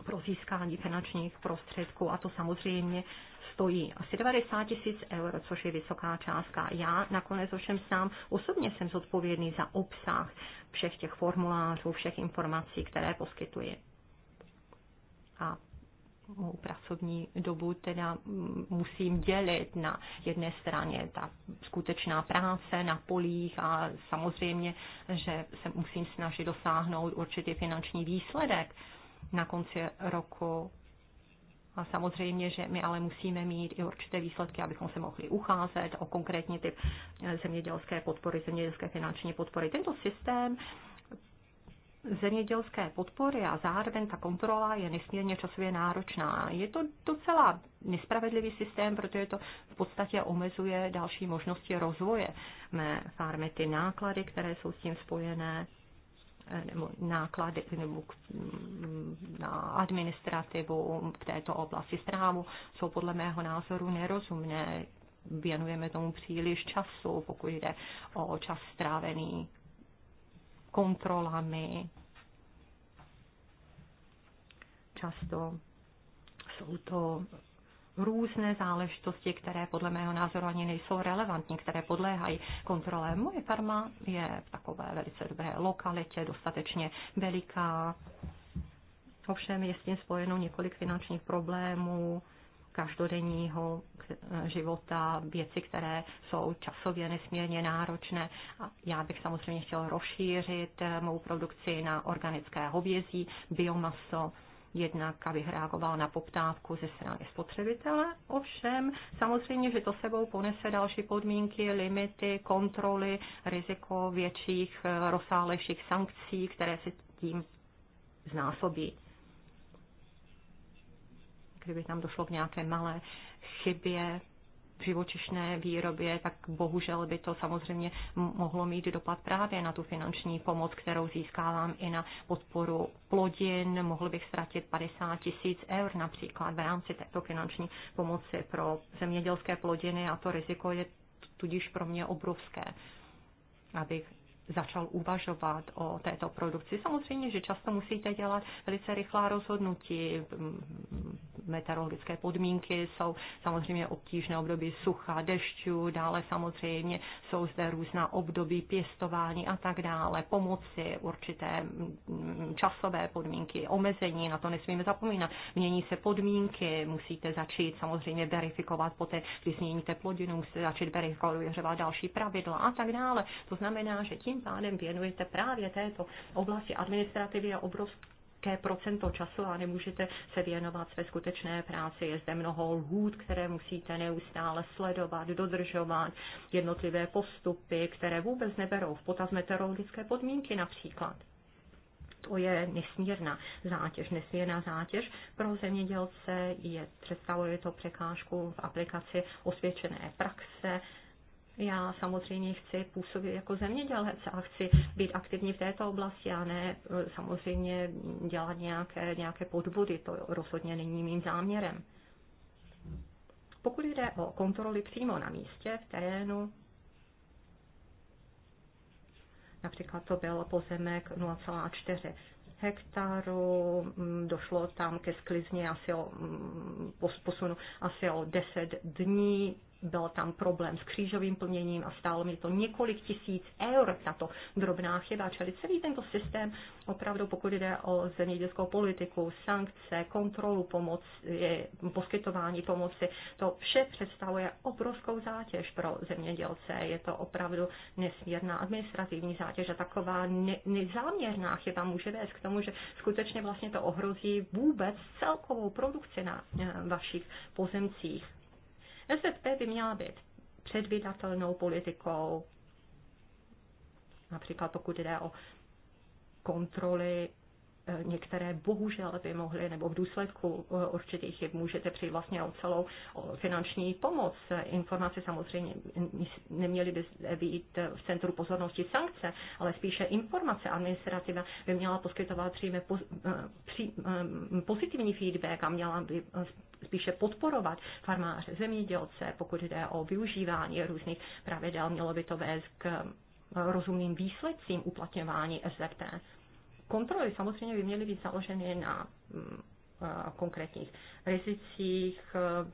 pro získání finančních prostředků a to samozřejmě stojí asi 90 tisíc eur, což je vysoká částka. Já nakonec ovšem sám osobně jsem zodpovědný za obsah všech těch formulářů, všech informací, které poskytuji. A mou pracovní dobu teda musím dělit na jedné straně ta skutečná práce na polích a samozřejmě, že se musím snažit dosáhnout určitý finanční výsledek na konci roku. A samozřejmě, že my ale musíme mít i určité výsledky, abychom se mohli ucházet o konkrétní typ eh, zemědělské podpory, zemědělské finanční podpory. Tento systém zemědělské podpory a zároveň ta kontrola je nesmírně časově náročná. Je to docela nespravedlivý systém, protože to v podstatě omezuje další možnosti rozvoje mé farmy, ty náklady, které jsou s tím spojené, Eh, nebo náklady nebo mm, na administrativu v této oblasti zprávu jsou podle mého názoru nerozumné. Věnujeme tomu příliš času, pokud jde o čas strávený kontrolami. Často jsou to různé záležitosti, které podle mého názoru ani nejsou relevantní, které podléhají kontrole. Moje farma je v takové velice dobré lokalitě, dostatečně veliká. Ovšem je s tím spojeno několik finančních problémů, každodenního života, věci, které jsou časově nesmírně náročné. A já bych samozřejmě chtěl rozšířit mou produkci na organické hovězí, biomaso, jednak aby reagoval na poptávku ze strany spotřebitele. Ovšem, samozřejmě, že to sebou ponese další podmínky, limity, kontroly, riziko větších, eh, rozsáhlejších sankcí, které se tím znásobí. Kdyby tam došlo k nějaké malé chybě živočišné výrobě, tak bohužel by to samozřejmě mohlo mít dopad právě na tu finanční pomoc, kterou získávám i na podporu plodin. Mohl bych ztratit 50 tisíc eur například v rámci této finanční pomoci pro zemědělské plodiny a to riziko je tudíž pro mě obrovské, abych začal uvažovat o této produkci. Samozřejmě, že často musíte dělat velice rychlá rozhodnutí. Meteorologické podmínky jsou samozřejmě obtížné období sucha, dešťů, dále samozřejmě jsou zde různá období pěstování a tak dále, pomoci, určité mm, časové podmínky, omezení, na to nesmíme zapomínat. Mění se podmínky, musíte začít samozřejmě verifikovat poté, když změníte plodinu, musíte začít verifikovat další pravidla a tak dále. To znamená, že tím pádem věnujete právě této oblasti administrativy a obrovské procento času a nemůžete se věnovat své skutečné práci. Je zde mnoho lhůt, které musíte neustále sledovat, dodržovat, jednotlivé postupy, které vůbec neberou v potaz meteorologické podmínky například to je nesmírná zátěž, nesmírná zátěž pro zemědělce, je, představuje to překážku v aplikaci osvědčené praxe, já samozřejmě chci působit jako zemědělec a chci být aktivní v této oblasti a ne e, samozřejmě dělat nějaké, nějaké podvody. To rozhodně není mým záměrem. Pokud jde o kontroly přímo na místě, v terénu, například to byl pozemek 0,4 hektaru, mm, došlo tam ke sklizně asi o, mm, posunu asi o 10 dní, byl tam problém s křížovým plněním a stálo mi to několik tisíc eur, to drobná chyba. Čili celý tento systém, opravdu pokud jde o zemědělskou politiku, sankce, kontrolu pomoc, poskytování pomoci, to vše představuje obrovskou zátěž pro zemědělce. Je to opravdu nesmírná administrativní zátěž a taková ne, nezáměrná chyba může vést k tomu, že skutečně vlastně to ohrozí vůbec celkovou produkci na eh, vašich pozemcích. SFP by měla být předvídatelnou politikou, například pokud jde o kontroly Eh, některé bohužel by mohly, nebo v důsledku eh, určitých chyb můžete přijít vlastně o celou finanční pomoc. Eh, informace samozřejmě neměly by být v centru pozornosti sankce, ale spíše informace. Administrativa by měla poskytovat příjme pozitivní feedback a měla by spíše podporovat farmáře, zemědělce, pokud jde o využívání různých pravidel, mělo by to vést k rozumným výsledcím uplatňování SZP kontroly samozřejmě by měly být založeny na mm, eh, konkrétních rizicích. Eh,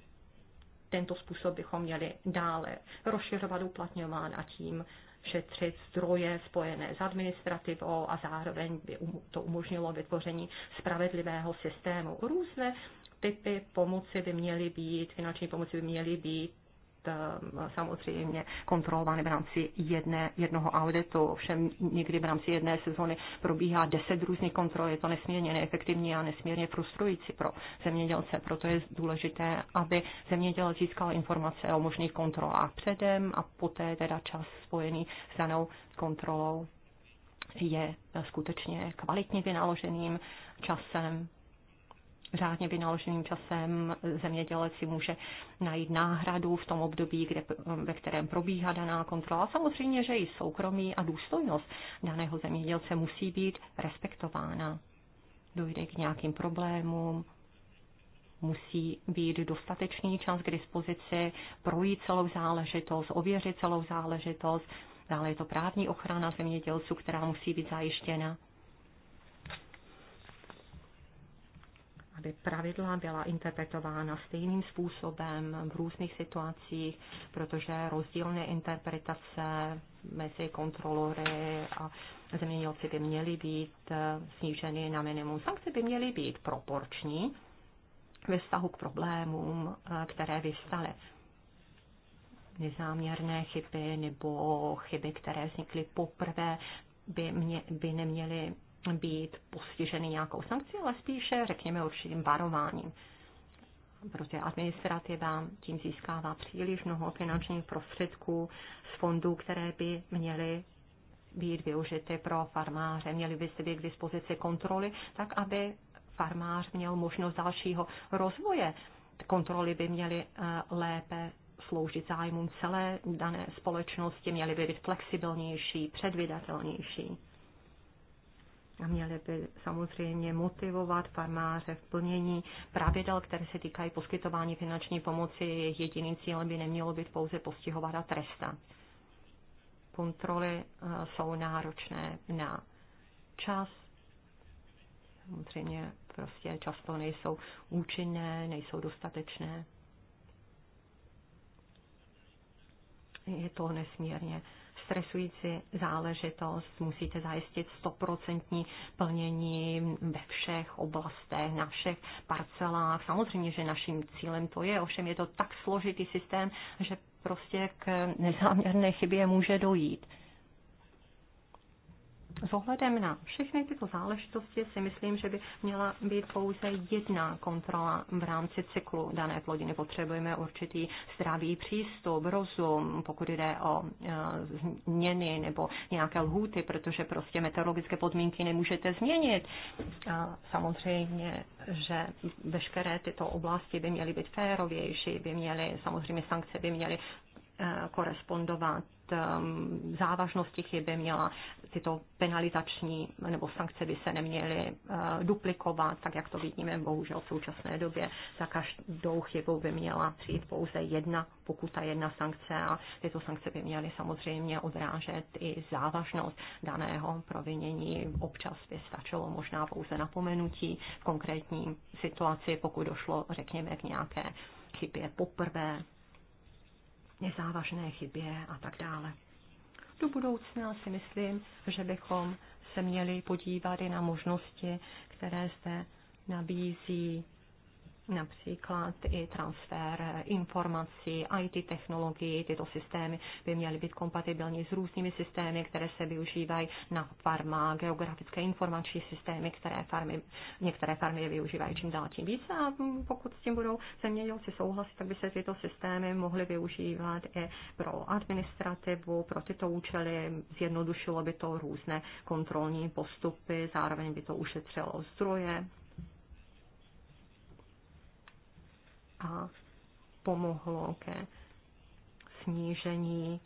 tento způsob bychom měli dále rozšiřovat, uplatňovat a tím šetřit zdroje spojené s administrativou a zároveň by um-, to umožnilo vytvoření spravedlivého systému. Různé typy pomoci by měly být, finanční pomoci by měly být Ehm, samozřejmě kontrolovány v rámci jedné, jednoho auditu. Ovšem někdy v rámci jedné sezóny probíhá deset různých kontrol. Je to nesmírně neefektivní a nesmírně frustrující pro zemědělce. Proto je důležité, aby zemědělec získal informace o možných kontrolách předem a poté teda čas spojený s danou kontrolou je skutečně kvalitně vynaloženým časem řádně vynaloženým časem zemědělec si může najít náhradu v tom období, kde, ve kterém probíhá daná kontrola. A samozřejmě, že i soukromí a důstojnost daného zemědělce musí být respektována. Dojde k nějakým problémům, musí být dostatečný čas k dispozici, projít celou záležitost, ověřit celou záležitost. Dále je to právní ochrana zemědělců, která musí být zajištěna. aby pravidla byla interpretována stejným způsobem v různých situacích, protože rozdílné interpretace mezi kontrolory a zemědělci by měly být eh, sníženy na minimum. Sankce by měly být proporční ve vztahu k problémům, eh, které vystaly nezáměrné chyby nebo chyby, které vznikly poprvé, by, mě, by neměly být postiženy nějakou sankcí, ale spíše, řekněme, určitým varováním. Protože administrativa tím získává příliš mnoho finančních prostředků z fondů, které by měly být využity pro farmáře. Měly by se být k dispozici kontroly, tak aby farmář měl možnost dalšího rozvoje. Kontroly by měly eh, lépe sloužit zájmům celé dané společnosti, měly by být flexibilnější, předvydatelnější a měly by samozřejmě motivovat farmáře v plnění pravidel, které se týkají poskytování finanční pomoci. Jejich jediným cílem by nemělo být pouze postihovat a trestat. Kontroly eh, jsou náročné na čas, samozřejmě prostě často nejsou účinné, nejsou dostatečné. Je to nesmírně stresující záležitost, musíte zajistit stoprocentní plnění ve všech oblastech, na všech parcelách. Samozřejmě, že naším cílem to je, ovšem je to tak složitý systém, že prostě k nezáměrné chybě může dojít s ohledem na všechny tyto záležitosti si myslím, že by měla být pouze jedna kontrola v rámci cyklu dané plodiny. Potřebujeme určitý zdravý přístup, rozum, pokud jde o e, změny nebo nějaké lhůty, protože prostě meteorologické podmínky nemůžete změnit. A samozřejmě, že veškeré tyto oblasti by měly být férovější, by měly, samozřejmě sankce by měly e, korespondovat Um, závažnosti těch by měla tyto penalizační nebo sankce by se neměly uh, duplikovat, tak jak to vidíme bohužel v současné době. Za každou chybou by měla přijít pouze jedna pokuta, jedna sankce a tyto sankce by měly samozřejmě odrážet i závažnost daného provinění. Občas by stačilo možná pouze napomenutí v konkrétní situaci, pokud došlo, řekněme, k nějaké chybě poprvé nezávažné chybě a tak dále. Do budoucna si myslím, že bychom se měli podívat i na možnosti, které zde nabízí například i transfer informací, IT technologií, tyto systémy by měly být kompatibilní s různými systémy, které se využívají na farma, geografické informační systémy, které farmy, některé farmy využívají čím dál tím více a pokud s tím budou zemědělci souhlasit, tak by se tyto systémy mohly využívat i pro administrativu, pro tyto účely, zjednodušilo by to různé kontrolní postupy, zároveň by to ušetřilo zdroje, a pomohlo ke snížení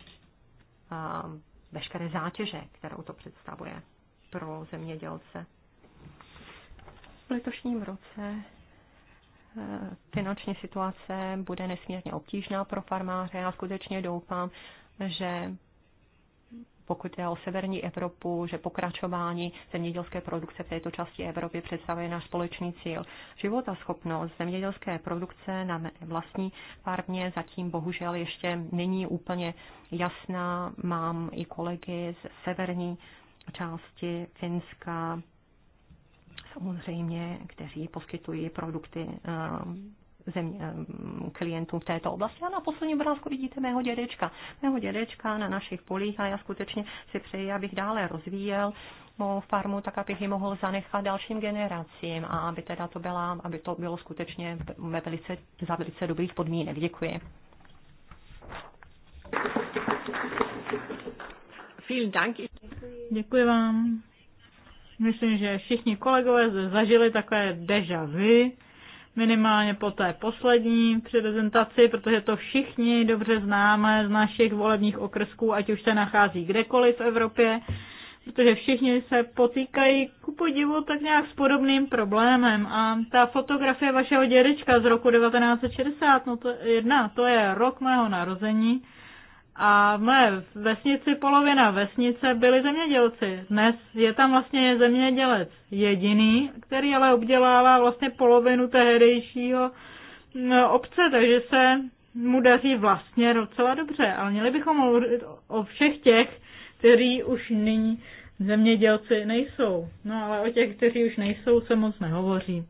veškeré zátěže, kterou to představuje pro zemědělce. V letošním roce e, finanční situace bude nesmírně obtížná pro farmáře a skutečně doufám, že pokud je o severní Evropu, že pokračování zemědělské produkce v této části Evropy představuje náš společný cíl. Život a schopnost zemědělské produkce na vlastní farmě zatím bohužel ještě není úplně jasná. Mám i kolegy z severní části Finska, samozřejmě, kteří poskytují produkty eh, země, mm, klientům v této oblasti. A na poslední obrázku vidíte mého dědečka. Mého dědečka na našich polích a já skutečně si přeji, abych dále rozvíjel mou farmu, tak abych ji mohl zanechat dalším generacím a aby teda to byla, aby to bylo skutečně ve velice, za velice dobrých podmínek. Děkuji. Děkuji vám. Myslím, že všichni kolegové zažili takové deja vu minimálně po té poslední prezentaci, protože to všichni dobře známe z našich volebních okrsků, ať už se nachází kdekoliv v Evropě, protože všichni se potýkají ku podivu tak nějak s podobným problémem. A ta fotografie vašeho dědečka z roku 1961, no to je rok mého narození, a v mé vesnici polovina vesnice byli zemědělci. Dnes je tam vlastně zemědělec jediný, který ale obdělává vlastně polovinu tehdejšího obce, takže se mu daří vlastně docela dobře. Ale měli bychom mluvit o všech těch, kteří už nyní zemědělci nejsou. No ale o těch, kteří už nejsou, se moc nehovoří.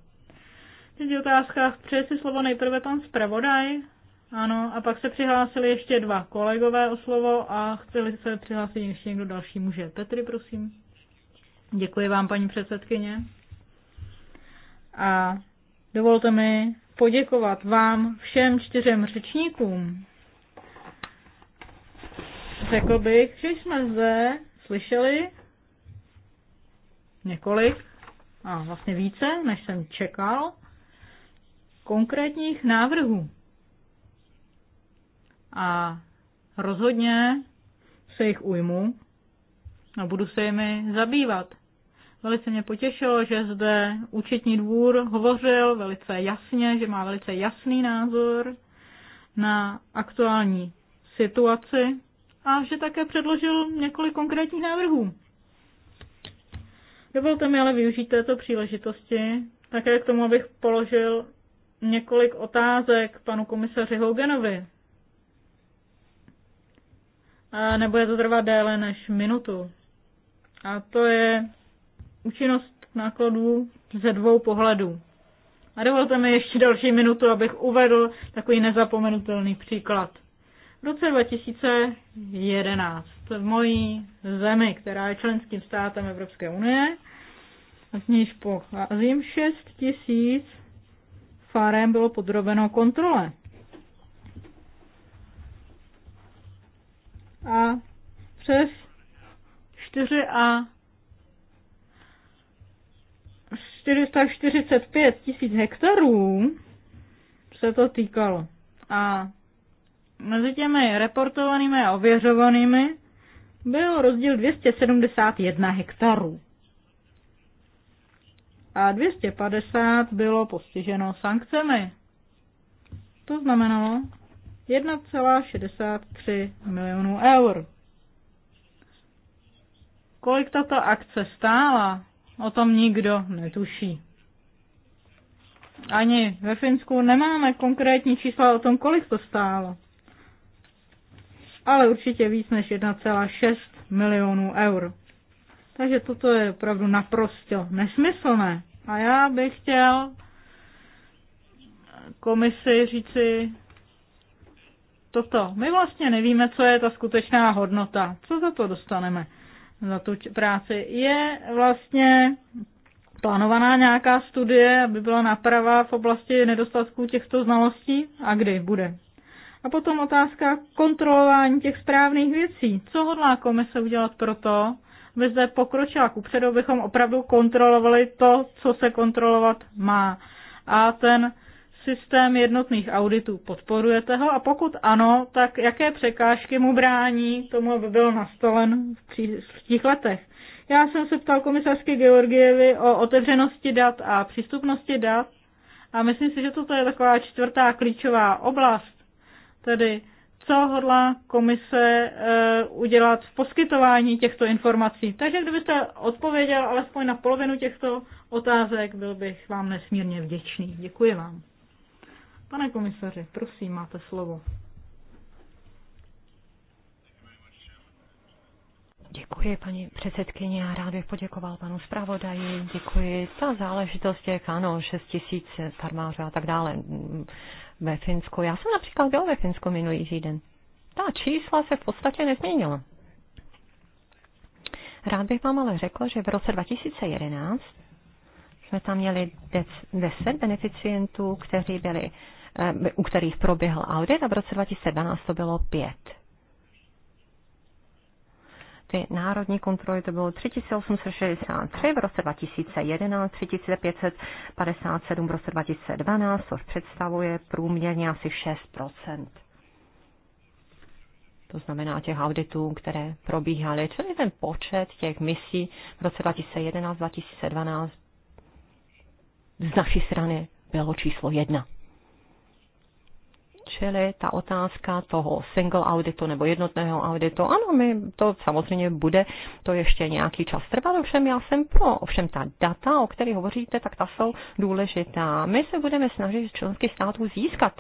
Teď otázka, přeje si slovo nejprve pan zpravodaj, ano, a pak se přihlásili ještě dva kolegové o slovo a chceli se přihlásit ještě někdo další. muže. Petry, prosím. Děkuji vám, paní předsedkyně. A dovolte mi poděkovat vám všem čtyřem řečníkům. Řekl bych, že jsme zde slyšeli několik a vlastně více, než jsem čekal, konkrétních návrhů a rozhodně se jich ujmu a budu se jimi zabývat. Velice mě potěšilo, že zde účetní dvůr hovořil velice jasně, že má velice jasný názor na aktuální situaci a že také předložil několik konkrétních návrhů. Dovolte mi ale využít této příležitosti také k tomu, abych položil několik otázek panu komisaři Hoganovi, a nebude to trvat déle než minutu. A to je účinnost nákladů ze dvou pohledů. A dovolte mi ještě další minutu, abych uvedl takový nezapomenutelný příklad. V roce 2011 v mojí zemi, která je členským státem Evropské unie, z níž pocházím, 6 tisíc farem bylo podrobeno kontrole. a přes 4A 445 tisíc hektarů se to týkalo. A mezi těmi reportovanými a ověřovanými byl rozdíl 271 hektarů. A 250 bylo postiženo sankcemi. To znamenalo, 1,63 milionů eur. Kolik tato akce stála, o tom nikdo netuší. Ani ve Finsku nemáme konkrétní čísla o tom, kolik to stálo. Ale určitě víc než 1,6 milionů eur. Takže toto je opravdu naprosto nesmyslné. A já bych chtěl komisi říci, toto. My vlastně nevíme, co je ta skutečná hodnota, co za to dostaneme za tu práci. Je vlastně plánovaná nějaká studie, aby byla naprava v oblasti nedostatků těchto znalostí a kdy bude. A potom otázka kontrolování těch správných věcí. Co hodlá komise udělat pro to, aby zde pokročila kupředu, abychom opravdu kontrolovali to, co se kontrolovat má. A ten systém jednotných auditů? Podporujete ho? A pokud ano, tak jaké překážky mu brání tomu, aby byl nastolen v příštích letech? Já jsem se ptal komisařky Georgievy o otevřenosti dat a přístupnosti dat a myslím si, že toto je taková čtvrtá klíčová oblast, tedy co hodlá komise e, udělat v poskytování těchto informací. Takže kdybyste odpověděl alespoň na polovinu těchto otázek, byl bych vám nesmírně vděčný. Děkuji vám. Pane komisaři, prosím, máte slovo. Děkuji, paní předsedkyně. a rád bych poděkoval panu zpravodaji. Děkuji. Ta záležitost těch, ano, 6 tisíc farmářů a tak dále ve Finsku. Já jsem například byl ve Finsku minulý týden. Ta čísla se v podstatě nezměnila. Rád bych vám ale řekl, že v roce 2011 jsme tam měli 10 beneficientů, kteří byli Eh, u kterých proběhl audit a v roce 2012 to bylo pět. Ty národní kontroly to bylo 3863, v roce 2011 3557, v roce 2012, což představuje průměrně asi 6 to znamená těch auditů, které probíhaly, čili ten počet těch misí v roce 2011-2012 z naší strany bylo číslo jedna. Čili ta otázka toho single auditu nebo jednotného auditu, ano, my to samozřejmě bude to ještě nějaký čas trvat, ovšem já jsem pro. Ovšem ta data, o kterých hovoříte, tak ta jsou důležitá. My se budeme snažit z členských států získat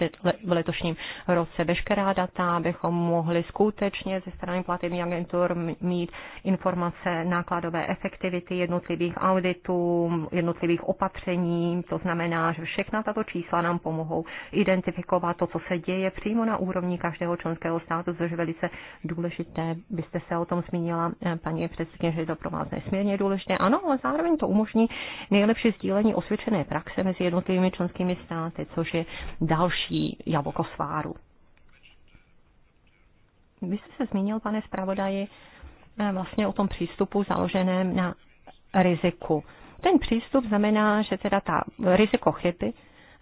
v letošním roce veškerá data, abychom mohli skutečně ze strany platební agentur mít informace nákladové efektivity jednotlivých auditů, jednotlivých opatření. To znamená, že všechna tato čísla nám pomohou identifikovat to, co se děje přímo na úrovni každého členského státu, což je velice důležité. Byste se o tom zmínila, eh, paní předsedkyně, že je to pro vás nesmírně důležité. Ano, ale zároveň to umožní nejlepší sdílení osvědčené praxe mezi jednotlivými členskými státy, což je další jablko sváru. Vy jste se zmínil, pane zpravodaji, eh, vlastně o tom přístupu založeném na riziku. Ten přístup znamená, že teda ta riziko chyby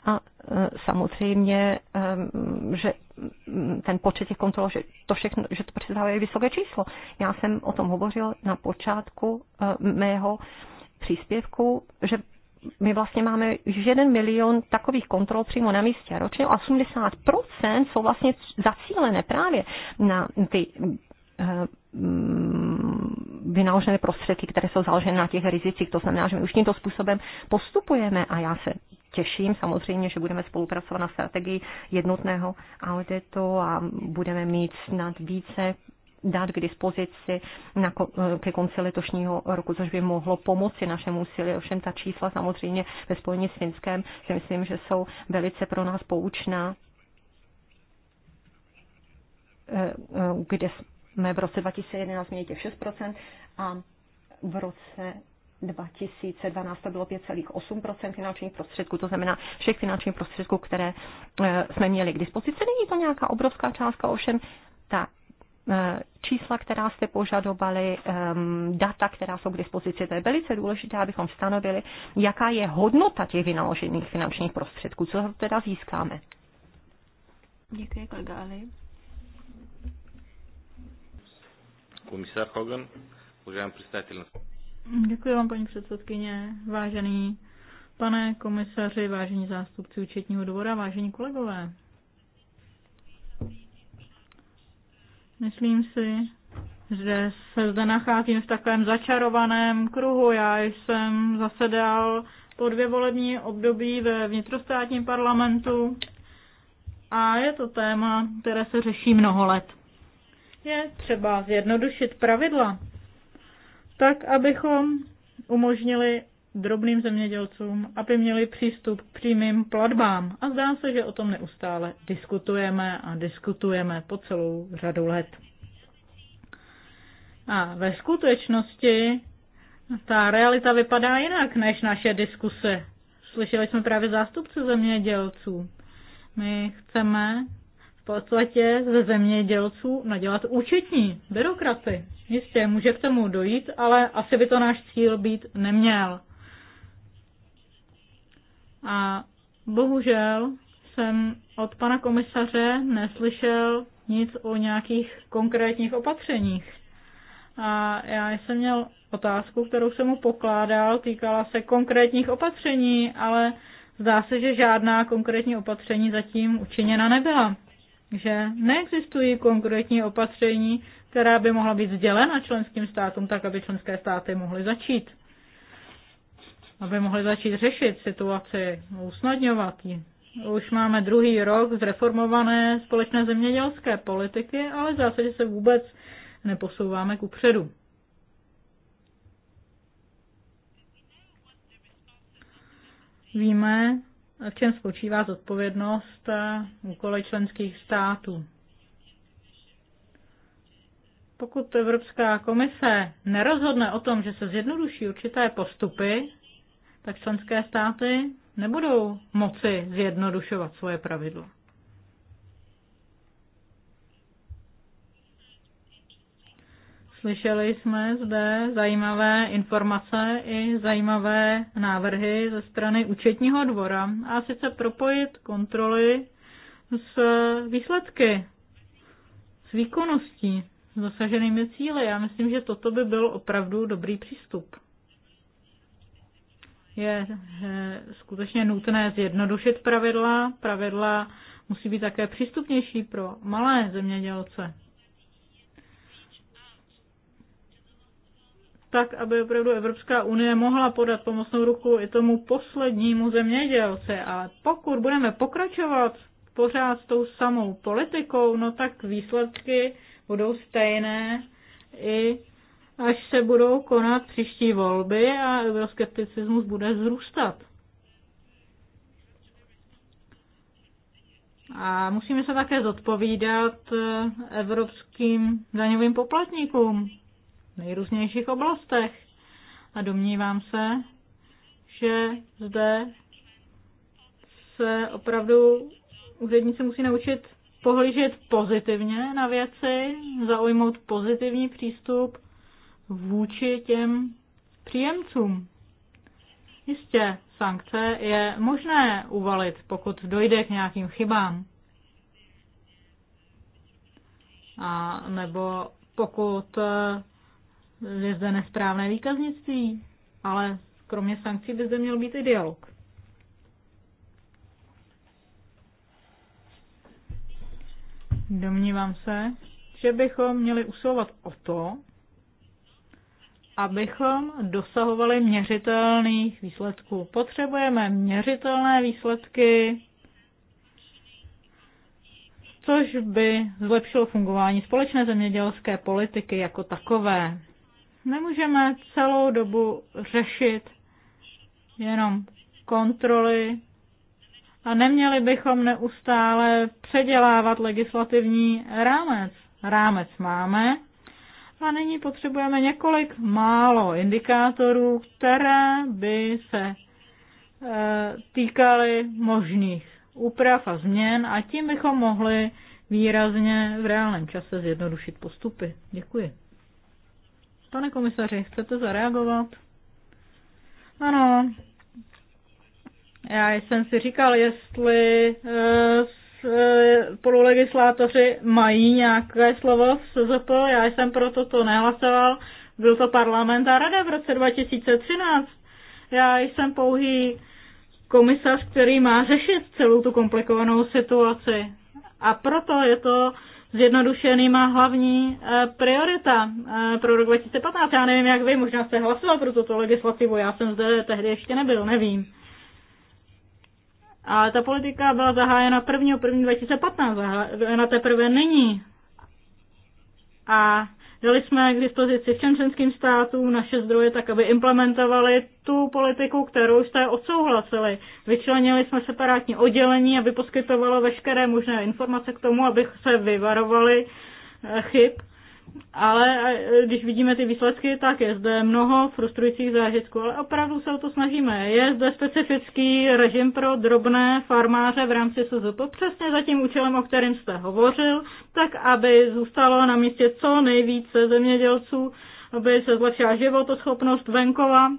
a e, samozřejmě, e, že ten počet těch kontrol, že to všechno, že to představuje vysoké číslo. Já jsem o tom hovořil na počátku e, mého příspěvku, že my vlastně máme jeden milion takových kontrol přímo na místě ročně. 80% jsou vlastně zacílené právě na ty mm, vynaložené prostředky, které jsou založeny na těch rizicích. To znamená, že my už tímto způsobem postupujeme a já se těším. Samozřejmě, že budeme spolupracovat na strategii jednotného auditu a budeme mít snad více dát k dispozici na, ke konci letošního roku, což by mohlo pomoci našemu úsilí. Ovšem ta čísla samozřejmě ve spojení s Finskem si myslím, že jsou velice pro nás poučná, eh, eh, kde jsme v roce 2011 měli těch 6% a v roce 2012 to bylo 5,8 finančních prostředků, to znamená všech finančních prostředků, které e, jsme měli k dispozici. Není to nějaká obrovská částka, ovšem ta e, čísla, která jste požadovali, e, data, která jsou k dispozici, to je velice důležité, abychom stanovili, jaká je hodnota těch vynaložených finančních prostředků, co teda získáme. Děkuji, kolega Ali. Komisar Hogan, уважаем představitelnost. Děkuji vám, paní předsedkyně, vážený pane komisaři, vážení zástupci účetního dvora, vážení kolegové. Myslím si, že se zde nacházím v takovém začarovaném kruhu. Já jsem zasedal po dvě volební období ve vnitrostátním parlamentu a je to téma, které se řeší mnoho let. Je třeba zjednodušit pravidla, tak abychom umožnili drobným zemědělcům, aby měli přístup k přímým platbám. A zdá se, že o tom neustále diskutujeme a diskutujeme po celou řadu let. A ve skutečnosti ta realita vypadá jinak než naše diskuse. Slyšeli jsme právě zástupce zemědělců. My chceme podstatě ze zemědělců nadělat účetní byrokraty. Jistě, může k tomu dojít, ale asi by to náš cíl být neměl. A bohužel jsem od pana komisaře neslyšel nic o nějakých konkrétních opatřeních. A já jsem měl otázku, kterou jsem mu pokládal, týkala se konkrétních opatření, ale zdá se, že žádná konkrétní opatření zatím učiněna nebyla že neexistují konkrétní opatření, která by mohla být sdělena členským státům tak, aby členské státy mohly začít. Aby mohly začít řešit situaci, usnadňovat ji. Už máme druhý rok zreformované společné zemědělské politiky, ale v zásadě se vůbec neposouváme ku předu. Víme, v čem spočívá zodpovědnost eh, úkoly členských států. Pokud Evropská komise nerozhodne o tom, že se zjednoduší určité postupy, tak členské státy nebudou moci zjednodušovat svoje pravidlo. Slyšeli jsme zde zajímavé informace i zajímavé návrhy ze strany účetního dvora a sice propojit kontroly s výsledky, s výkonností, s dosaženými cíly. Já myslím, že toto by byl opravdu dobrý přístup. Je eh, skutečně nutné zjednodušit pravidla. Pravidla musí být také přístupnější pro malé zemědělce. tak, aby opravdu Evropská unie mohla podat pomocnou ruku i tomu poslednímu zemědělci. Ale pokud budeme pokračovat pořád s tou samou politikou, no tak výsledky budou stejné i až se budou konat příští volby a euroskepticismus bude zrůstat. A musíme se také zodpovídat eh, evropským daňovým poplatníkům, nejrůznějších oblastech. A domnívám se, že zde se opravdu úředníci musí naučit pohlížet pozitivně na věci, zaujmout pozitivní přístup vůči těm příjemcům. Jistě, sankce je možné uvalit, pokud dojde k nějakým chybám. A nebo pokud eh, je zde nesprávné výkaznictví, ale kromě sankcí by zde měl být i dialog. Domnívám se, že bychom měli usilovat o to, abychom dosahovali měřitelných výsledků. Potřebujeme měřitelné výsledky, což by zlepšilo fungování společné zemědělské politiky jako takové. Nemůžeme celou dobu řešit jenom kontroly a neměli bychom neustále předělávat legislativní rámec. Rámec máme a nyní potřebujeme několik málo indikátorů, které by se e, týkaly možných úprav a změn a tím bychom mohli výrazně v reálném čase zjednodušit postupy. Děkuji. Pane komisaři, chcete zareagovat? Ano. Já jsem si říkal, jestli eh, eh, pololegislátoři mají nějaké slovo v SZP, já jsem proto to nehlasoval, byl to parlament a rada v roce 2013. Já jsem pouhý komisař, který má řešit celou tu komplikovanou situaci. A proto je to zjednodušený má hlavní eh, priorita eh, pro rok 2015. Já nevím, jak vy, možná jste hlasoval pro tuto legislativu, já jsem zde tehdy ještě nebyl, nevím. Ale ta politika byla zahájena 1. 1. 2015, zahájena teprve není. A Dali jsme k dispozici všem členským státům naše zdroje tak, aby implementovali tu politiku, kterou jste odsouhlasili. Vyčlenili jsme separátní oddělení, aby poskytovalo veškeré možné informace k tomu, aby se vyvarovali eh, chyb ale eh, když vidíme ty výsledky, tak je zde mnoho frustrujících zážitků, ale opravdu se o to snažíme. Je zde specifický režim pro drobné farmáře v rámci SZP, přesně za tím účelem, o kterém jste hovořil, tak aby zůstalo na místě co nejvíce zemědělců, aby se zlepšila životoschopnost venkova,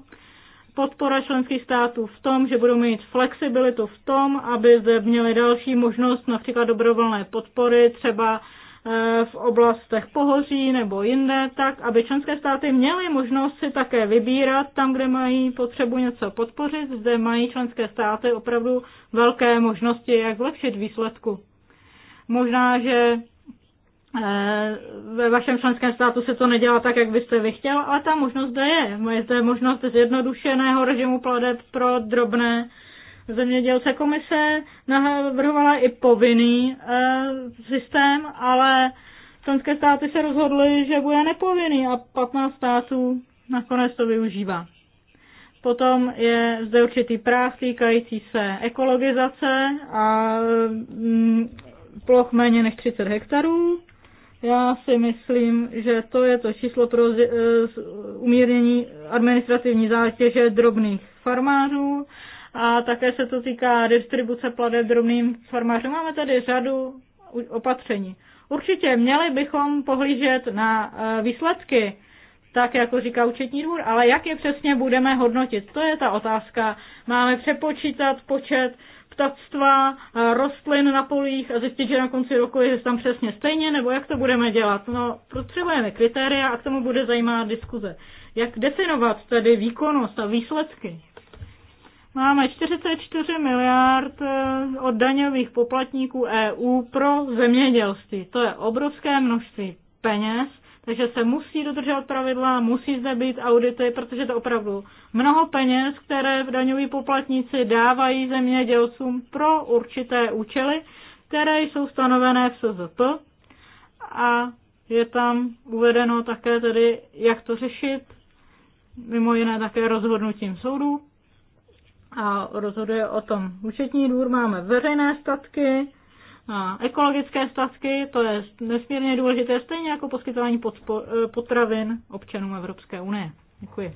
podpora členských států v tom, že budou mít flexibilitu v tom, aby zde měli další možnost například dobrovolné podpory, třeba Eh, v oblastech pohoří nebo jinde, tak aby členské státy měly možnost si také vybírat tam, kde mají potřebu něco podpořit. Zde mají členské státy opravdu velké možnosti, jak zlepšit výsledku. Možná, že eh, ve vašem členském státu se to nedělá tak, jak byste vy chtěl, ale ta možnost zde je. Je zde možnost zjednodušeného režimu pladeb pro drobné zemědělce. Komise navrhovala i povinný e, systém, ale členské státy se rozhodly, že bude nepovinný a 15 států nakonec to využívá. Potom je zde určitý práv týkající se ekologizace a mm, ploch méně než 30 hektarů. Já si myslím, že to je to číslo pro eh, umírnění administrativní zátěže drobných farmářů a také se to týká distribuce plade drobným farmářům. Máme tady řadu opatření. Určitě měli bychom pohlížet na e, výsledky, tak jako říká účetní dvůr, ale jak je přesně budeme hodnotit, to je ta otázka. Máme přepočítat počet ptactva, e, rostlin na polích a zjistit, že na konci roku je tam přesně stejně, nebo jak to budeme dělat. No, potřebujeme kritéria a k tomu bude zajímá diskuze. Jak definovat tedy výkonnost a výsledky? Máme 44 miliard eh, od daňových poplatníků EU pro zemědělství. To je obrovské množství peněz, takže se musí dodržovat pravidla, musí zde být audity, protože to opravdu mnoho peněz, které v daňoví poplatníci dávají zemědělcům pro určité účely, které jsou stanovené v SZP a je tam uvedeno také tedy, jak to řešit, mimo jiné také rozhodnutím soudů a rozhoduje o tom. Účetní dvůr máme veřejné statky, a ekologické statky, to je nesmírně důležité, stejně jako poskytování eh, potravin občanům Evropské unie. Děkuji.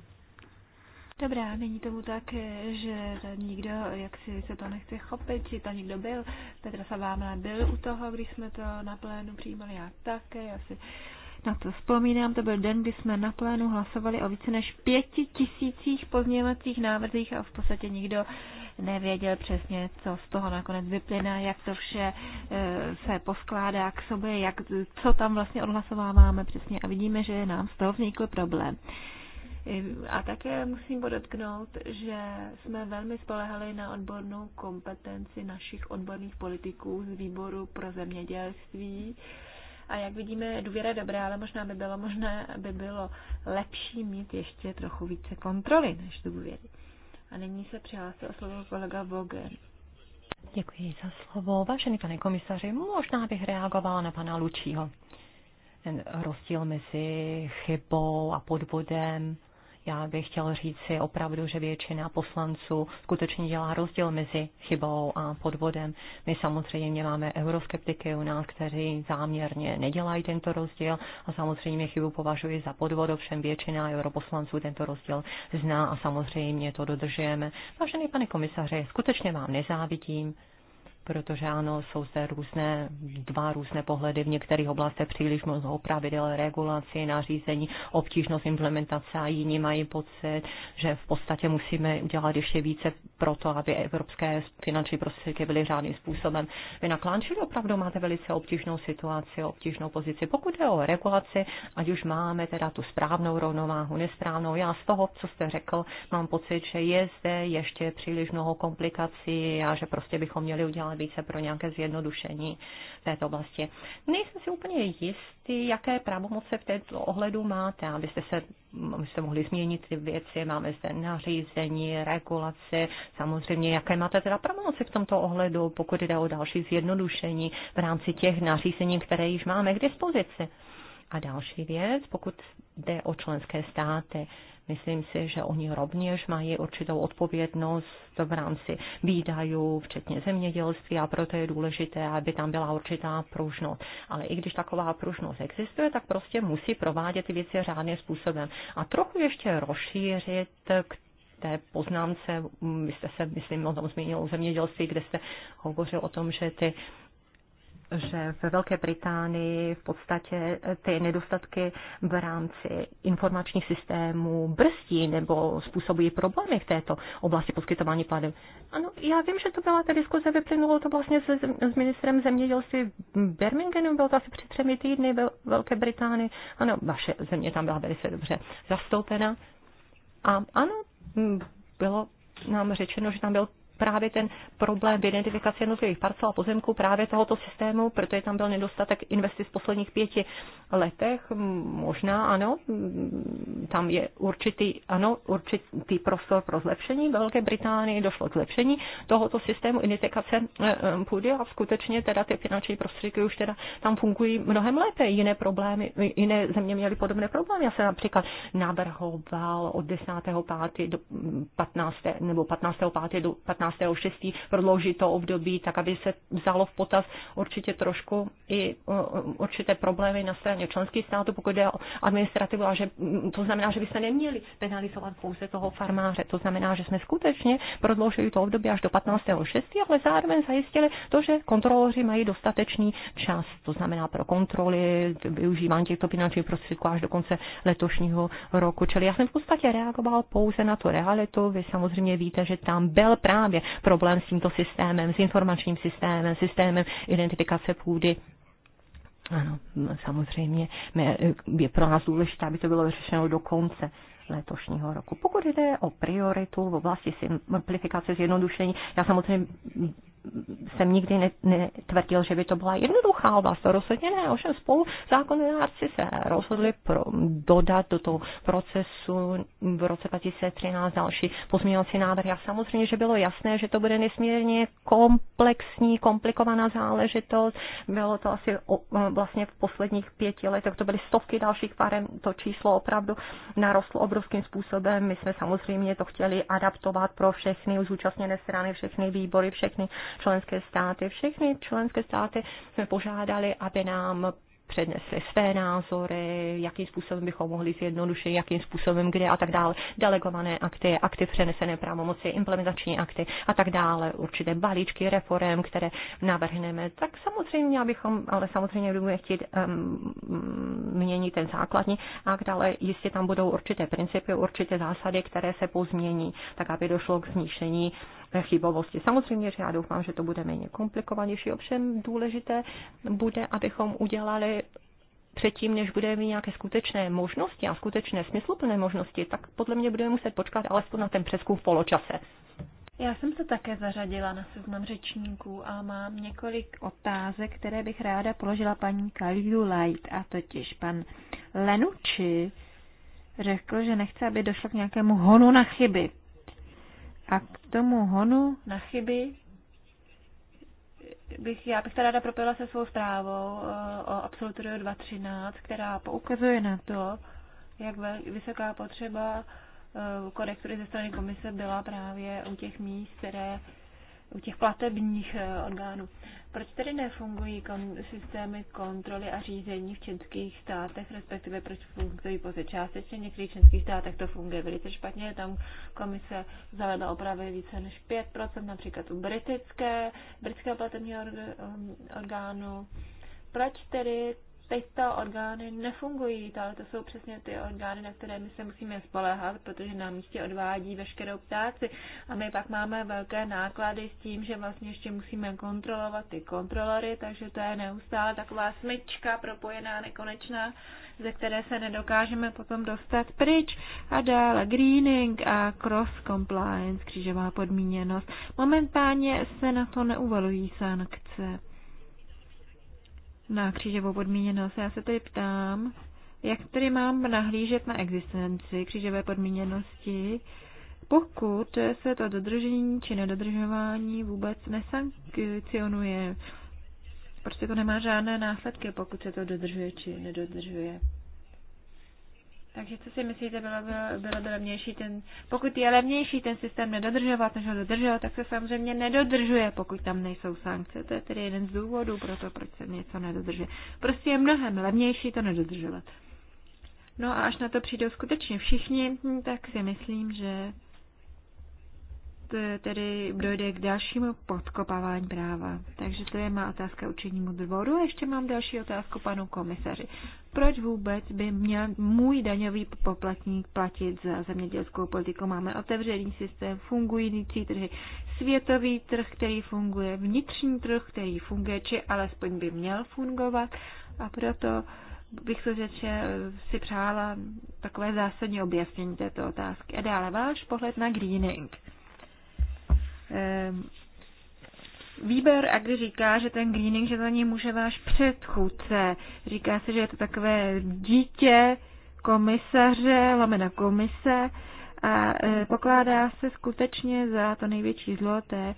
Dobrá, není tomu tak, eh, že nikdo, jak si se to nechce chopit, či to nikdo byl. Petra Savámla byl u toho, když jsme to na plénu přijímali, já také, já si na to vzpomínám, to byl den, kdy jsme na plénu hlasovali o více než pěti tisících pozměňovacích návrzích a v podstatě nikdo nevěděl přesně, co z toho nakonec vyplyne, jak to vše e, se poskládá k sobě, jak, co tam vlastně odhlasováváme přesně a vidíme, že nám z toho vznikl problém. E, a také musím podotknout, že jsme velmi spolehali na odbornou kompetenci našich odborných politiků z výboru pro zemědělství, a jak vidíme, důvěra je dobrá, ale možná by bylo možné, by bylo lepší mít ještě trochu více kontroly než důvěry. A nyní se přihlásil o slovo kolega Vogel. Děkuji za slovo. Vážený pane komisaři, možná bych reagovala na pana Lučího. Ten rozdíl mezi chybou a podvodem já bych chtěl říct si opravdu, že většina poslanců skutečně dělá rozdíl mezi chybou a podvodem. My samozřejmě máme euroskeptiky u nás, kteří záměrně nedělají tento rozdíl a samozřejmě chybu považuji za podvod, ovšem většina europoslanců tento rozdíl zná a samozřejmě to dodržujeme. Vážený pane komisaře, skutečně vám nezávidím protože ano, jsou zde různé, dva různé pohledy v některých oblastech příliš mnoho pravidel regulaci, nařízení, obtížnost implementace a jiní mají pocit, že v podstatě musíme udělat ještě více pro to, aby evropské finanční prostředky byly řádným způsobem Klánčili Opravdu máte velice obtížnou situaci, obtížnou pozici. Pokud je o regulaci, ať už máme teda tu správnou rovnováhu, nesprávnou, já z toho, co jste řekl, mám pocit, že je zde ještě příliš mnoho komplikací a že prostě bychom měli udělat ale více pro nějaké zjednodušení této oblasti. Nejsem si úplně jistý, jaké pravomoce v této ohledu máte, abyste se abyste mohli změnit ty věci, máme zde nařízení, regulace, samozřejmě jaké máte teda pravomoci v tomto ohledu, pokud jde o další zjednodušení v rámci těch nařízení, které již máme k dispozici. A další věc, pokud jde o členské státy, Myslím si, že oni rovněž mají určitou odpovědnost v rámci výdajů, včetně zemědělství a proto je důležité, aby tam byla určitá pružnost. Ale i když taková pružnost existuje, tak prostě musí provádět ty věci řádným způsobem. A trochu ještě rozšířit k té poznámce, vy jste se, myslím, o tom zmínil o zemědělství, kde jste hovořil o tom, že ty že ve Velké Británii v podstatě ty nedostatky v rámci informačních systémů brzdí nebo způsobují problémy v této oblasti poskytování plateb. Ano, já vím, že to byla ta diskuze, vyplynulo to vlastně s, s ministrem zemědělství v Birminghamu, bylo to asi před třemi týdny ve Velké Británii. Ano, vaše země tam byla velice dobře zastoupena. A ano, bylo nám řečeno, že tam byl právě ten problém v identifikaci jednotlivých parcel a pozemků právě tohoto systému, protože tam byl nedostatek investic v posledních pěti letech. Možná ano, tam je určitý, ano, určitý prostor pro zlepšení. V Velké Británii došlo k zlepšení tohoto systému identifikace e, e, půdy a skutečně teda ty finanční prostředky už teda tam fungují mnohem lépe. Jiné problémy, jiné země měly podobné problémy. Já jsem například navrhoval od 10.5. do 15. nebo 15.5. do 15 15.6. prodloužit to období, tak aby se vzalo v potaz určitě trošku i uh, uh, určité problémy na straně členských států, pokud jde o administrativu, a že mm, to znamená, že byste neměli penalizovat pouze toho farmáře. To znamená, že jsme skutečně prodloužili to období až do 15.6., ale zároveň zajistili to, že kontroloři mají dostatečný čas, to znamená pro kontroly, využívání těchto finančních prostředků až do konce letošního roku. Čili já jsem v podstatě reagoval pouze na tu realitu. Vy samozřejmě víte, že tam byl právě právě problém s tímto systémem, s informačním systémem, systémem identifikace půdy. Ano, samozřejmě je pro nás důležité, aby to bylo řešeno do konce letošního roku. Pokud jde o prioritu v oblasti simplifikace, zjednodušení, já samozřejmě jsem nikdy netvrdil, že by to byla jednoduchá oblast, to rozhodně ne, ovšem spolu zákonodárci se rozhodli pro, dodat do toho procesu v roce 2013 další pozměňovací návrh a samozřejmě, že bylo jasné, že to bude nesmírně komplexní, komplikovaná záležitost, bylo to asi o, vlastně v posledních pěti letech, to byly stovky dalších farem, to číslo opravdu narostlo obrovským způsobem, my jsme samozřejmě to chtěli adaptovat pro všechny zúčastněné strany, všechny výbory, všechny členské státy. Všechny členské státy jsme požádali, aby nám přednesli své názory, jakým způsobem bychom mohli zjednodušit, jakým způsobem kde a tak dále. Delegované akty, akty přenesené právomoci, implementační akty a tak dále, určité balíčky reform, které navrhneme. Tak samozřejmě, abychom, ale samozřejmě budeme chtít um, měnit ten základní akt, ale jistě tam budou určité principy, určité zásady, které se pozmění, tak aby došlo k znišení chybovosti. Samozřejmě, že já doufám, že to bude méně komplikovanější, ovšem důležité bude, abychom udělali předtím, než budeme mít nějaké skutečné možnosti a skutečné smysluplné možnosti, tak podle mě budeme muset počkat alespoň na ten přeskum v poločase. Já jsem se také zařadila na seznam řečníků a mám několik otázek, které bych ráda položila paní Kaliu Light, a totiž pan Lenuči řekl, že nechce, aby došlo k nějakému honu na chyby. A k tomu honu na chyby bych, já bych ta ráda propila se svou zprávou eh, o absolutoriu 2.13, která poukazuje na to, jak vysoká potřeba eh, korektury ze strany komise byla právě u těch míst, které u těch platebních eh, orgánů. Proč tedy nefungují kon- systémy kontroly a řízení v čínských státech, respektive proč fungují pouze částečně? V některých čínských státech to funguje velice špatně, tam komise zavedla opravy více než 5%, například u britické, britského platebního eh, orgánu. Proč tedy tyto orgány nefungují, ale to jsou přesně ty orgány, na které my se musíme spolehat, protože na místě odvádí veškerou ptáci a my pak máme velké náklady s tím, že vlastně ještě musíme kontrolovat ty kontrolory, takže to je neustále taková smyčka propojená, nekonečná, ze které se nedokážeme potom dostat pryč a dále greening a cross compliance, křížová podmíněnost. Momentálně se na to neuvalují sankce na křížovou podmíněnost. Já se tedy ptám, jak tedy mám nahlížet na existenci křížové podmíněnosti, pokud se to dodržení či nedodržování vůbec nesankcionuje. Prostě to nemá žádné následky, pokud se to dodržuje či nedodržuje. Takže co si myslíte, bylo, by, bylo by levnější ten, pokud je levnější ten systém nedodržovat, než ho dodržovat, tak se samozřejmě nedodržuje, pokud tam nejsou sankce. To je tedy jeden z důvodů pro to, proč se něco nedodržuje. Prostě je mnohem levnější to nedodržovat. No a až na to přijdou skutečně všichni, hm, tak si myslím, že E, tedy dojde k dalšímu podkopávání práva. Takže to je má otázka učenímu dvoru. A ještě mám další otázku panu komisaři. Proč vůbec by měl můj daňový poplatník platit za zemědělskou politiku? Máme otevřený systém, fungující trhy, světový trh, který funguje, vnitřní trh, který funguje, či alespoň by měl fungovat. A proto bych se řeče e, si přála takové zásadní objasnění této otázky. A dále váš pohled na greening. Ehm, Výber Agri říká, že ten greening, že za něj může váš předchůdce. Říká se, že je to takové dítě komisaře, lomena komise a e, pokládá se skutečně za to největší zlo té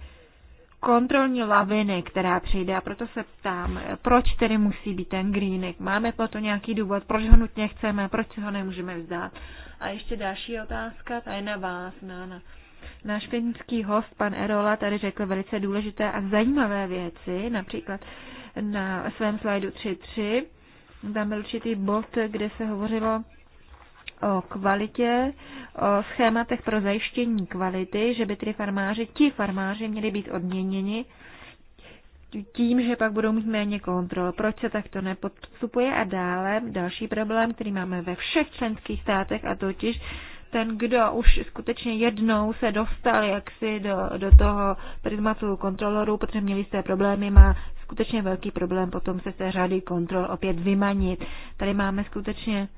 kontrolní laviny, která přijde. A proto se ptám, proč tedy musí být ten greening? Máme to nějaký důvod, proč ho nutně chceme, proč ho nemůžeme vzdát? A ještě další otázka, ta je na vás, na, na Náš finský host, pan Erola, tady řekl velice důležité a zajímavé věci, například na svém slajdu 3.3. Tam byl určitý bod, kde se hovořilo o kvalitě, o schématech pro zajištění kvality, že by tedy farmáři, ti farmáři měli být odměněni tím, že pak budou mít méně kontrol. Proč se takto nepodstupuje? A dále další problém, který máme ve všech členských státech, a totiž ten, kdo už skutečně jednou se dostal jaksi do, do toho prismatu kontroloru protože měli jste problémy, má skutečně velký problém potom se z té řady kontrol opět vymanit. Tady máme skutečně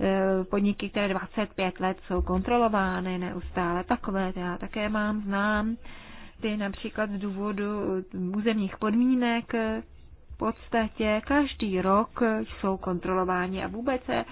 e, podniky, které 25 let jsou kontrolovány neustále. Takové já také mám, znám ty například z důvodu územních podmínek, v podstatě každý rok jsou kontrolováni a vůbec se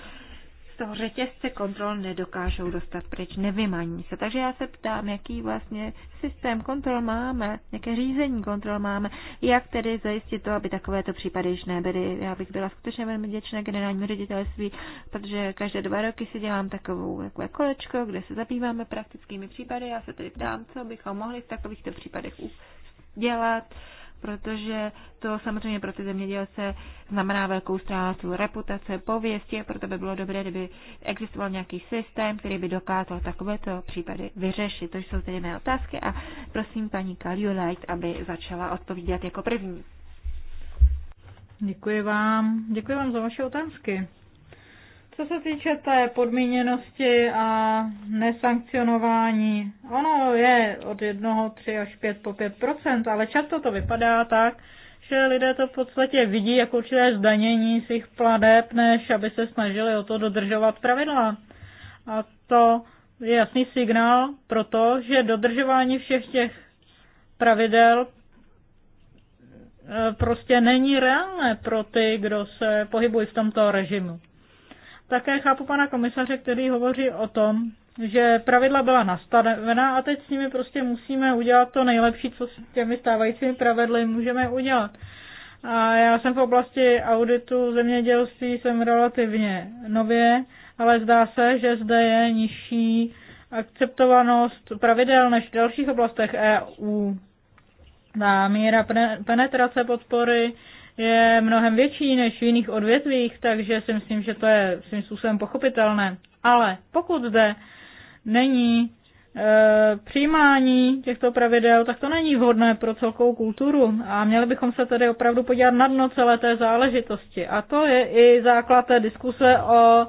z toho řetězce kontrol nedokážou dostat pryč, nevymaní se. Takže já se ptám, jaký vlastně systém kontrol máme, jaké řízení kontrol máme, jak tedy zajistit to, aby takovéto případy již nebyly. Já bych byla skutečně velmi vděčná generálnímu ředitelství, protože každé dva roky si dělám takovou takové kolečko, kde se zabýváme praktickými případy. Já se tedy ptám, co bychom mohli v takovýchto případech dělat protože to samozřejmě pro ty zemědělce znamená velkou ztrátu reputace, pověsti, proto by bylo dobré, kdyby existoval nějaký systém, který by dokázal takovéto případy vyřešit. To jsou tedy mé otázky a prosím paní Kaliulajt, aby začala odpovídat jako první. Děkuji vám. Děkuji vám za vaše otázky. Co se týče té podmíněnosti a nesankcionování, ono je od 1, 3 až 5 po 5 ale často to vypadá tak, že lidé to v podstatě vidí jako určité zdanění svých pladeb, než aby se snažili o to dodržovat pravidla. A to je jasný signál pro to, že dodržování všech těch pravidel e, prostě není reálné pro ty, kdo se pohybují v tomto režimu. Také chápu pana komisaře, který hovoří o tom, že pravidla byla nastavena a teď s nimi prostě musíme udělat to nejlepší, co s těmi stávajícími pravidly můžeme udělat. A já jsem v oblasti auditu zemědělství jsem relativně nově, ale zdá se, že zde je nižší akceptovanost pravidel než v dalších oblastech EU. Na míra penetrace podpory je mnohem větší než v jiných odvětvích, takže si myslím, že to je svým způsobem pochopitelné. Ale pokud zde není e, přijímání těchto pravidel, tak to není vhodné pro celkovou kulturu a měli bychom se tedy opravdu podívat na dno celé té záležitosti. A to je i základ té diskuse o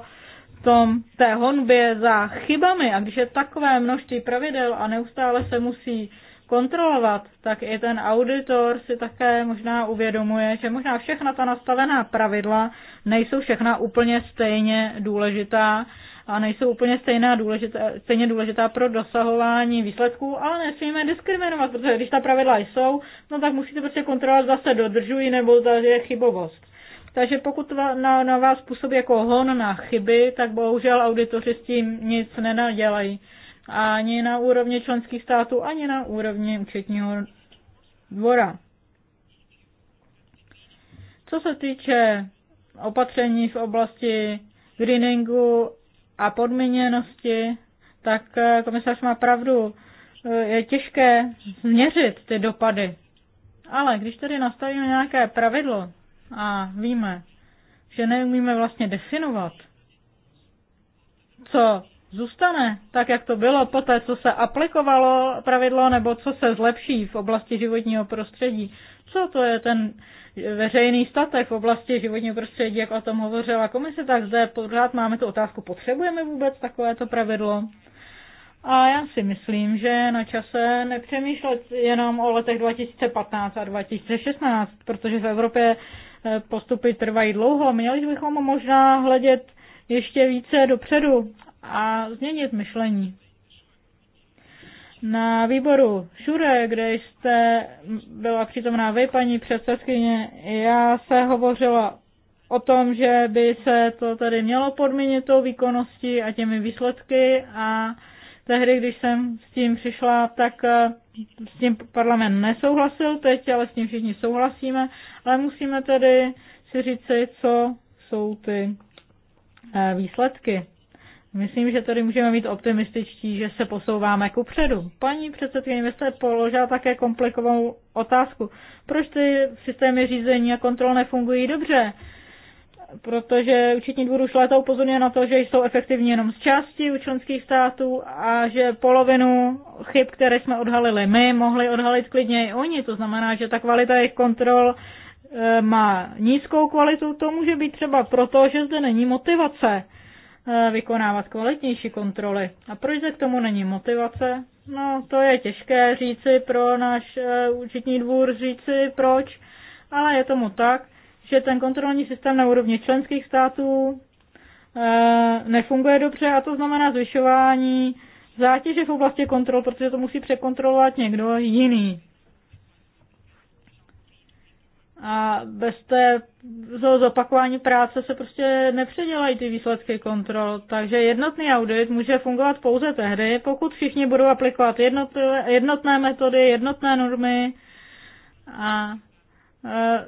tom, té honbě za chybami. A když je takové množství pravidel a neustále se musí kontrolovat, tak i ten auditor si také možná uvědomuje, že možná všechna ta nastavená pravidla nejsou všechna úplně stejně důležitá a nejsou úplně stejná důležitá, stejně důležitá pro dosahování výsledků, ale nesmíme diskriminovat, protože když ta pravidla jsou, no tak musíte prostě kontrolovat, zase dodržují nebo zase je chybovost. Takže pokud na, na vás působí jako hon na chyby, tak bohužel auditoři s tím nic nenadělají ani na úrovni členských států, ani na úrovni účetního dvora. Co se týče opatření v oblasti greeningu a podmíněnosti, tak eh, komisař má pravdu, eh, je těžké změřit ty dopady. Ale když tedy nastavíme nějaké pravidlo a víme, že neumíme vlastně definovat, co zůstane tak, jak to bylo po té, co se aplikovalo pravidlo nebo co se zlepší v oblasti životního prostředí. Co to je ten veřejný statek v oblasti životního prostředí, jak o tom hovořila komise, tak zde pořád máme tu otázku, potřebujeme vůbec takovéto pravidlo? A já si myslím, že na čase nepřemýšlet jenom o letech 2015 a 2016, protože v Evropě eh, postupy trvají dlouho. Měli bychom možná hledět ještě více dopředu a změnit myšlení. Na výboru Šure, kde jste byla přítomná vy, paní předsedkyně, já se hovořila o tom, že by se to tady mělo podmínit tou výkonností a těmi výsledky a tehdy, když jsem s tím přišla, tak eh, s tím parlament nesouhlasil teď, ale s tím všichni souhlasíme, ale musíme tedy si říci, co jsou ty eh, výsledky. Myslím, že tady můžeme mít optimističtí, že se posouváme ku předu. Paní předsedkyně, vy jste položila také komplikovanou otázku. Proč ty systémy řízení a kontrol nefungují dobře? Protože účetní dvůr už léta upozorňuje na to, že jsou efektivní jenom z části u členských států a že polovinu chyb, které jsme odhalili my, mohli odhalit klidně i oni. To znamená, že ta kvalita jejich kontrol eh, má nízkou kvalitu. To může být třeba proto, že zde není motivace Eh, vykonávat kvalitnější kontroly. A proč se k tomu není motivace? No, to je těžké říci pro náš eh, účetní dvůr, říci proč, ale je tomu tak, že ten kontrolní systém na úrovni členských států eh, nefunguje dobře a to znamená zvyšování zátěže v oblasti kontrol, protože to musí překontrolovat někdo jiný. A bez té zopakování práce se prostě nepředělají ty výsledky kontrol. Takže jednotný audit může fungovat pouze tehdy, pokud všichni budou aplikovat jednotné metody, jednotné normy a e,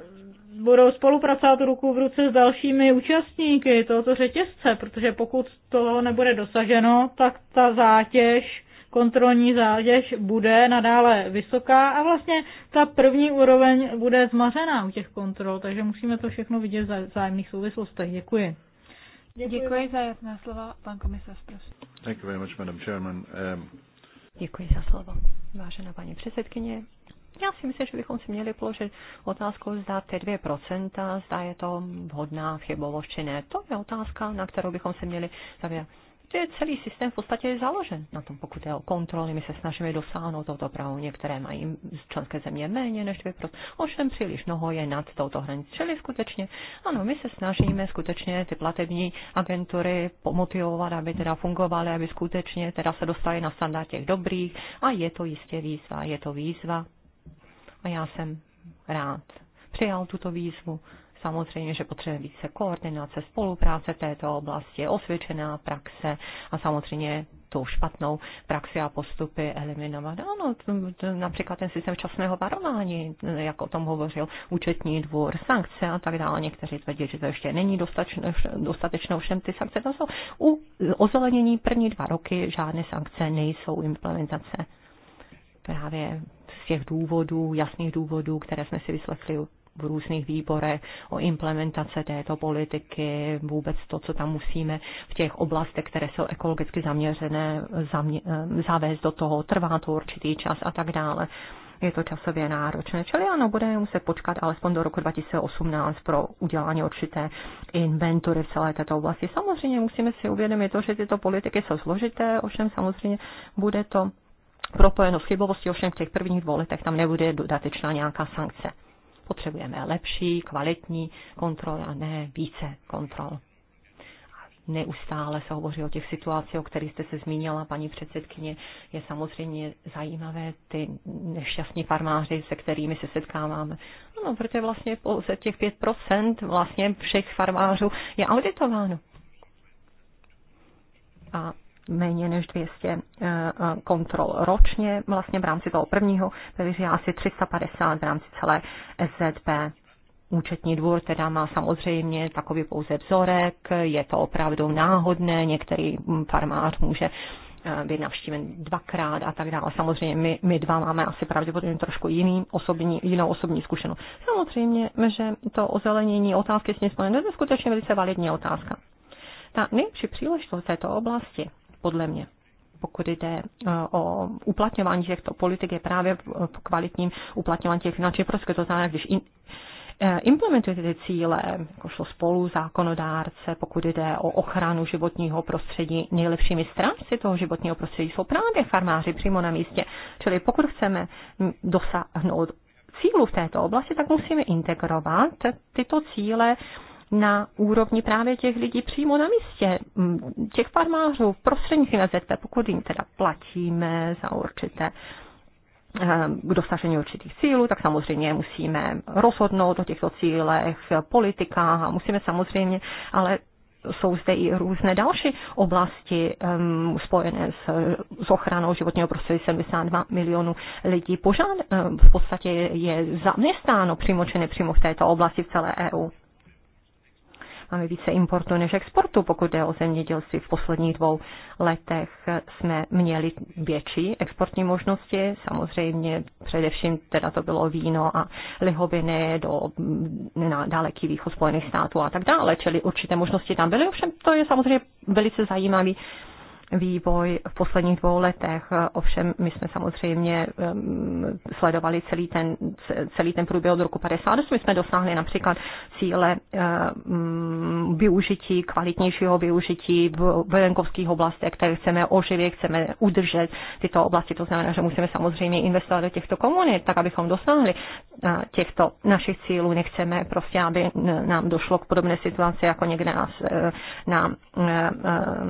budou spolupracovat ruku v ruce s dalšími účastníky tohoto řetězce, protože pokud toho nebude dosaženo, tak ta zátěž kontrolní zátěž bude nadále vysoká a vlastně ta první úroveň bude zmařená u těch kontrol, takže musíme to všechno vidět v zájemných souvislostech. Děkuji. Děkuji, Děkuji za jasná slova. Pan komisař, prosím. Thank you very much, Madam Chairman. Um... Děkuji za slovo. Vážená paní předsedkyně, já si myslím, že bychom si měli položit otázku, zda ty 2%, zda je to vhodná chybovost či ne. To je otázka, na kterou bychom se měli zavěřit to je celý systém v podstatě založen na tom, pokud je o kontroly. My se snažíme dosáhnout toto právo. Některé mají členské země méně než 2%, ovšem příliš mnoho je nad touto hranicí. Čili skutečně, ano, my se snažíme skutečně ty platební agentury pomotivovat, aby teda fungovaly, aby skutečně teda se dostali na standard těch dobrých a je to jistě výzva, je to výzva. A já jsem rád přijal tuto výzvu Samozřejmě, že potřebuje více koordinace, spolupráce v této oblasti, osvědčená praxe a samozřejmě tou špatnou praxi a postupy eliminovat. Ano, například ten systém časného varování, jak o tom hovořil účetní dvůr, sankce a tak dále. Někteří tvrdí, že to ještě není dostatečné, všem ty sankce To jsou. U ozelenění první dva roky žádné sankce nejsou implementace. Právě z těch důvodů, jasných důvodů, které jsme si vyslechli v různých výborech o implementace této politiky, vůbec to, co tam musíme v těch oblastech, které jsou ekologicky zaměřené, zamě, eh, zavést do toho, trvá to určitý čas a tak dále je to časově náročné. Čili ano, budeme muset počkat alespoň do roku 2018 pro udělání určité inventury v celé této oblasti. Samozřejmě musíme si uvědomit to, že tyto politiky jsou složité, ovšem samozřejmě bude to propojeno s chybovostí, ovšem v těch prvních dvou letech tam nebude dodatečná nějaká sankce. Potřebujeme lepší, kvalitní kontrol a ne více kontrol. Neustále se hovoří o těch situacích, o kterých jste se zmínila, paní předsedkyně. Je samozřejmě zajímavé ty nešťastní farmáři, se kterými se setkáváme. No, protože vlastně pouze těch 5% vlastně všech farmářů je auditováno. A méně než 200 eh, eh, kontrol ročně, vlastně v rámci toho prvního pilíře asi 350 v rámci celé SZP. Účetní dvůr teda má samozřejmě takový pouze vzorek, je to opravdu náhodné, některý hm, farmář může eh, být navštíven dvakrát a tak dále. Samozřejmě my, my dva máme asi pravděpodobně trošku jiný osobní, jinou osobní zkušenost. Samozřejmě, že to ozelenění otázky s ním to je skutečně velice validní otázka. Ta nejlepší příležitost této oblasti podle mě pokud jde eh, o uplatňování těchto politik, je právě v kvalitním uplatňování těch finančních prostředků. To znamená, když in, eh, implementujete ty cíle, jako šlo spolu zákonodárce, pokud jde o ochranu životního prostředí, nejlepšími strážci toho životního prostředí jsou právě farmáři přímo na místě. Čili pokud chceme dosáhnout cílů v této oblasti, tak musíme integrovat tyto cíle na úrovni právě těch lidí přímo na místě, těch farmářů, prostřednictvím VZP, pokud jim teda platíme za určité eh, k dosažení určitých cílů, tak samozřejmě musíme rozhodnout o těchto cílech, politikách a musíme samozřejmě, ale jsou zde i různé další oblasti um, spojené s, s ochranou životního prostředí. 72 milionů lidí požád, um, v podstatě je zaměstnáno přímo či nepřímo v této oblasti v celé EU. Máme více importu než exportu, pokud jde o zemědělství. V posledních dvou letech jsme měli větší exportní možnosti. Samozřejmě především teda to bylo víno a lihoviny do, na daleký východ Spojených států a tak dále. Čili určité možnosti tam byly. Ovšem to je samozřejmě velice zajímavý vývoj v posledních dvou letech. Ovšem my jsme samozřejmě sledovali celý ten, celý ten průběh od roku 50, My jsme dosáhli například cíle využití, kvalitnějšího využití v venkovských oblastech, které chceme oživit, chceme udržet tyto oblasti. To znamená, že musíme samozřejmě investovat do těchto komunit, tak abychom dosáhli těchto našich cílů. Nechceme prostě, aby nám došlo k podobné situaci jako někde nás, e, na, na, e, na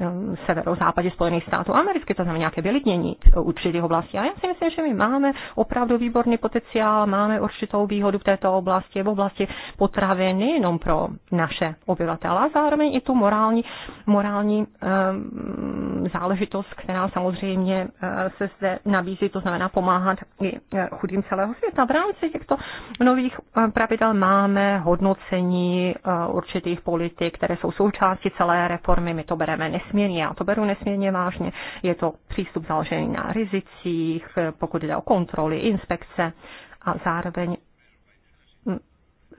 e, severozápadě Spojených států amerických, to znamená nějaké vylidnění určitých oblastí. A já si myslím, že my máme opravdu výborný potenciál, máme určitou výhodu v této oblasti, v oblasti potravy nejenom pro naše obyvatele, a zároveň i tu morální, morální um, záležitost, která samozřejmě eh, se zde nabízí, to znamená pomáhat i eh, chudým celého světa. V rámci těchto nových eh, pravidel máme hodnocení určitých politik, které jsou součástí celé reformy. My to bereme nesmírně já to beru nesmírně vážně. Je to přístup založený na rizicích, pokud jde o kontroly, inspekce a zároveň hm,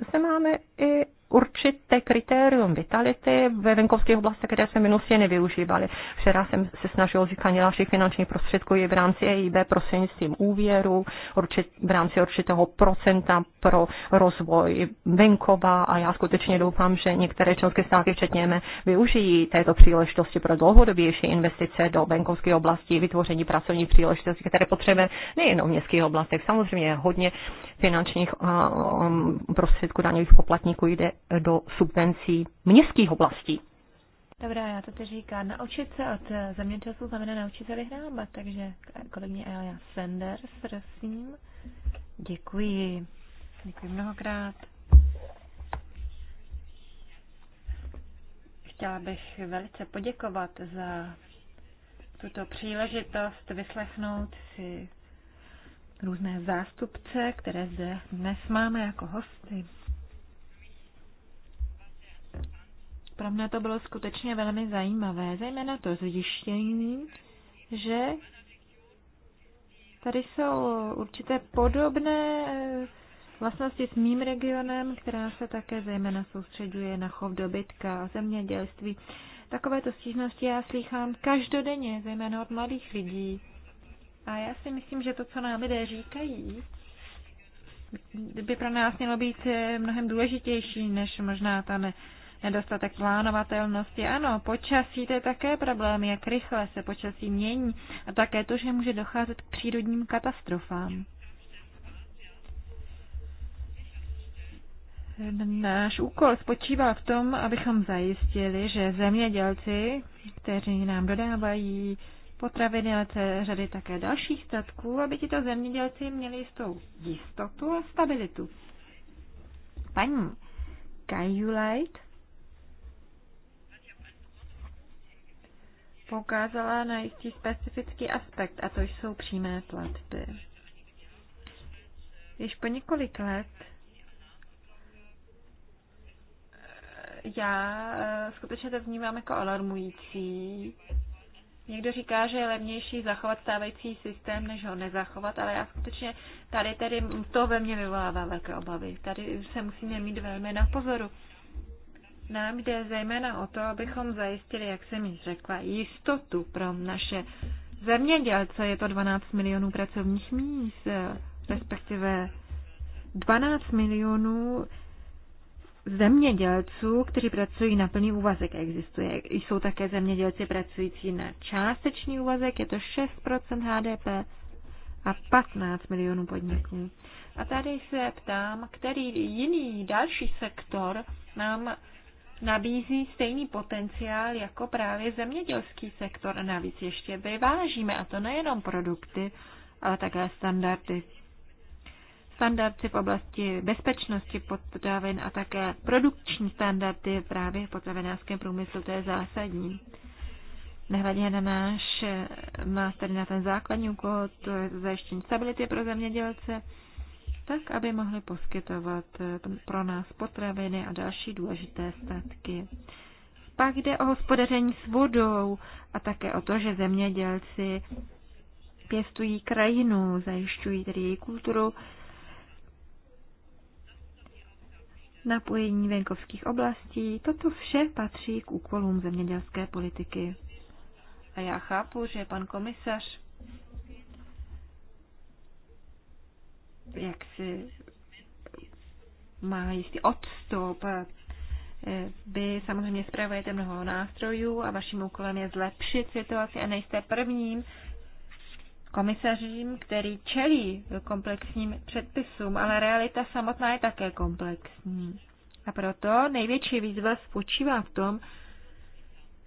zde máme i určité kritérium vitality ve venkovských oblastech, které se minulosti nevyužívaly. Včera jsem se snažil získat dalších finančních prostředků i v rámci EIB prostřednictvím úvěru, určit, v rámci určitého procenta pro rozvoj venkova a já skutečně doufám, že některé členské státy, včetně mé, využijí této příležitosti pro dlouhodobější investice do venkovské oblasti, vytvoření pracovních příležitostí, které potřebujeme nejenom v městských oblastech. Samozřejmě hodně finančních um, prostředků daňových poplatníků jde do subvencí městských oblastí. Dobrá, já to teď říkám. Naučit se od eh, zemědělců znamená naučit se vyhrávat, takže eh, kolegyně Elia Sanders, prosím. Děkuji. Děkuji mnohokrát. Chtěla bych velice poděkovat za tuto příležitost vyslechnout si různé zástupce, které zde dnes máme jako hosty. Pro mě to bylo skutečně velmi zajímavé, zejména to zjištění, že tady jsou určité podobné eh, vlastnosti s mým regionem, která se také zejména soustředuje na chov dobytka a zemědělství. Takovéto stížnosti já slychám každodenně, zejména od mladých lidí. A já si myslím, že to, co nám lidé říkají, by pro nás mělo být eh, mnohem důležitější, než možná ta ne, nedostatek plánovatelnosti. Ano, počasí to je také problém, jak rychle se počasí mění a také to, že může docházet k přírodním katastrofám. Náš úkol spočívá v tom, abychom zajistili, že zemědělci, kteří nám dodávají potraviny, ale řady také dalších statků, aby tito zemědělci měli jistou jistotu a stabilitu. Paní Kajulajt poukázala na jistý specifický aspekt, a to jsou přímé platby. Již po několik let já eh, skutečně to vnímám jako alarmující. Někdo říká, že je levnější zachovat stávající systém, než ho nezachovat, ale já skutečně tady, tedy to ve mně vyvolává velké obavy. Tady se musíme mít velmi na pozoru nám jde zejména o to, abychom zajistili, jak jsem již řekla, jistotu pro naše zemědělce. Je to 12 milionů pracovních míst, eh, respektive 12 milionů zemědělců, kteří pracují na plný úvazek, existuje. Jsou také zemědělci pracující na částečný úvazek, je to 6% HDP a 15 milionů podniků. A tady se ptám, který jiný další sektor nám nabízí stejný potenciál jako právě zemědělský sektor. A navíc ještě vyvážíme, a to nejenom produkty, ale také standardy. Standardy v oblasti bezpečnosti potravin a také produkční standardy právě v potravinářském průmyslu, to je zásadní. Nehledě na náš, nás tedy na ten základní úkol, to je zajištění stability pro zemědělce, tak aby mohli poskytovat eh, pro nás potraviny a další důležité statky. Pak jde o hospodaření s vodou a také o to, že zemědělci pěstují krajinu, zajišťují tedy její kulturu, napojení venkovských oblastí. Toto vše patří k úkolům zemědělské politiky. A já chápu, že pan komisař jak si má jistý odstup. E, vy samozřejmě zpravujete mnoho nástrojů a vaším úkolem je zlepšit situaci a nejste prvním komisařím, který čelí komplexním předpisům, ale realita samotná je také komplexní. A proto největší výzva spočívá v tom,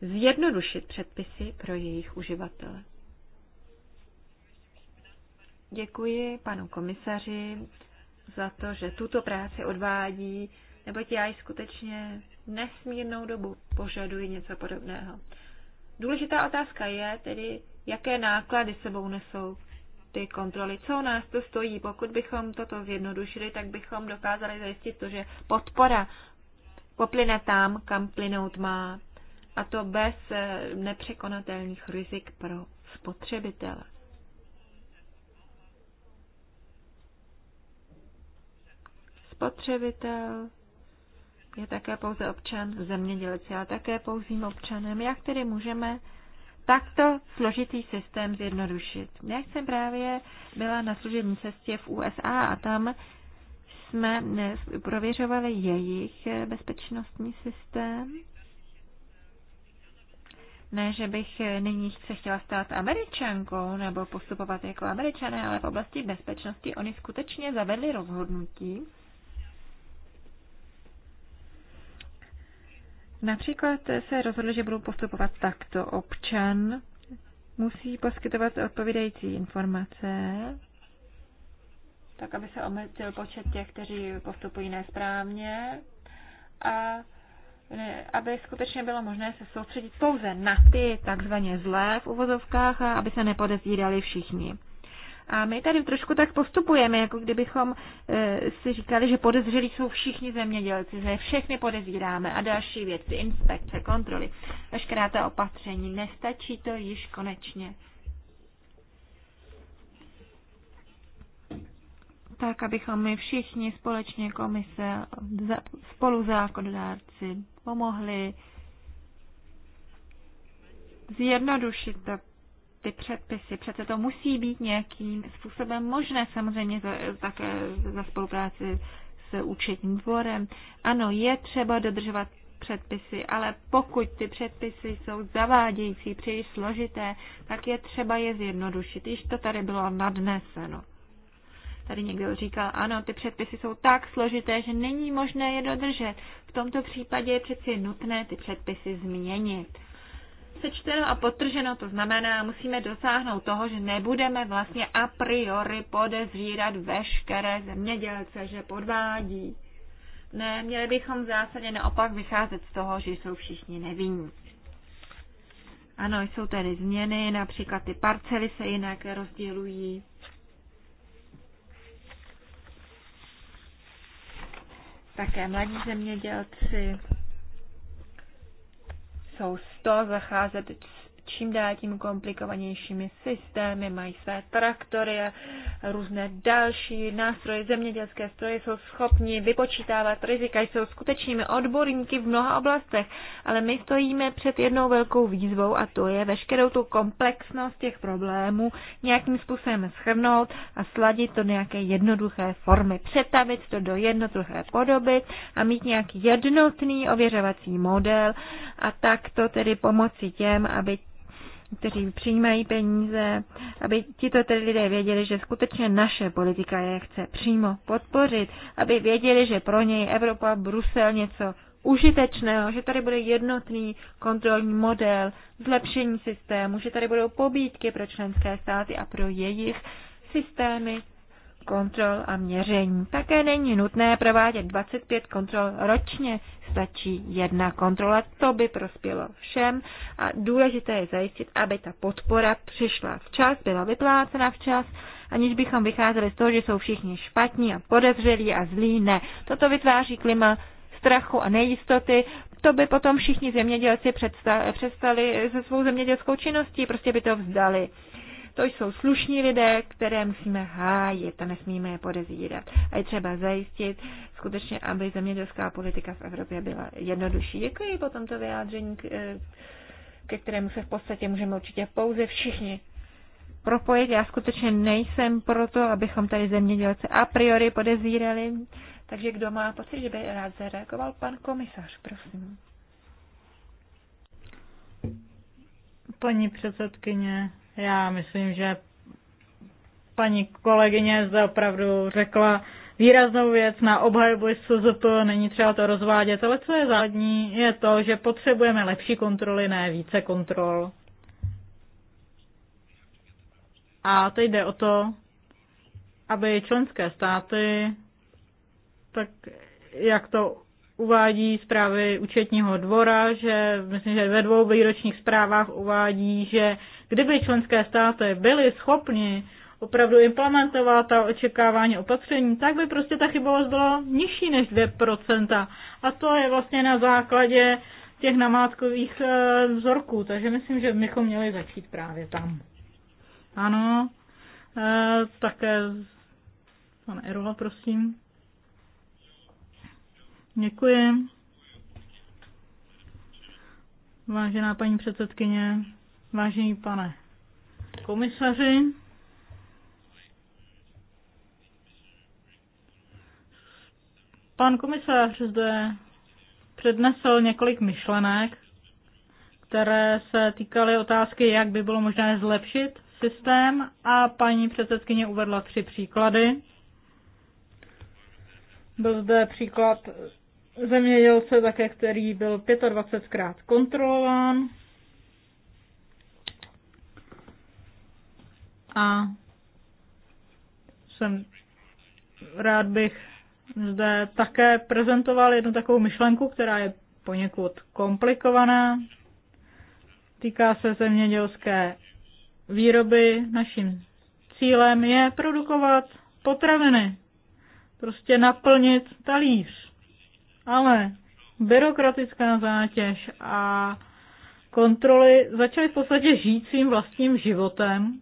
zjednodušit předpisy pro jejich uživatele. Děkuji panu komisaři za to, že tuto práci odvádí, neboť já ji skutečně nesmírnou dobu požaduji něco podobného. Důležitá otázka je tedy, jaké náklady sebou nesou ty kontroly. Co nás to stojí? Pokud bychom toto zjednodušili, tak bychom dokázali zajistit to, že podpora poplyne tam, kam plynout má, a to bez eh, nepřekonatelných rizik pro spotřebitele. Spotřebitel je také pouze občan, zemědělec já také pouzím občanem. Jak tedy můžeme takto složitý systém zjednodušit? Já jsem právě byla na služební cestě v USA a tam jsme prověřovali jejich bezpečnostní systém. Ne, že bych nyní se chtěla stát američankou nebo postupovat jako američané, ale v oblasti bezpečnosti oni skutečně zavedli rozhodnutí, Například se rozhodl, že budou postupovat takto. Občan musí poskytovat odpovídající informace, tak aby se omezil počet těch, kteří postupují nesprávně a aby skutečně bylo možné se soustředit pouze na ty takzvaně zlé v uvozovkách a aby se nepodezírali všichni. A my tady trošku tak postupujeme, jako kdybychom e, si říkali, že podezřelí jsou všichni zemědělci, že všechny podezíráme a další věci, inspekce, kontroly, veškerá ta opatření. Nestačí to již konečně. Tak, abychom my všichni společně komise, spoluzákonodárci pomohli zjednodušit to ty předpisy. Přece to musí být nějakým způsobem možné, samozřejmě za, také za spolupráci s účetním dvorem. Ano, je třeba dodržovat předpisy, ale pokud ty předpisy jsou zavádějící, příliš složité, tak je třeba je zjednodušit. Již to tady bylo nadneseno. Tady někdo říkal, ano, ty předpisy jsou tak složité, že není možné je dodržet. V tomto případě je přeci nutné ty předpisy změnit sečteno a potrženo, to znamená, musíme dosáhnout toho, že nebudeme vlastně a priori podezřírat veškeré zemědělce, že podvádí. Ne, měli bychom v zásadě naopak vycházet z toho, že jsou všichni nevinní. Ano, jsou tedy změny, například ty parcely se jinak rozdělují. Také mladí zemědělci jsou z zacházet čím dál tím komplikovanějšími systémy, mají své traktory a různé další nástroje, zemědělské stroje jsou schopni vypočítávat rizika, jsou skutečnými odborníky v mnoha oblastech, ale my stojíme před jednou velkou výzvou a to je veškerou tu komplexnost těch problémů nějakým způsobem schrnout a sladit to do nějaké jednoduché formy, přetavit to do jednoduché podoby a mít nějaký jednotný ověřovací model a tak to tedy pomoci těm, aby kteří přijímají peníze, aby tito tedy lidé věděli, že skutečně naše politika je chce přímo podpořit, aby věděli, že pro něj Evropa, Brusel něco užitečného, že tady bude jednotný kontrolní model, zlepšení systému, že tady budou pobídky pro členské státy a pro jejich systémy kontrol a měření. Také není nutné provádět 25 kontrol ročně, stačí jedna kontrola, to by prospělo všem a důležité je zajistit, aby ta podpora přišla včas, byla vyplácena včas, aniž bychom vycházeli z toho, že jsou všichni špatní a podezřelí a zlí, ne. Toto vytváří klima strachu a nejistoty, to by potom všichni zemědělci přestali se svou zemědělskou činností, prostě by to vzdali. To jsou slušní lidé, které musíme hájit a nesmíme je podezírat. A je třeba zajistit skutečně, aby zemědělská politika v Evropě byla jednodušší. Děkuji po tomto vyjádření, eh, ke kterému se v podstatě můžeme určitě pouze všichni propojit. Já skutečně nejsem proto, abychom tady zemědělce a priori podezírali. Takže kdo má pocit, že by rád zareagoval, pan komisař, prosím. Paní předsedkyně, já myslím, že paní kolegyně zde opravdu řekla výraznou věc na obhajobu SZP, není třeba to rozvádět, ale co je zadní, je to, že potřebujeme lepší kontroly, ne více kontrol. A teď jde o to, aby členské státy, tak jak to uvádí zprávy účetního dvora, že myslím, že ve dvou výročních zprávách uvádí, že Kdyby členské státy byly schopni opravdu implementovat ta očekávání opatření, tak by prostě ta chybovost byla nižší než 2%. A to je vlastně na základě těch namátkových eh, vzorků, takže myslím, že bychom měli začít právě tam. Ano, eh, také pan Erola, prosím. Děkuji. Vážená paní předsedkyně, Vážení pane komisaři, pan komisař zde přednesl několik myšlenek, které se týkaly otázky, jak by bylo možné zlepšit systém a paní předsedkyně uvedla tři příklady. Byl zde příklad zemědělce také, který byl 25krát kontrolován, a jsem rád bych zde také prezentoval jednu takovou myšlenku, která je poněkud komplikovaná. Týká se zemědělské výroby. Naším cílem je produkovat potraviny, prostě naplnit talíř. Ale byrokratická zátěž a kontroly začaly v podstatě žít svým vlastním životem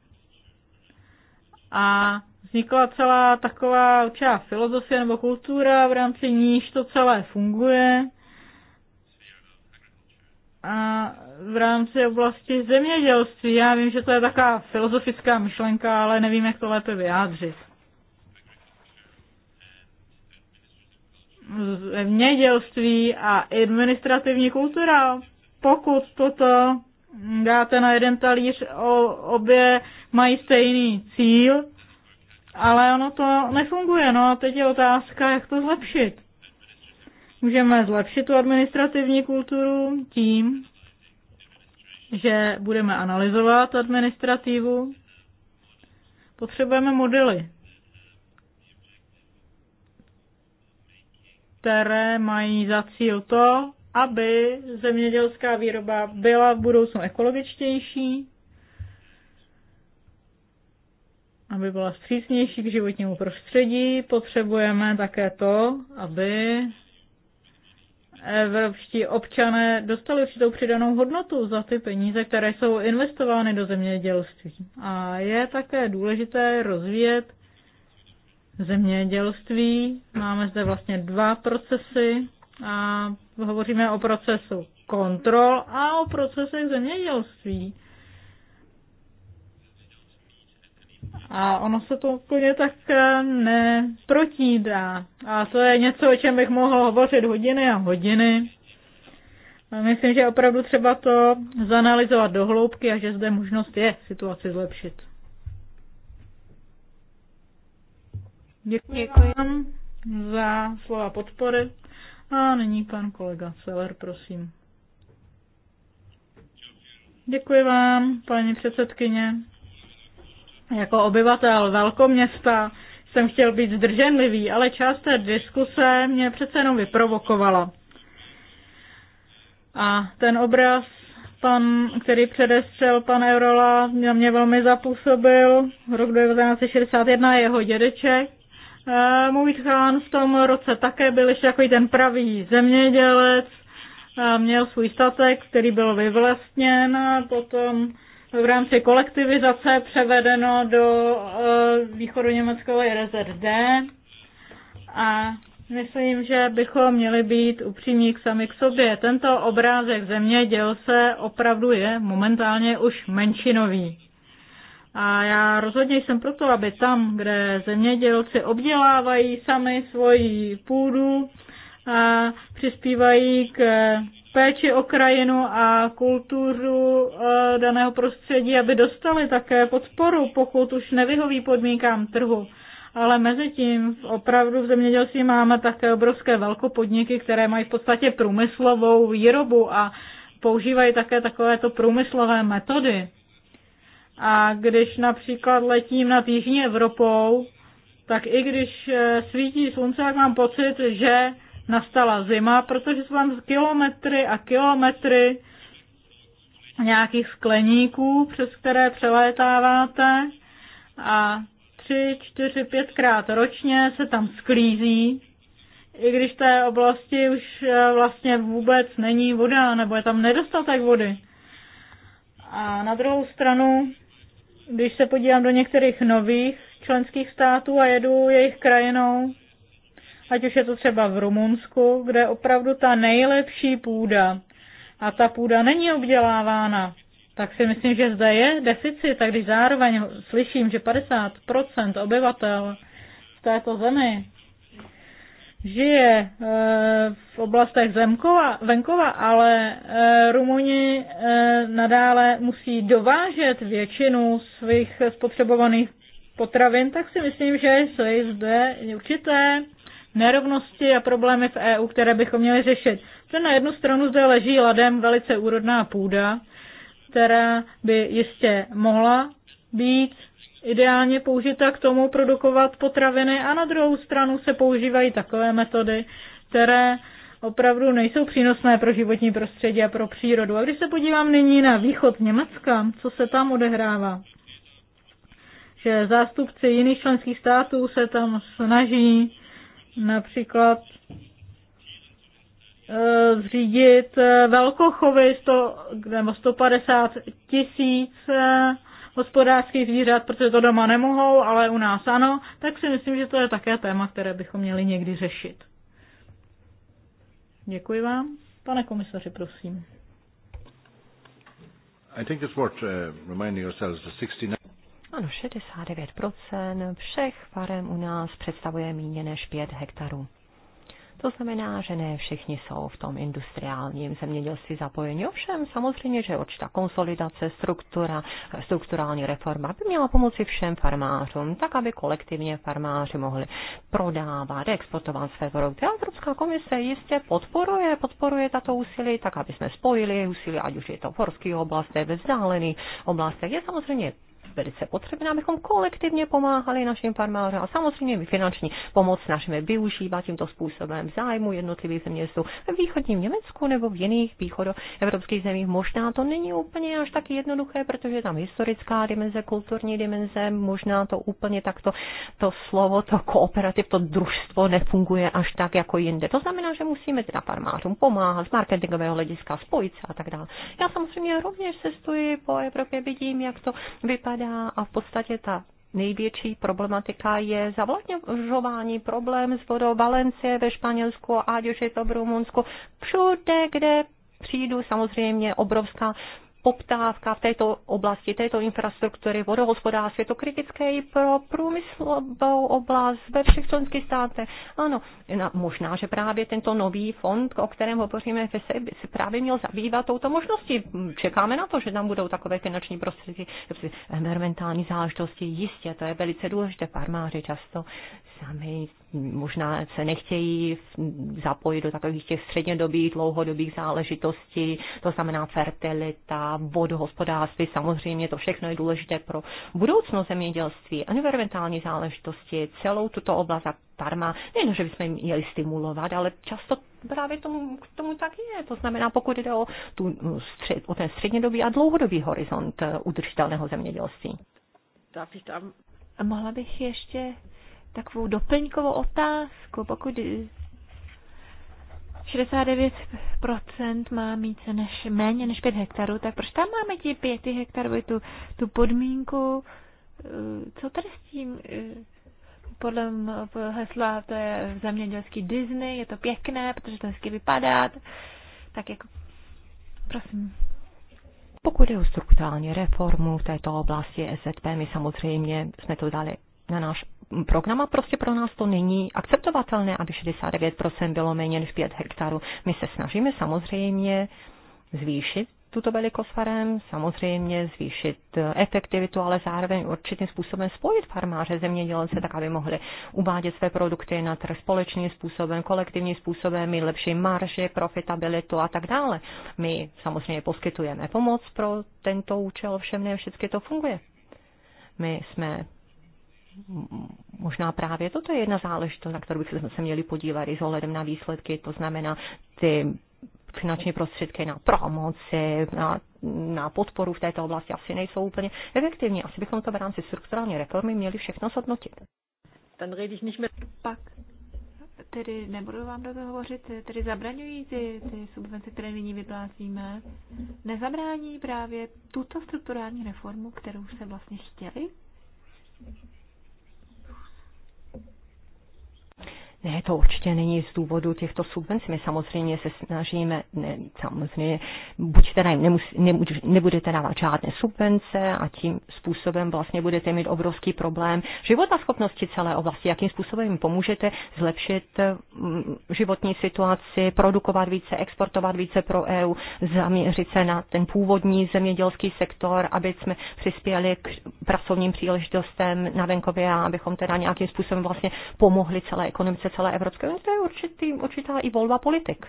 a vznikla celá taková určitá filozofie nebo kultura, v rámci níž to celé funguje. A v rámci oblasti zemědělství, já vím, že to je taková filozofická myšlenka, ale nevím, jak to lépe vyjádřit. Zemědělství a administrativní kultura, pokud toto dáte na jeden talíř o obě mají stejný cíl, ale ono to nefunguje. No a teď je otázka, jak to zlepšit. Můžeme zlepšit tu administrativní kulturu tím, že budeme analyzovat administrativu. Potřebujeme modely, které mají za cíl to, aby zemědělská výroba byla v budoucnu ekologičtější, aby byla střícnější k životnímu prostředí, potřebujeme také to, aby evropští občané dostali určitou přidanou hodnotu za ty peníze, které jsou investovány do zemědělství. A je také důležité rozvíjet zemědělství. Máme zde vlastně dva procesy a hovoříme o procesu kontrol a o procesech zemědělství. A ono se to úplně tak eh, neprotídá. A to je něco, o čem bych mohl hovořit hodiny a hodiny. A myslím, že opravdu třeba to zanalizovat do hloubky a že zde možnost je situaci zlepšit. Děkuji, vám za slova podpory. A nyní pan kolega Celer, prosím. Děkuji vám, paní předsedkyně. Jako obyvatel velkoměsta jsem chtěl být zdrženlivý, ale část té diskuse mě přece jenom vyprovokovala. A ten obraz, pan, který předestřel pan Eurola, na mě velmi zapůsobil. Rok 1961 jeho dědeček. Můj chán v tom roce také byl ještě takový ten pravý zemědělec. Měl svůj statek, který byl vyvlastněn a potom v rámci kolektivizace převedeno do eh, východu německého RZD a myslím, že bychom měli být upřímní k sami k sobě. Tento obrázek zemědělce opravdu je momentálně už menšinový. A já rozhodně jsem proto, aby tam, kde zemědělci obdělávají sami svoji půdu a přispívají k péči o krajinu a kulturu eh, daného prostředí, aby dostali také podporu, pokud už nevyhoví podmínkám trhu. Ale mezi tím opravdu v zemědělství máme také obrovské velkopodniky, které mají v podstatě průmyslovou výrobu a používají také takovéto průmyslové metody. A když například letím nad Jižní Evropou, tak i když eh, svítí slunce, tak mám pocit, že nastala zima, protože jsou tam kilometry a kilometry nějakých skleníků, přes které přelétáváte a tři, čtyři, pětkrát ročně se tam sklízí, i když v té oblasti už eh, vlastně vůbec není voda, nebo je tam nedostatek vody. A na druhou stranu, když se podívám do některých nových členských států a jedu jejich krajinou, ať už je to třeba v Rumunsku, kde opravdu ta nejlepší půda a ta půda není obdělávána, tak si myslím, že zde je deficit. A když zároveň slyším, že 50% obyvatel v této zemi žije eh, v oblastech zemkova, venkova, ale eh, Rumuni eh, nadále musí dovážet většinu svých spotřebovaných potravin, tak si myslím, že jsou zde určité nerovnosti a problémy v EU, které bychom měli řešit. To na jednu stranu zde leží ladem velice úrodná půda, která by jistě mohla být ideálně použita k tomu produkovat potraviny a na druhou stranu se používají takové metody, které opravdu nejsou přínosné pro životní prostředí a pro přírodu. A když se podívám nyní na východ Německa, co se tam odehrává, že zástupci jiných členských států se tam snaží například e, zřídit e, velkochovy 100, nebo 150 tisíc e, hospodářských zvířat, protože to doma nemohou, ale u nás ano, tak si myslím, že to je také téma, které bychom měli někdy řešit. Děkuji vám. Pane komisaři, prosím. I think it's worth uh, reminding ourselves the 69 ano, 69% všech farem u nás představuje méně než 5 hektarů. To znamená, že ne všichni jsou v tom industriálním zemědělství zapojeni. Ovšem, samozřejmě, že určitá konsolidace, struktura, strukturální reforma by měla pomoci všem farmářům, tak aby kolektivně farmáři mohli prodávat, exportovat své produkty. A Evropská komise jistě podporuje, podporuje tato úsilí, tak aby jsme spojili úsilí, ať už je to v horských oblastech, ve vzdálených oblastech. Je samozřejmě velice potřebné, abychom kolektivně pomáhali našim farmářům a samozřejmě my finanční pomoc snažíme využívat tímto způsobem v zájmu jednotlivých zeměstů ve východním Německu nebo v jiných východoevropských zemích. Možná to není úplně až tak jednoduché, protože tam historická dimenze, kulturní dimenze, možná to úplně takto to slovo, to kooperativ, to družstvo nefunguje až tak jako jinde. To znamená, že musíme teda farmářům pomáhat z marketingového hlediska, spojit se a tak dále. Já samozřejmě rovněž cestuji po Evropě, vidím, jak to vypadá neodpovídá a v podstatě ta největší problematika je zavlažování problém s vodou Valencie ve Španělsku, ať už je to v Rumunsku, všude, kde přijdu samozřejmě obrovská poptávka v této oblasti, této infrastruktury, vodohospodářství, je to kritické i pro průmyslovou oblast ve všech členských státech. Ano, na, možná, že právě tento nový fond, o kterém hovoříme, se právě měl zabývat touto možností. Čekáme na to, že tam budou takové finanční prostředky, environmentální záležitosti, jistě, to je velice důležité. Farmáři často sami možná se nechtějí zapojit do takových těch střednědobých, dlouhodobých záležitostí, to znamená fertilita, vodohospodářství, samozřejmě to všechno je důležité pro budoucnost zemědělství, environmentální záležitosti, celou tuto oblast a farma, nejen, že bychom měli stimulovat, ale často právě tomu, k tomu tak je. To znamená, pokud jde o, tu o ten střednědobý a dlouhodobý horizont eh, udržitelného zemědělství. Mohla bych ještě takovou doplňkovou otázku. Pokud 69% má mít než, méně než 5 hektarů, tak proč tam máme ti 5 hektarů tu, tu podmínku? Eh, co tady s tím? Eh, podle hesla to je zemědělský Disney, je to pěkné, protože to hezky vypadá. Tak jako, prosím. Pokud je o strukturální reformu v této oblasti SZP, my samozřejmě jsme to dali na náš program a prostě pro nás to není akceptovatelné, aby 69% bylo méně než 5 hektarů. My se snažíme samozřejmě zvýšit tuto velikost farem, samozřejmě zvýšit eh, efektivitu, ale zároveň určitým způsobem spojit farmáře, zemědělce, tak aby mohli uvádět své produkty na trh společným způsobem, kolektivním způsobem, mít lepší marže, profitabilitu a tak dále. My samozřejmě poskytujeme pomoc pro tento účel, všem ne všechny to funguje. My jsme možná právě toto je jedna záležitost, na kterou bychom se měli podívat i s ohledem na výsledky, to znamená ty finanční prostředky na promoci, na, na podporu v této oblasti asi nejsou úplně efektivní. Asi bychom to v rámci strukturální reformy měli všechno zhodnotit. Ten rejdiš ich nicht mehr. Pak tedy nebudu vám do toho hovořit, tedy zabraňují ty, ty subvence, které nyní vyplácíme, nezabrání právě tuto strukturální reformu, kterou se vlastně chtěli? Ne, to určitě není z důvodu těchto subvencí. My samozřejmě se snažíme, ne, samozřejmě, buď teda nemus, nemus, nebudete dávat žádné subvence a tím způsobem vlastně budete mít obrovský problém života schopnosti celé oblasti, jakým způsobem jim pomůžete zlepšit mm, životní situaci, produkovat více, exportovat více pro EU, zaměřit se na ten původní zemědělský sektor, aby jsme přispěli k pracovním příležitostem na venkově a abychom teda nějakým způsobem vlastně pomohli celé ekonomice celé Evropské unie. To je určitý, určitá i volba politik.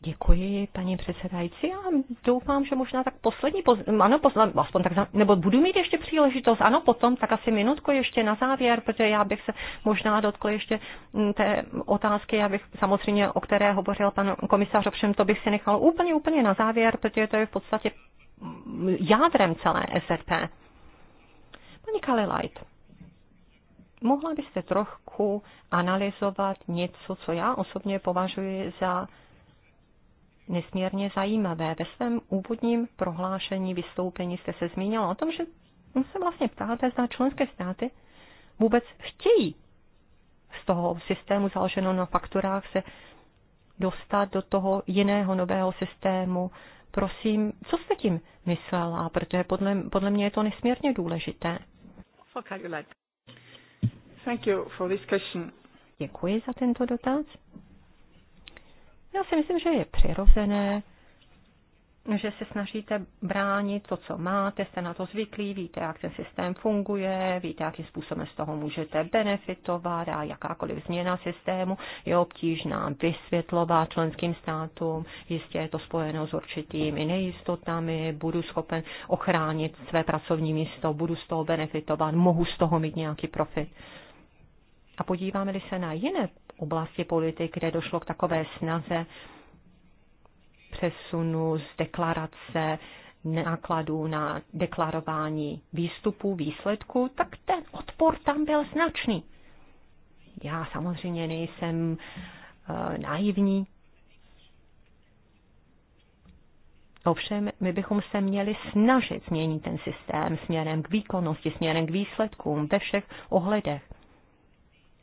Děkuji, paní předsedající. A doufám, že možná tak poslední, poz... ano, poslední, aspoň tak, za... nebo budu mít ještě příležitost, ano, potom, tak asi minutku ještě na závěr, protože já bych se možná dotkl ještě mm, té otázky, já bych samozřejmě, o které hovořil pan komisař, ovšem to bych si nechal úplně, úplně na závěr, protože to je v podstatě mm, jádrem celé SRP. Pani Kalelajt, mohla byste trochu analyzovat něco, co já osobně považuji za nesmírně zajímavé. Ve svém úvodním prohlášení vystoupení jste se zmínila o tom, že se vlastně ptáte, zda členské státy vůbec chtějí z toho systému založeného na fakturách se dostat do toho jiného nového systému. Prosím, co jste tím myslela? Protože podle, podle mě je to nesmírně důležité. Thank you for this question. Děkuji za tento dotaz. Já si myslím, že je přirozené že se snažíte bránit to, co máte, jste na to zvyklí, víte, jak ten systém funguje, víte, jakým způsobem z toho můžete benefitovat a jakákoliv změna systému je obtížná vysvětlovat členským státům. Jistě je to spojeno s určitými nejistotami, budu schopen ochránit své pracovní místo, budu z toho benefitovat, mohu z toho mít nějaký profit. A podíváme-li se na jiné oblasti politik, kde došlo k takové snaze přesunu z deklarace nákladů na deklarování výstupů, výsledků, tak ten odpor tam byl značný. Já samozřejmě nejsem uh, naivní. Ovšem, my bychom se měli snažit změnit ten systém směrem k výkonnosti, směrem k výsledkům ve všech ohledech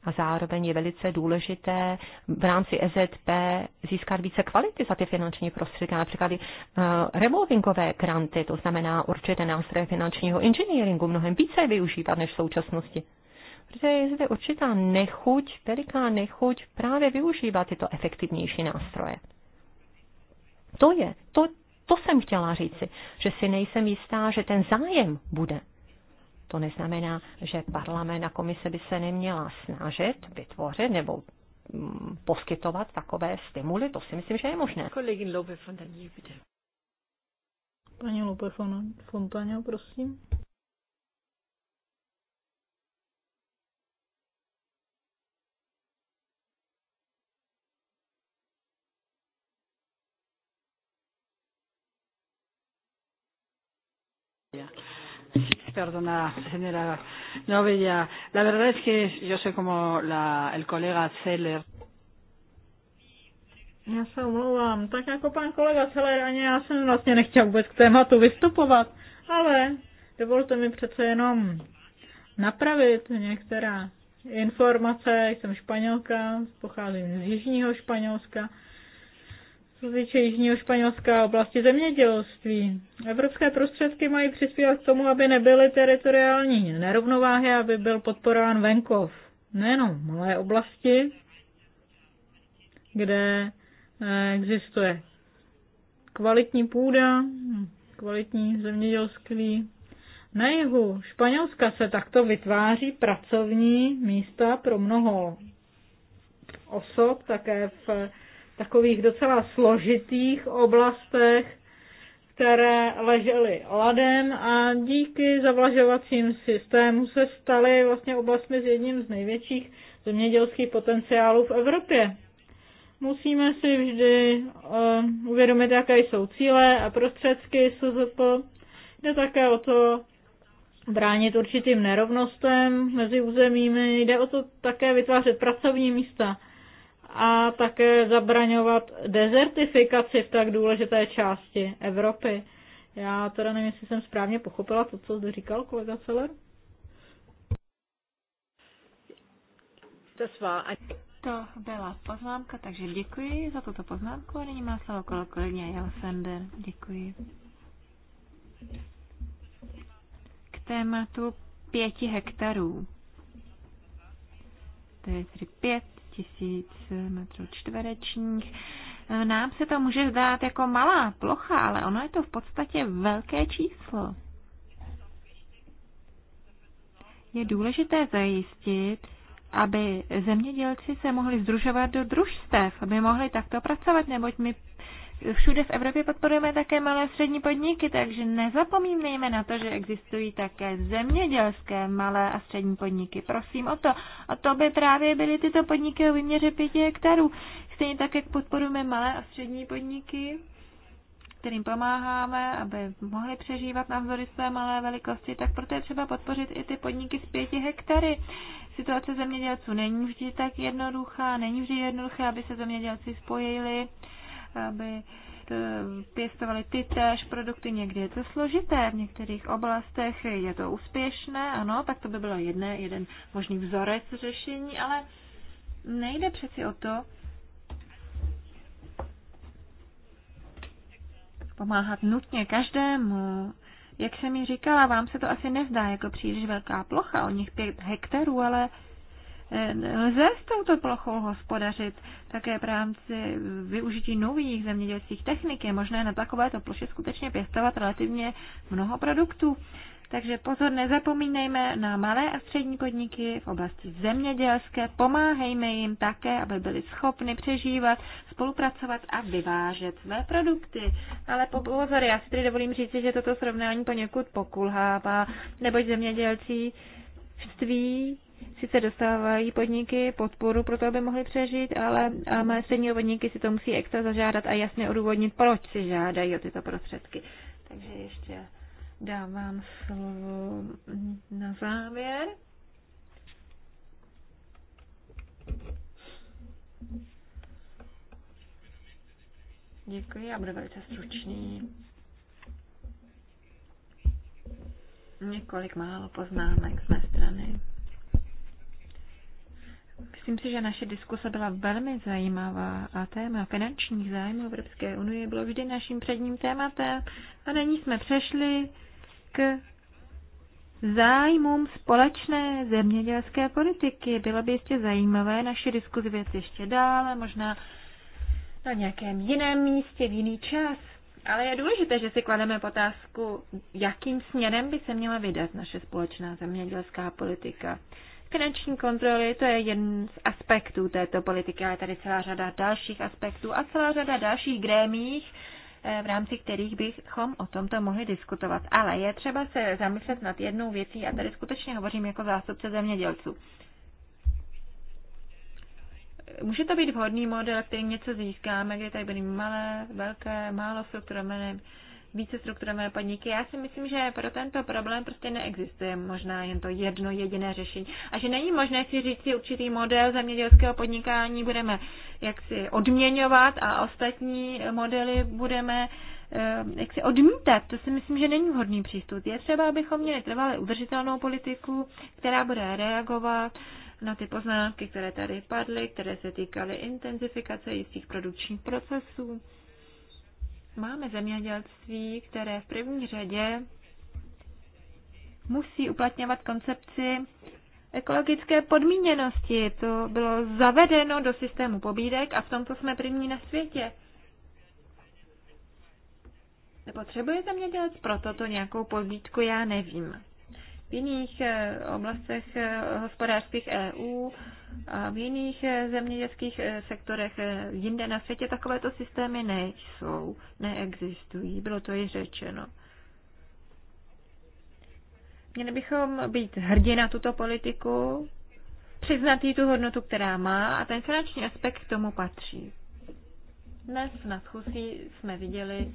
a zároveň je velice důležité v rámci EZP získat více kvality za ty finanční prostředky, například uh, revolvingové granty, to znamená určité nástroje finančního inženýringu mnohem více využívat než v současnosti. Protože je zde určitá nechuť, veliká nechuť právě využívat tyto efektivnější nástroje. To je, to, to jsem chtěla říci, že si nejsem jistá, že ten zájem bude to neznamená, že parlament a komise by se neměla snažit vytvořit nebo mm, poskytovat takové stimuly. To si myslím, že je možné. Kolegin Lobe Fontaně, bitte. Paní Lobe Fontaně, prosím perdona, señora Novella. La verdad es que yo soy como la, el kolega Zeller. Já se omlouvám. Tak jako pan kolega Celer, ani já jsem vlastně nechtěl vůbec k tématu vystupovat, ale dovolte mi přece jenom napravit některá informace. Jsem Španělka, pocházím z Jižního Španělska co týče jižního Španělska oblasti zemědělství. Evropské prostředky mají přispívat k tomu, aby nebyly teritoriální nerovnováhy, aby byl podporován venkov. Nejenom malé oblasti, kde eh, existuje kvalitní půda, kvalitní zemědělství. Na jihu Španělska se takto vytváří pracovní místa pro mnoho osob, také v takových docela složitých oblastech, které ležely ladem a díky zavlažovacím systému se staly vlastně oblastmi s jedním z největších zemědělských potenciálů v Evropě. Musíme si vždy uh, uvědomit, jaké jsou cíle a prostředky SZP. Jde také o to bránit určitým nerovnostem mezi územími, jde o to také vytvářet pracovní místa a také zabraňovat dezertifikaci v tak důležité části Evropy. Já teda nevím, jestli jsem správně pochopila to, co zde říkal kolega Celer. To byla poznámka, takže děkuji za tuto poznámku a nyní má slovo kolo kolegyně Jalsender. Děkuji. K tématu pěti hektarů. To je tedy pět tisíc metrů čtverečních. Nám se to může zdát jako malá plocha, ale ono je to v podstatě velké číslo. Je důležité zajistit, aby zemědělci se mohli združovat do družstev, aby mohli takto pracovat, neboť my Všude v Evropě podporujeme také malé a střední podniky, takže nezapomínejme na to, že existují také zemědělské malé a střední podniky. Prosím o to. A to by právě byly tyto podniky o vyměře 5 hektarů. Stejně tak, jak podporujeme malé a střední podniky, kterým pomáháme, aby mohli přežívat navzory své malé velikosti, tak proto je třeba podpořit i ty podniky z pěti hektary. Situace zemědělců není vždy tak jednoduchá, není vždy jednoduché, aby se zemědělci spojili aby e, pěstovali ty též produkty. Někdy je to složité, v některých oblastech je to úspěšné, ano, tak to by bylo jedné, jeden možný vzorec řešení, ale nejde přeci o to, pomáhat nutně každému. Jak jsem mi říkala, vám se to asi nezdá jako příliš velká plocha, o nich pět hektarů, ale Lze s touto plochou hospodařit také v rámci využití nových zemědělských technik. Je možné na takovéto ploše skutečně pěstovat relativně mnoho produktů. Takže pozor, nezapomínejme na malé a střední podniky v oblasti zemědělské, pomáhejme jim také, aby byli schopni přežívat, spolupracovat a vyvážet své produkty. Ale pozor, já si tedy dovolím říct, že toto srovnání poněkud pokulhává, neboť zemědělcí sice dostávají podniky podporu pro to, aby mohly přežít, ale malé střední podniky si to musí extra zažádat a jasně odůvodnit, proč si žádají o tyto prostředky. Takže ještě dávám slovo na závěr. Děkuji, já budu velice stručný. Několik málo poznámek z mé strany. Myslím si, že naše diskuse byla velmi zajímavá a téma finančních zájmů Evropské unie bylo vždy naším předním tématem a nyní jsme přešli k zájmům společné zemědělské politiky. Bylo by jistě zajímavé naši diskuzi věc ještě dále, možná na nějakém jiném místě, v jiný čas. Ale je důležité, že si klademe otázku, jakým směrem by se měla vydat naše společná zemědělská politika. Finanční kontroly, to je jeden z aspektů této politiky, ale tady celá řada dalších aspektů a celá řada dalších grémích, eh, v rámci kterých bychom o tomto mohli diskutovat. Ale je třeba se zamyslet nad jednou věcí a tady skutečně hovořím jako zástupce zemědělců. Může to být vhodný model, který něco získáme, kde tady byly malé, velké, málo strukturované více strukturované podniky. Já si myslím, že pro tento problém prostě neexistuje možná jen to jedno jediné řešení. A že není možné si říct si určitý model zemědělského podnikání budeme jaksi odměňovat a ostatní modely budeme eh, jak si odmítat, to si myslím, že není vhodný přístup. Je třeba, abychom měli trvalé udržitelnou politiku, která bude reagovat na ty poznámky, které tady padly, které se týkaly intenzifikace jistých produkčních procesů, máme zemědělství, které v první řadě musí uplatňovat koncepci ekologické podmíněnosti. To bylo zavedeno do systému pobídek a v tomto jsme první na světě. Nepotřebuje zemědělec proto to nějakou pobídku, já nevím. V jiných eh, oblastech eh, hospodářských EU a v jiných eh, zemědělských eh, sektorech eh, jinde na světě takovéto systémy nejsou, neexistují, bylo to i řečeno. Měli bychom být hrdí na tuto politiku, přiznat jí tu hodnotu, která má a ten finanční aspekt k tomu patří. Dnes na schůzí jsme viděli,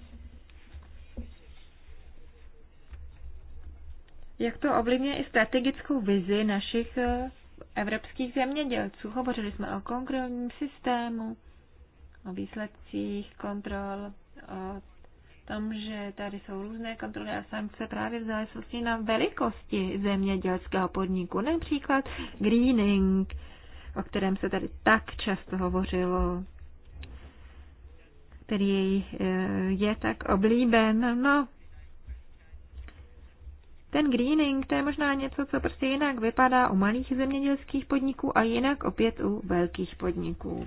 jak to ovlivňuje i strategickou vizi našich evropských zemědělců. Hovořili jsme o konkrétním systému, o výsledcích kontrol, o tom, že tady jsou různé kontroly a sankce právě v závislosti na velikosti zemědělského podniku. Například greening, o kterém se tady tak často hovořilo, který eh, je tak oblíben. No, ten greening, to je možná něco, co prostě jinak vypadá u malých zemědělských podniků a jinak opět u velkých podniků.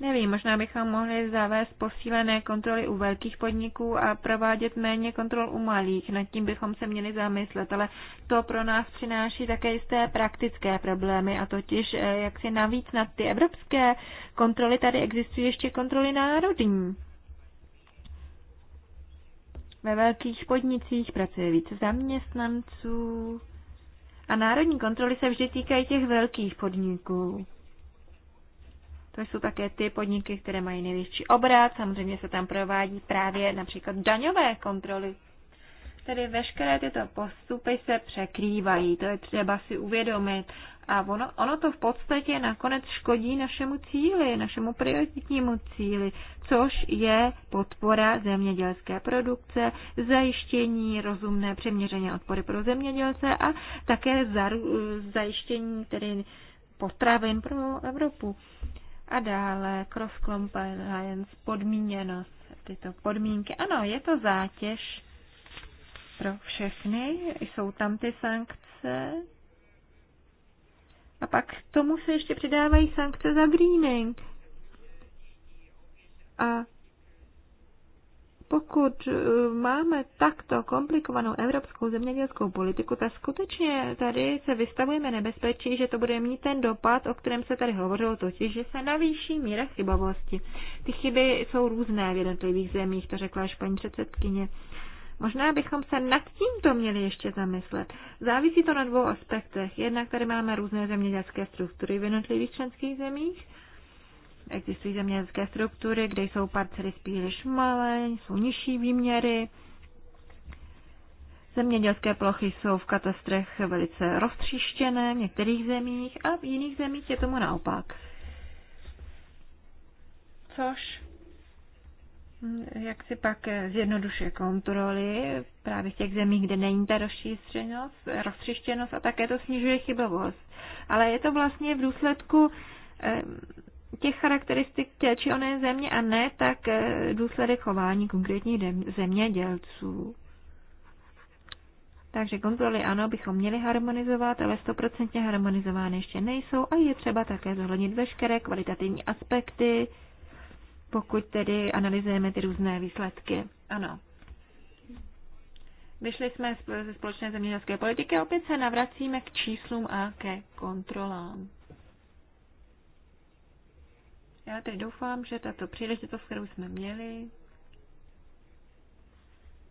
Nevím, možná bychom mohli zavést posílené kontroly u velkých podniků a provádět méně kontrol u malých. Nad tím bychom se měli zamyslet, ale to pro nás přináší také jisté praktické problémy a totiž eh, jak si navíc na ty evropské kontroly tady existují ještě kontroly národní. Ve velkých podnicích pracuje více zaměstnanců a národní kontroly se vždy týkají těch velkých podniků. To jsou také ty podniky, které mají největší obrat. Samozřejmě se tam provádí právě například daňové kontroly. Tedy veškeré tyto postupy se překrývají, to je třeba si uvědomit. A ono, ono to v podstatě nakonec škodí našemu cíli, našemu prioritnímu cíli, což je podpora zemědělské produkce, zajištění rozumné přeměřené odpory pro zemědělce a také zaru, zajištění tedy potravin pro Evropu. A dále cross-compliance, podmíněnost, tyto podmínky. Ano, je to zátěž pro všechny, jsou tam ty sankce, a pak k tomu se ještě přidávají sankce za greening. A pokud eh, máme takto komplikovanou evropskou zemědělskou politiku, tak skutečně tady se vystavujeme nebezpečí, že to bude mít ten dopad, o kterém se tady hovořilo, totiž, že se navýší míra chybovosti. Ty chyby jsou různé v jednotlivých zemích, to řekla až paní předsedkyně. Možná bychom se nad tímto měli ještě zamyslet. Závisí to na dvou aspektech. Jednak tady máme různé zemědělské struktury v jednotlivých členských zemích. Existují zemědělské struktury, kde jsou parcely spíš malé, jsou nižší výměry. Zemědělské plochy jsou v katastrech velice roztříštěné v některých zemích a v jiných zemích je tomu naopak. Což jak si pak eh, zjednodušuje kontroly právě v těch zemích, kde není ta rozšířenost, roztřištěnost a také to snižuje chybovost. Ale je to vlastně v důsledku eh, těch charakteristik té či oné země a ne tak eh, důsledek chování konkrétních zemědělců. Takže kontroly ano, bychom měli harmonizovat, ale stoprocentně harmonizovány ještě nejsou a je třeba také zohlednit veškeré kvalitativní aspekty, pokud tedy analyzujeme ty různé výsledky. Ano. Vyšli jsme ze společné zemědělské politiky a opět se navracíme k číslům a ke kontrolám. Já tedy doufám, že tato příležitost, kterou jsme měli,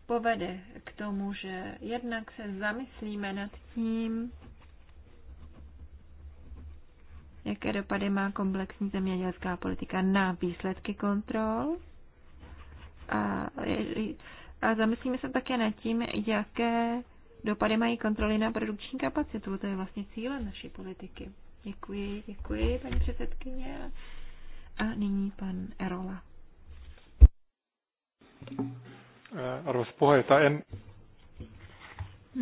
povede k tomu, že jednak se zamyslíme nad tím, jaké dopady má komplexní zemědělská politika na výsledky kontrol. A, a zamyslíme se také nad tím, jaké dopady mají kontroly na produkční kapacitu. To je vlastně cílem naší politiky. Děkuji, děkuji, paní předsedkyně. A nyní pan Erola. Eh, arvoisa puheenjohtaja,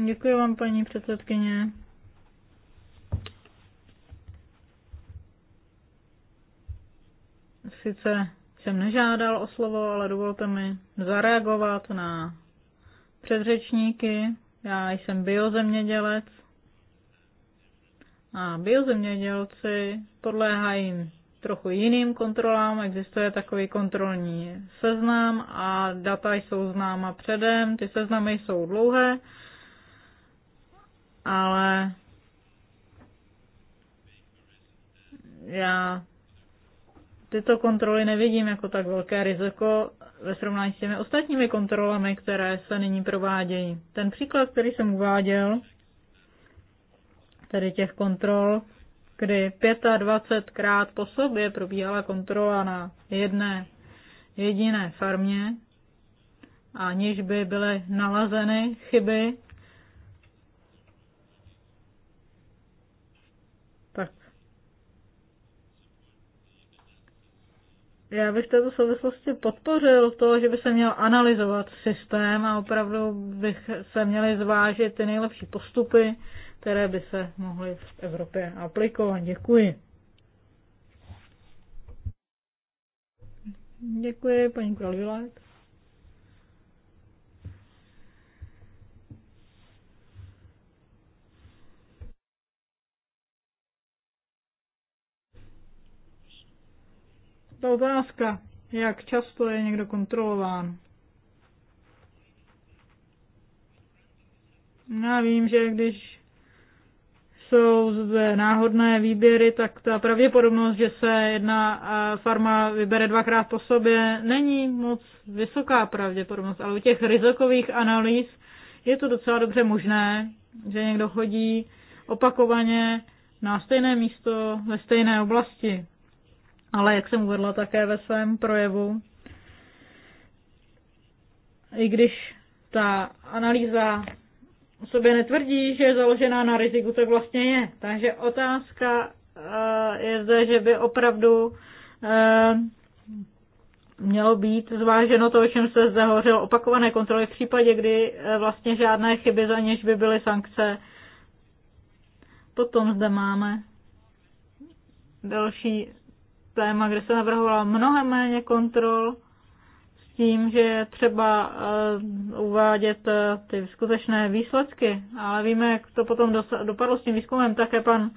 Děkuji vám, paní předsedkyně. sice jsem nežádal o slovo, ale dovolte mi zareagovat na předřečníky. Já jsem biozemědělec a biozemědělci podléhají trochu jiným kontrolám. Existuje takový kontrolní seznam a data jsou známa předem. Ty seznamy jsou dlouhé, ale já tyto kontroly nevidím jako tak velké riziko ve srovnání s těmi ostatními kontrolami, které se nyní provádějí. Ten příklad, který jsem uváděl, tedy těch kontrol, kdy 25krát po sobě probíhala kontrola na jedné jediné farmě, aniž by byly nalazeny chyby, Já bych v této souvislosti podpořil to, že by se měl analyzovat systém a opravdu bych se měly zvážit ty nejlepší postupy, které by se mohly v Evropě aplikovat. Děkuji. Děkuji, paní Kralvilák. Ta otázka, jak často je někdo kontrolován. Já no vím, že když jsou zde náhodné výběry, tak ta pravděpodobnost, že se jedna eh, farma vybere dvakrát po sobě, není moc vysoká pravděpodobnost, ale u těch rizikových analýz je to docela dobře možné, že někdo chodí opakovaně na stejné místo ve stejné oblasti. Ale jak jsem uvedla také ve svém projevu, i když ta analýza o sobě netvrdí, že je založená na riziku, tak vlastně je. Takže otázka eh, je zde, že by opravdu eh, mělo být zváženo to, o čem se zde hovořilo, opakované kontroly v případě, kdy eh, vlastně žádné chyby, za něž by byly sankce. Potom zde máme další téma, kde se navrhovalo mnohem méně kontrol s tím, že je třeba eh, uvádět eh, ty skutečné výsledky, ale víme, jak to potom dopadlo s tím výzkumem. Také pan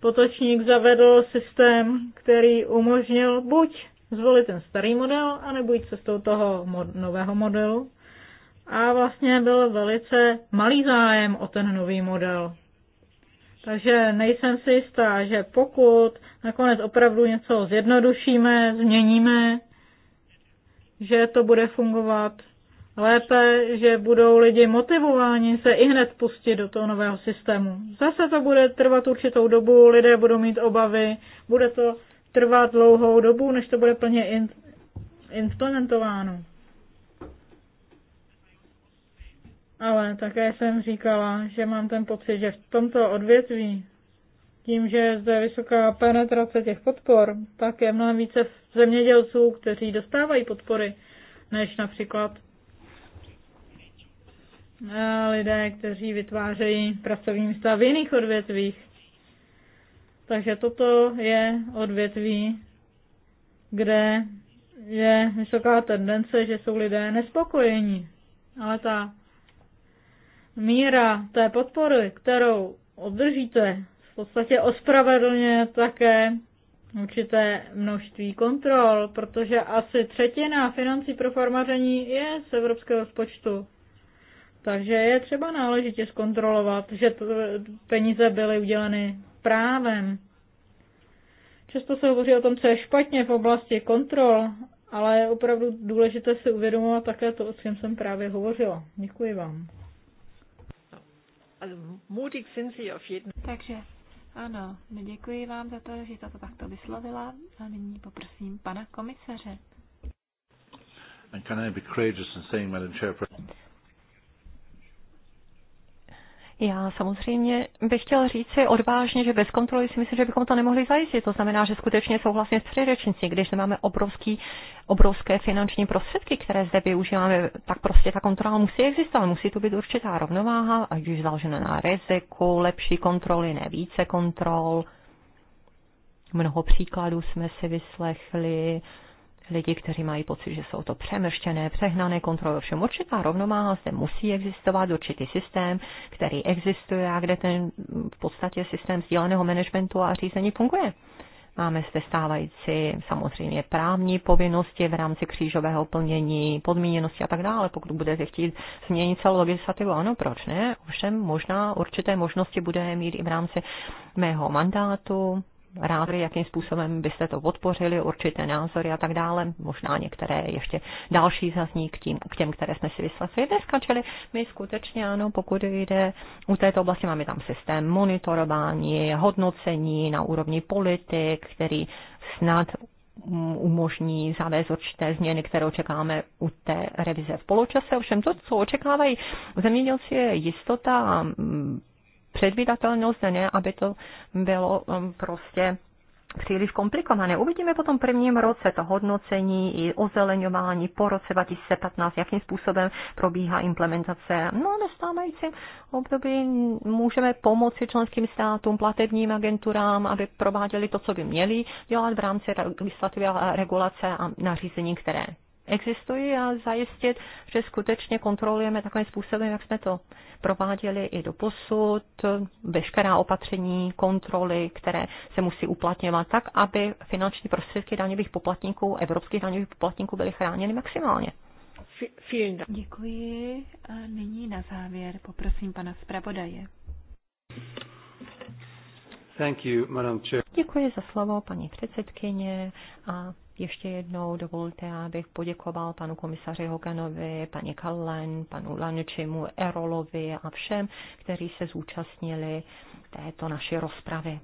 Potočník zavedl systém, který umožnil buď zvolit ten starý model, anebo jít cestou toho mod- nového modelu. A vlastně byl velice malý zájem o ten nový model. Takže nejsem si jistá, že pokud nakonec opravdu něco zjednodušíme, změníme, že to bude fungovat lépe, že budou lidi motivováni se i hned pustit do toho nového systému. Zase to bude trvat určitou dobu, lidé budou mít obavy, bude to trvat dlouhou dobu, než to bude plně implementováno. ale také jsem říkala, že mám ten pocit, že v tomto odvětví, tím, že je zde vysoká penetrace těch podpor, tak je mnohem více zemědělců, kteří dostávají podpory, než například eh, lidé, kteří vytvářejí pracovní místa v jiných odvětvích. Takže toto je odvětví, kde je vysoká tendence, že jsou lidé nespokojení. Ale ta míra té podpory, kterou obdržíte, v podstatě ospravedlně také určité množství kontrol, protože asi třetina financí pro farmaření je z evropského rozpočtu. Takže je třeba náležitě zkontrolovat, že peníze byly uděleny právem. Často se hovoří o tom, co je špatně v oblasti kontrol, ale je opravdu důležité si uvědomovat také to, o čem jsem právě hovořila. Děkuji vám. Takže ano, děkuji vám za to, že jste to takto vyslovila a nyní poprosím pana komisaře. And can I be courageous in saying, Madam Chairperson? Já samozřejmě bych chtěl říci odvážně, že bez kontroly si myslím, že bychom to nemohli zajistit. To znamená, že skutečně jsou vlastně středečníci, když máme obrovský, obrovské finanční prostředky, které zde využíváme, tak prostě ta kontrola musí existovat. Musí tu být určitá rovnováha, ať už založena na riziku, lepší kontroly, ne více kontrol. Mnoho příkladů jsme si vyslechli lidi, kteří mají pocit, že jsou to přemrštěné, přehnané kontroly. Ovšem určitá rovnováha zde musí existovat, určitý systém, který existuje a kde ten v podstatě systém sdíleného managementu a řízení funguje. Máme zde stávající samozřejmě právní povinnosti v rámci křížového plnění, podmíněnosti a tak dále. Pokud budete chtít změnit celou legislativu, ano, proč ne? Ovšem možná určité možnosti budeme mít i v rámci mého mandátu, rádi, jakým způsobem byste to podpořili, určité názory a tak dále, možná některé ještě další zazní k, tím, k těm, které jsme si vyslechli dneska, čili my skutečně ano, pokud jde u této oblasti, máme tam systém monitorování, hodnocení na úrovni politik, který snad umožní zavést určité změny, které očekáváme u té revize v poločase. Ovšem to, co očekávají zemědělci, je jistota a předvídatelnost, ne aby to bylo um, prostě příliš komplikované. Uvidíme potom v prvním roce to hodnocení i ozeleňování po roce 2015, jakým způsobem probíhá implementace. No a období můžeme pomoci členským státům, platebním agenturám, aby prováděli to, co by měli dělat v rámci legislativy a regulace a nařízení, které existují a zajistit, že skutečně kontrolujeme takovým způsobem, jak jsme to prováděli i do posud, veškerá opatření, kontroly, které se musí uplatňovat tak, aby finanční prostředky daňových poplatníků, evropských daňových poplatníků byly chráněny maximálně. Děkuji. A nyní na závěr poprosím pana zpravodaje. Thank you, Madam Chair. Děkuji za slovo, paní předsedkyně, a ještě jednou dovolte, abych poděkoval panu komisaři Hoganovi, paní Kallen, panu Lančimu, Erolovi a všem, kteří se zúčastnili této naší rozpravy.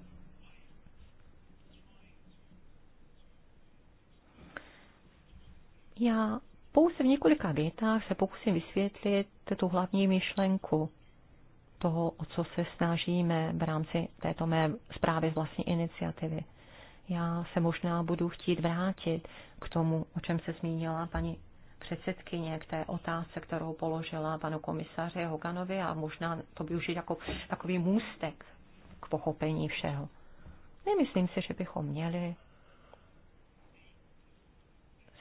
Já pouze v několika větách se pokusím vysvětlit tu hlavní myšlenku toho, o co se snažíme v rámci této mé zprávy z vlastní iniciativy. Já se možná budu chtít vrátit k tomu, o čem se zmínila paní předsedkyně, k té otázce, kterou položila panu komisaři Hoganovi a možná to využít jako takový můstek k pochopení všeho. Nemyslím si, že bychom měli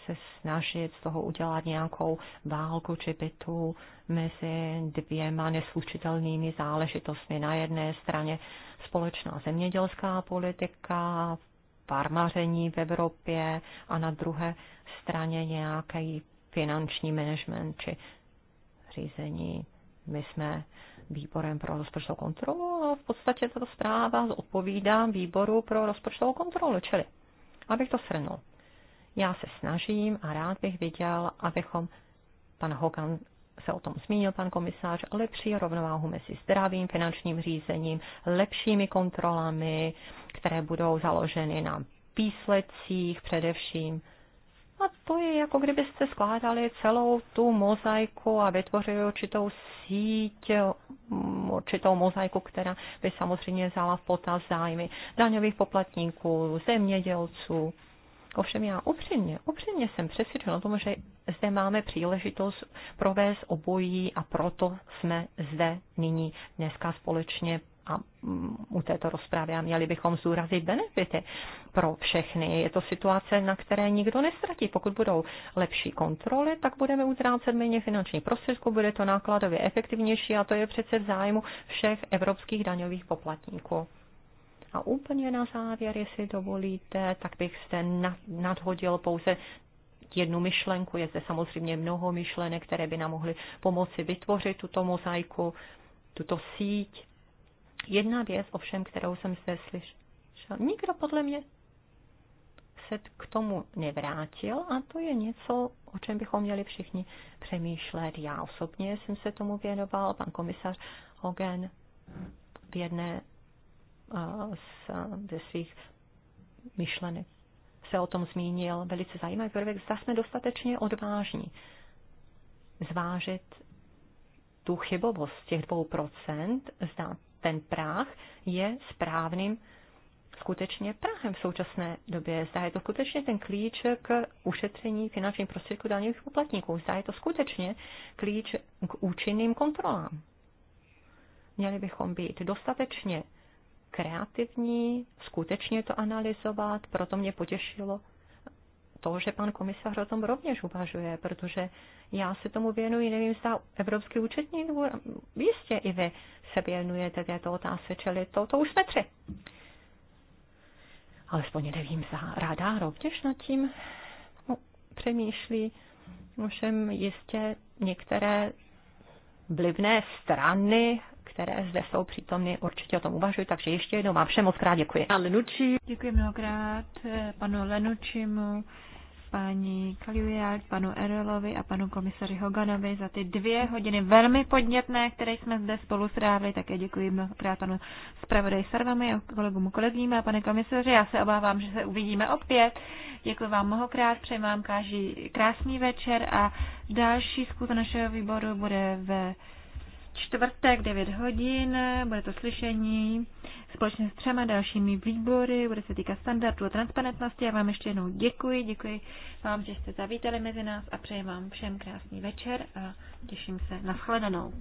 se snažit z toho udělat nějakou válku či bytu mezi dvěma neslučitelnými záležitostmi. Na jedné straně společná zemědělská politika, farmaření v Evropě a na druhé straně nějaký finanční management či řízení. My jsme výborem pro rozpočtovou kontrolu a v podstatě tato zpráva odpovídá výboru pro rozpočtovou kontrolu, čili abych to shrnul. Já se snažím a rád bych viděl, abychom, pan Hogan se o tom zmínil pan komisář, lepší rovnováhu mezi zdravým finančním řízením, lepšími kontrolami, které budou založeny na výsledcích především. A to je jako kdybyste skládali celou tu mozaiku a vytvořili určitou síť, určitou mozaiku, která by samozřejmě vzala v potaz zájmy daňových poplatníků, zemědělců, Ovšem já upřímně, upřímně jsem přesvědčen o tom, že zde máme příležitost provést obojí a proto jsme zde nyní dneska společně a mm, u této rozprávy a měli bychom zúrazit benefity pro všechny. Je to situace, na které nikdo nestratí. Pokud budou lepší kontroly, tak budeme utrácet méně finančních prostředků, bude to nákladově efektivnější a to je přece v zájmu všech evropských daňových poplatníků. A úplně na závěr, jestli dovolíte, tak bych zde nadhodil pouze jednu myšlenku. Je zde samozřejmě mnoho myšlenek, které by nám mohly pomoci vytvořit tuto mozaiku, tuto síť. Jedna věc, ovšem, kterou jsem zde slyšel, nikdo podle mě se k tomu nevrátil a to je něco, o čem bychom měli všichni přemýšlet. Já osobně jsem se tomu věnoval, pan komisař Hogan v jedné z, ze svých myšlenek. Se o tom zmínil velice zajímavý prvek, zda jsme dostatečně odvážní zvážit tu chybovost těch dvou procent, zda ten práh je správným skutečně prahem v současné době. Zda je to skutečně ten klíč k ušetření finančních prostředků daných poplatníků. Zda je to skutečně klíč k účinným kontrolám. Měli bychom být dostatečně kreativní, skutečně to analyzovat, proto mě potěšilo to, že pan komisař o tom rovněž uvažuje, protože já se tomu věnuji, nevím, zda Evropský účetní dvůr, jistě i vy se věnujete této otázce, čili to, to už jsme tři. Alespoň nevím, zda ráda rovněž nad tím no, přemýšlí. Ovšem jistě některé vlivné strany které zde jsou přítomny, určitě o tom uvažuji, takže ještě jednou vám všem moc krát děkuji. A Lenuči. Děkuji mnohokrát panu Lenučimu, paní Kaliujak, panu Erelovi a panu komisaři Hoganovi za ty dvě hodiny velmi podnětné, které jsme zde spolu strávili. Také děkuji mnohokrát panu zpravodaj Sarvami a kolegům kolegům a pane komisaři. Já se obávám, že se uvidíme opět. Děkuji vám mnohokrát, přeji vám každý krásný večer a další zkuta našeho výboru bude ve čtvrtek 9 hodin, bude to slyšení společně s třema dalšími výbory, bude se týkat standardů a transparentnosti. Já vám ještě jednou děkuji, děkuji vám, že jste zavítali mezi nás a přeji vám všem krásný večer a těším se na shledanou.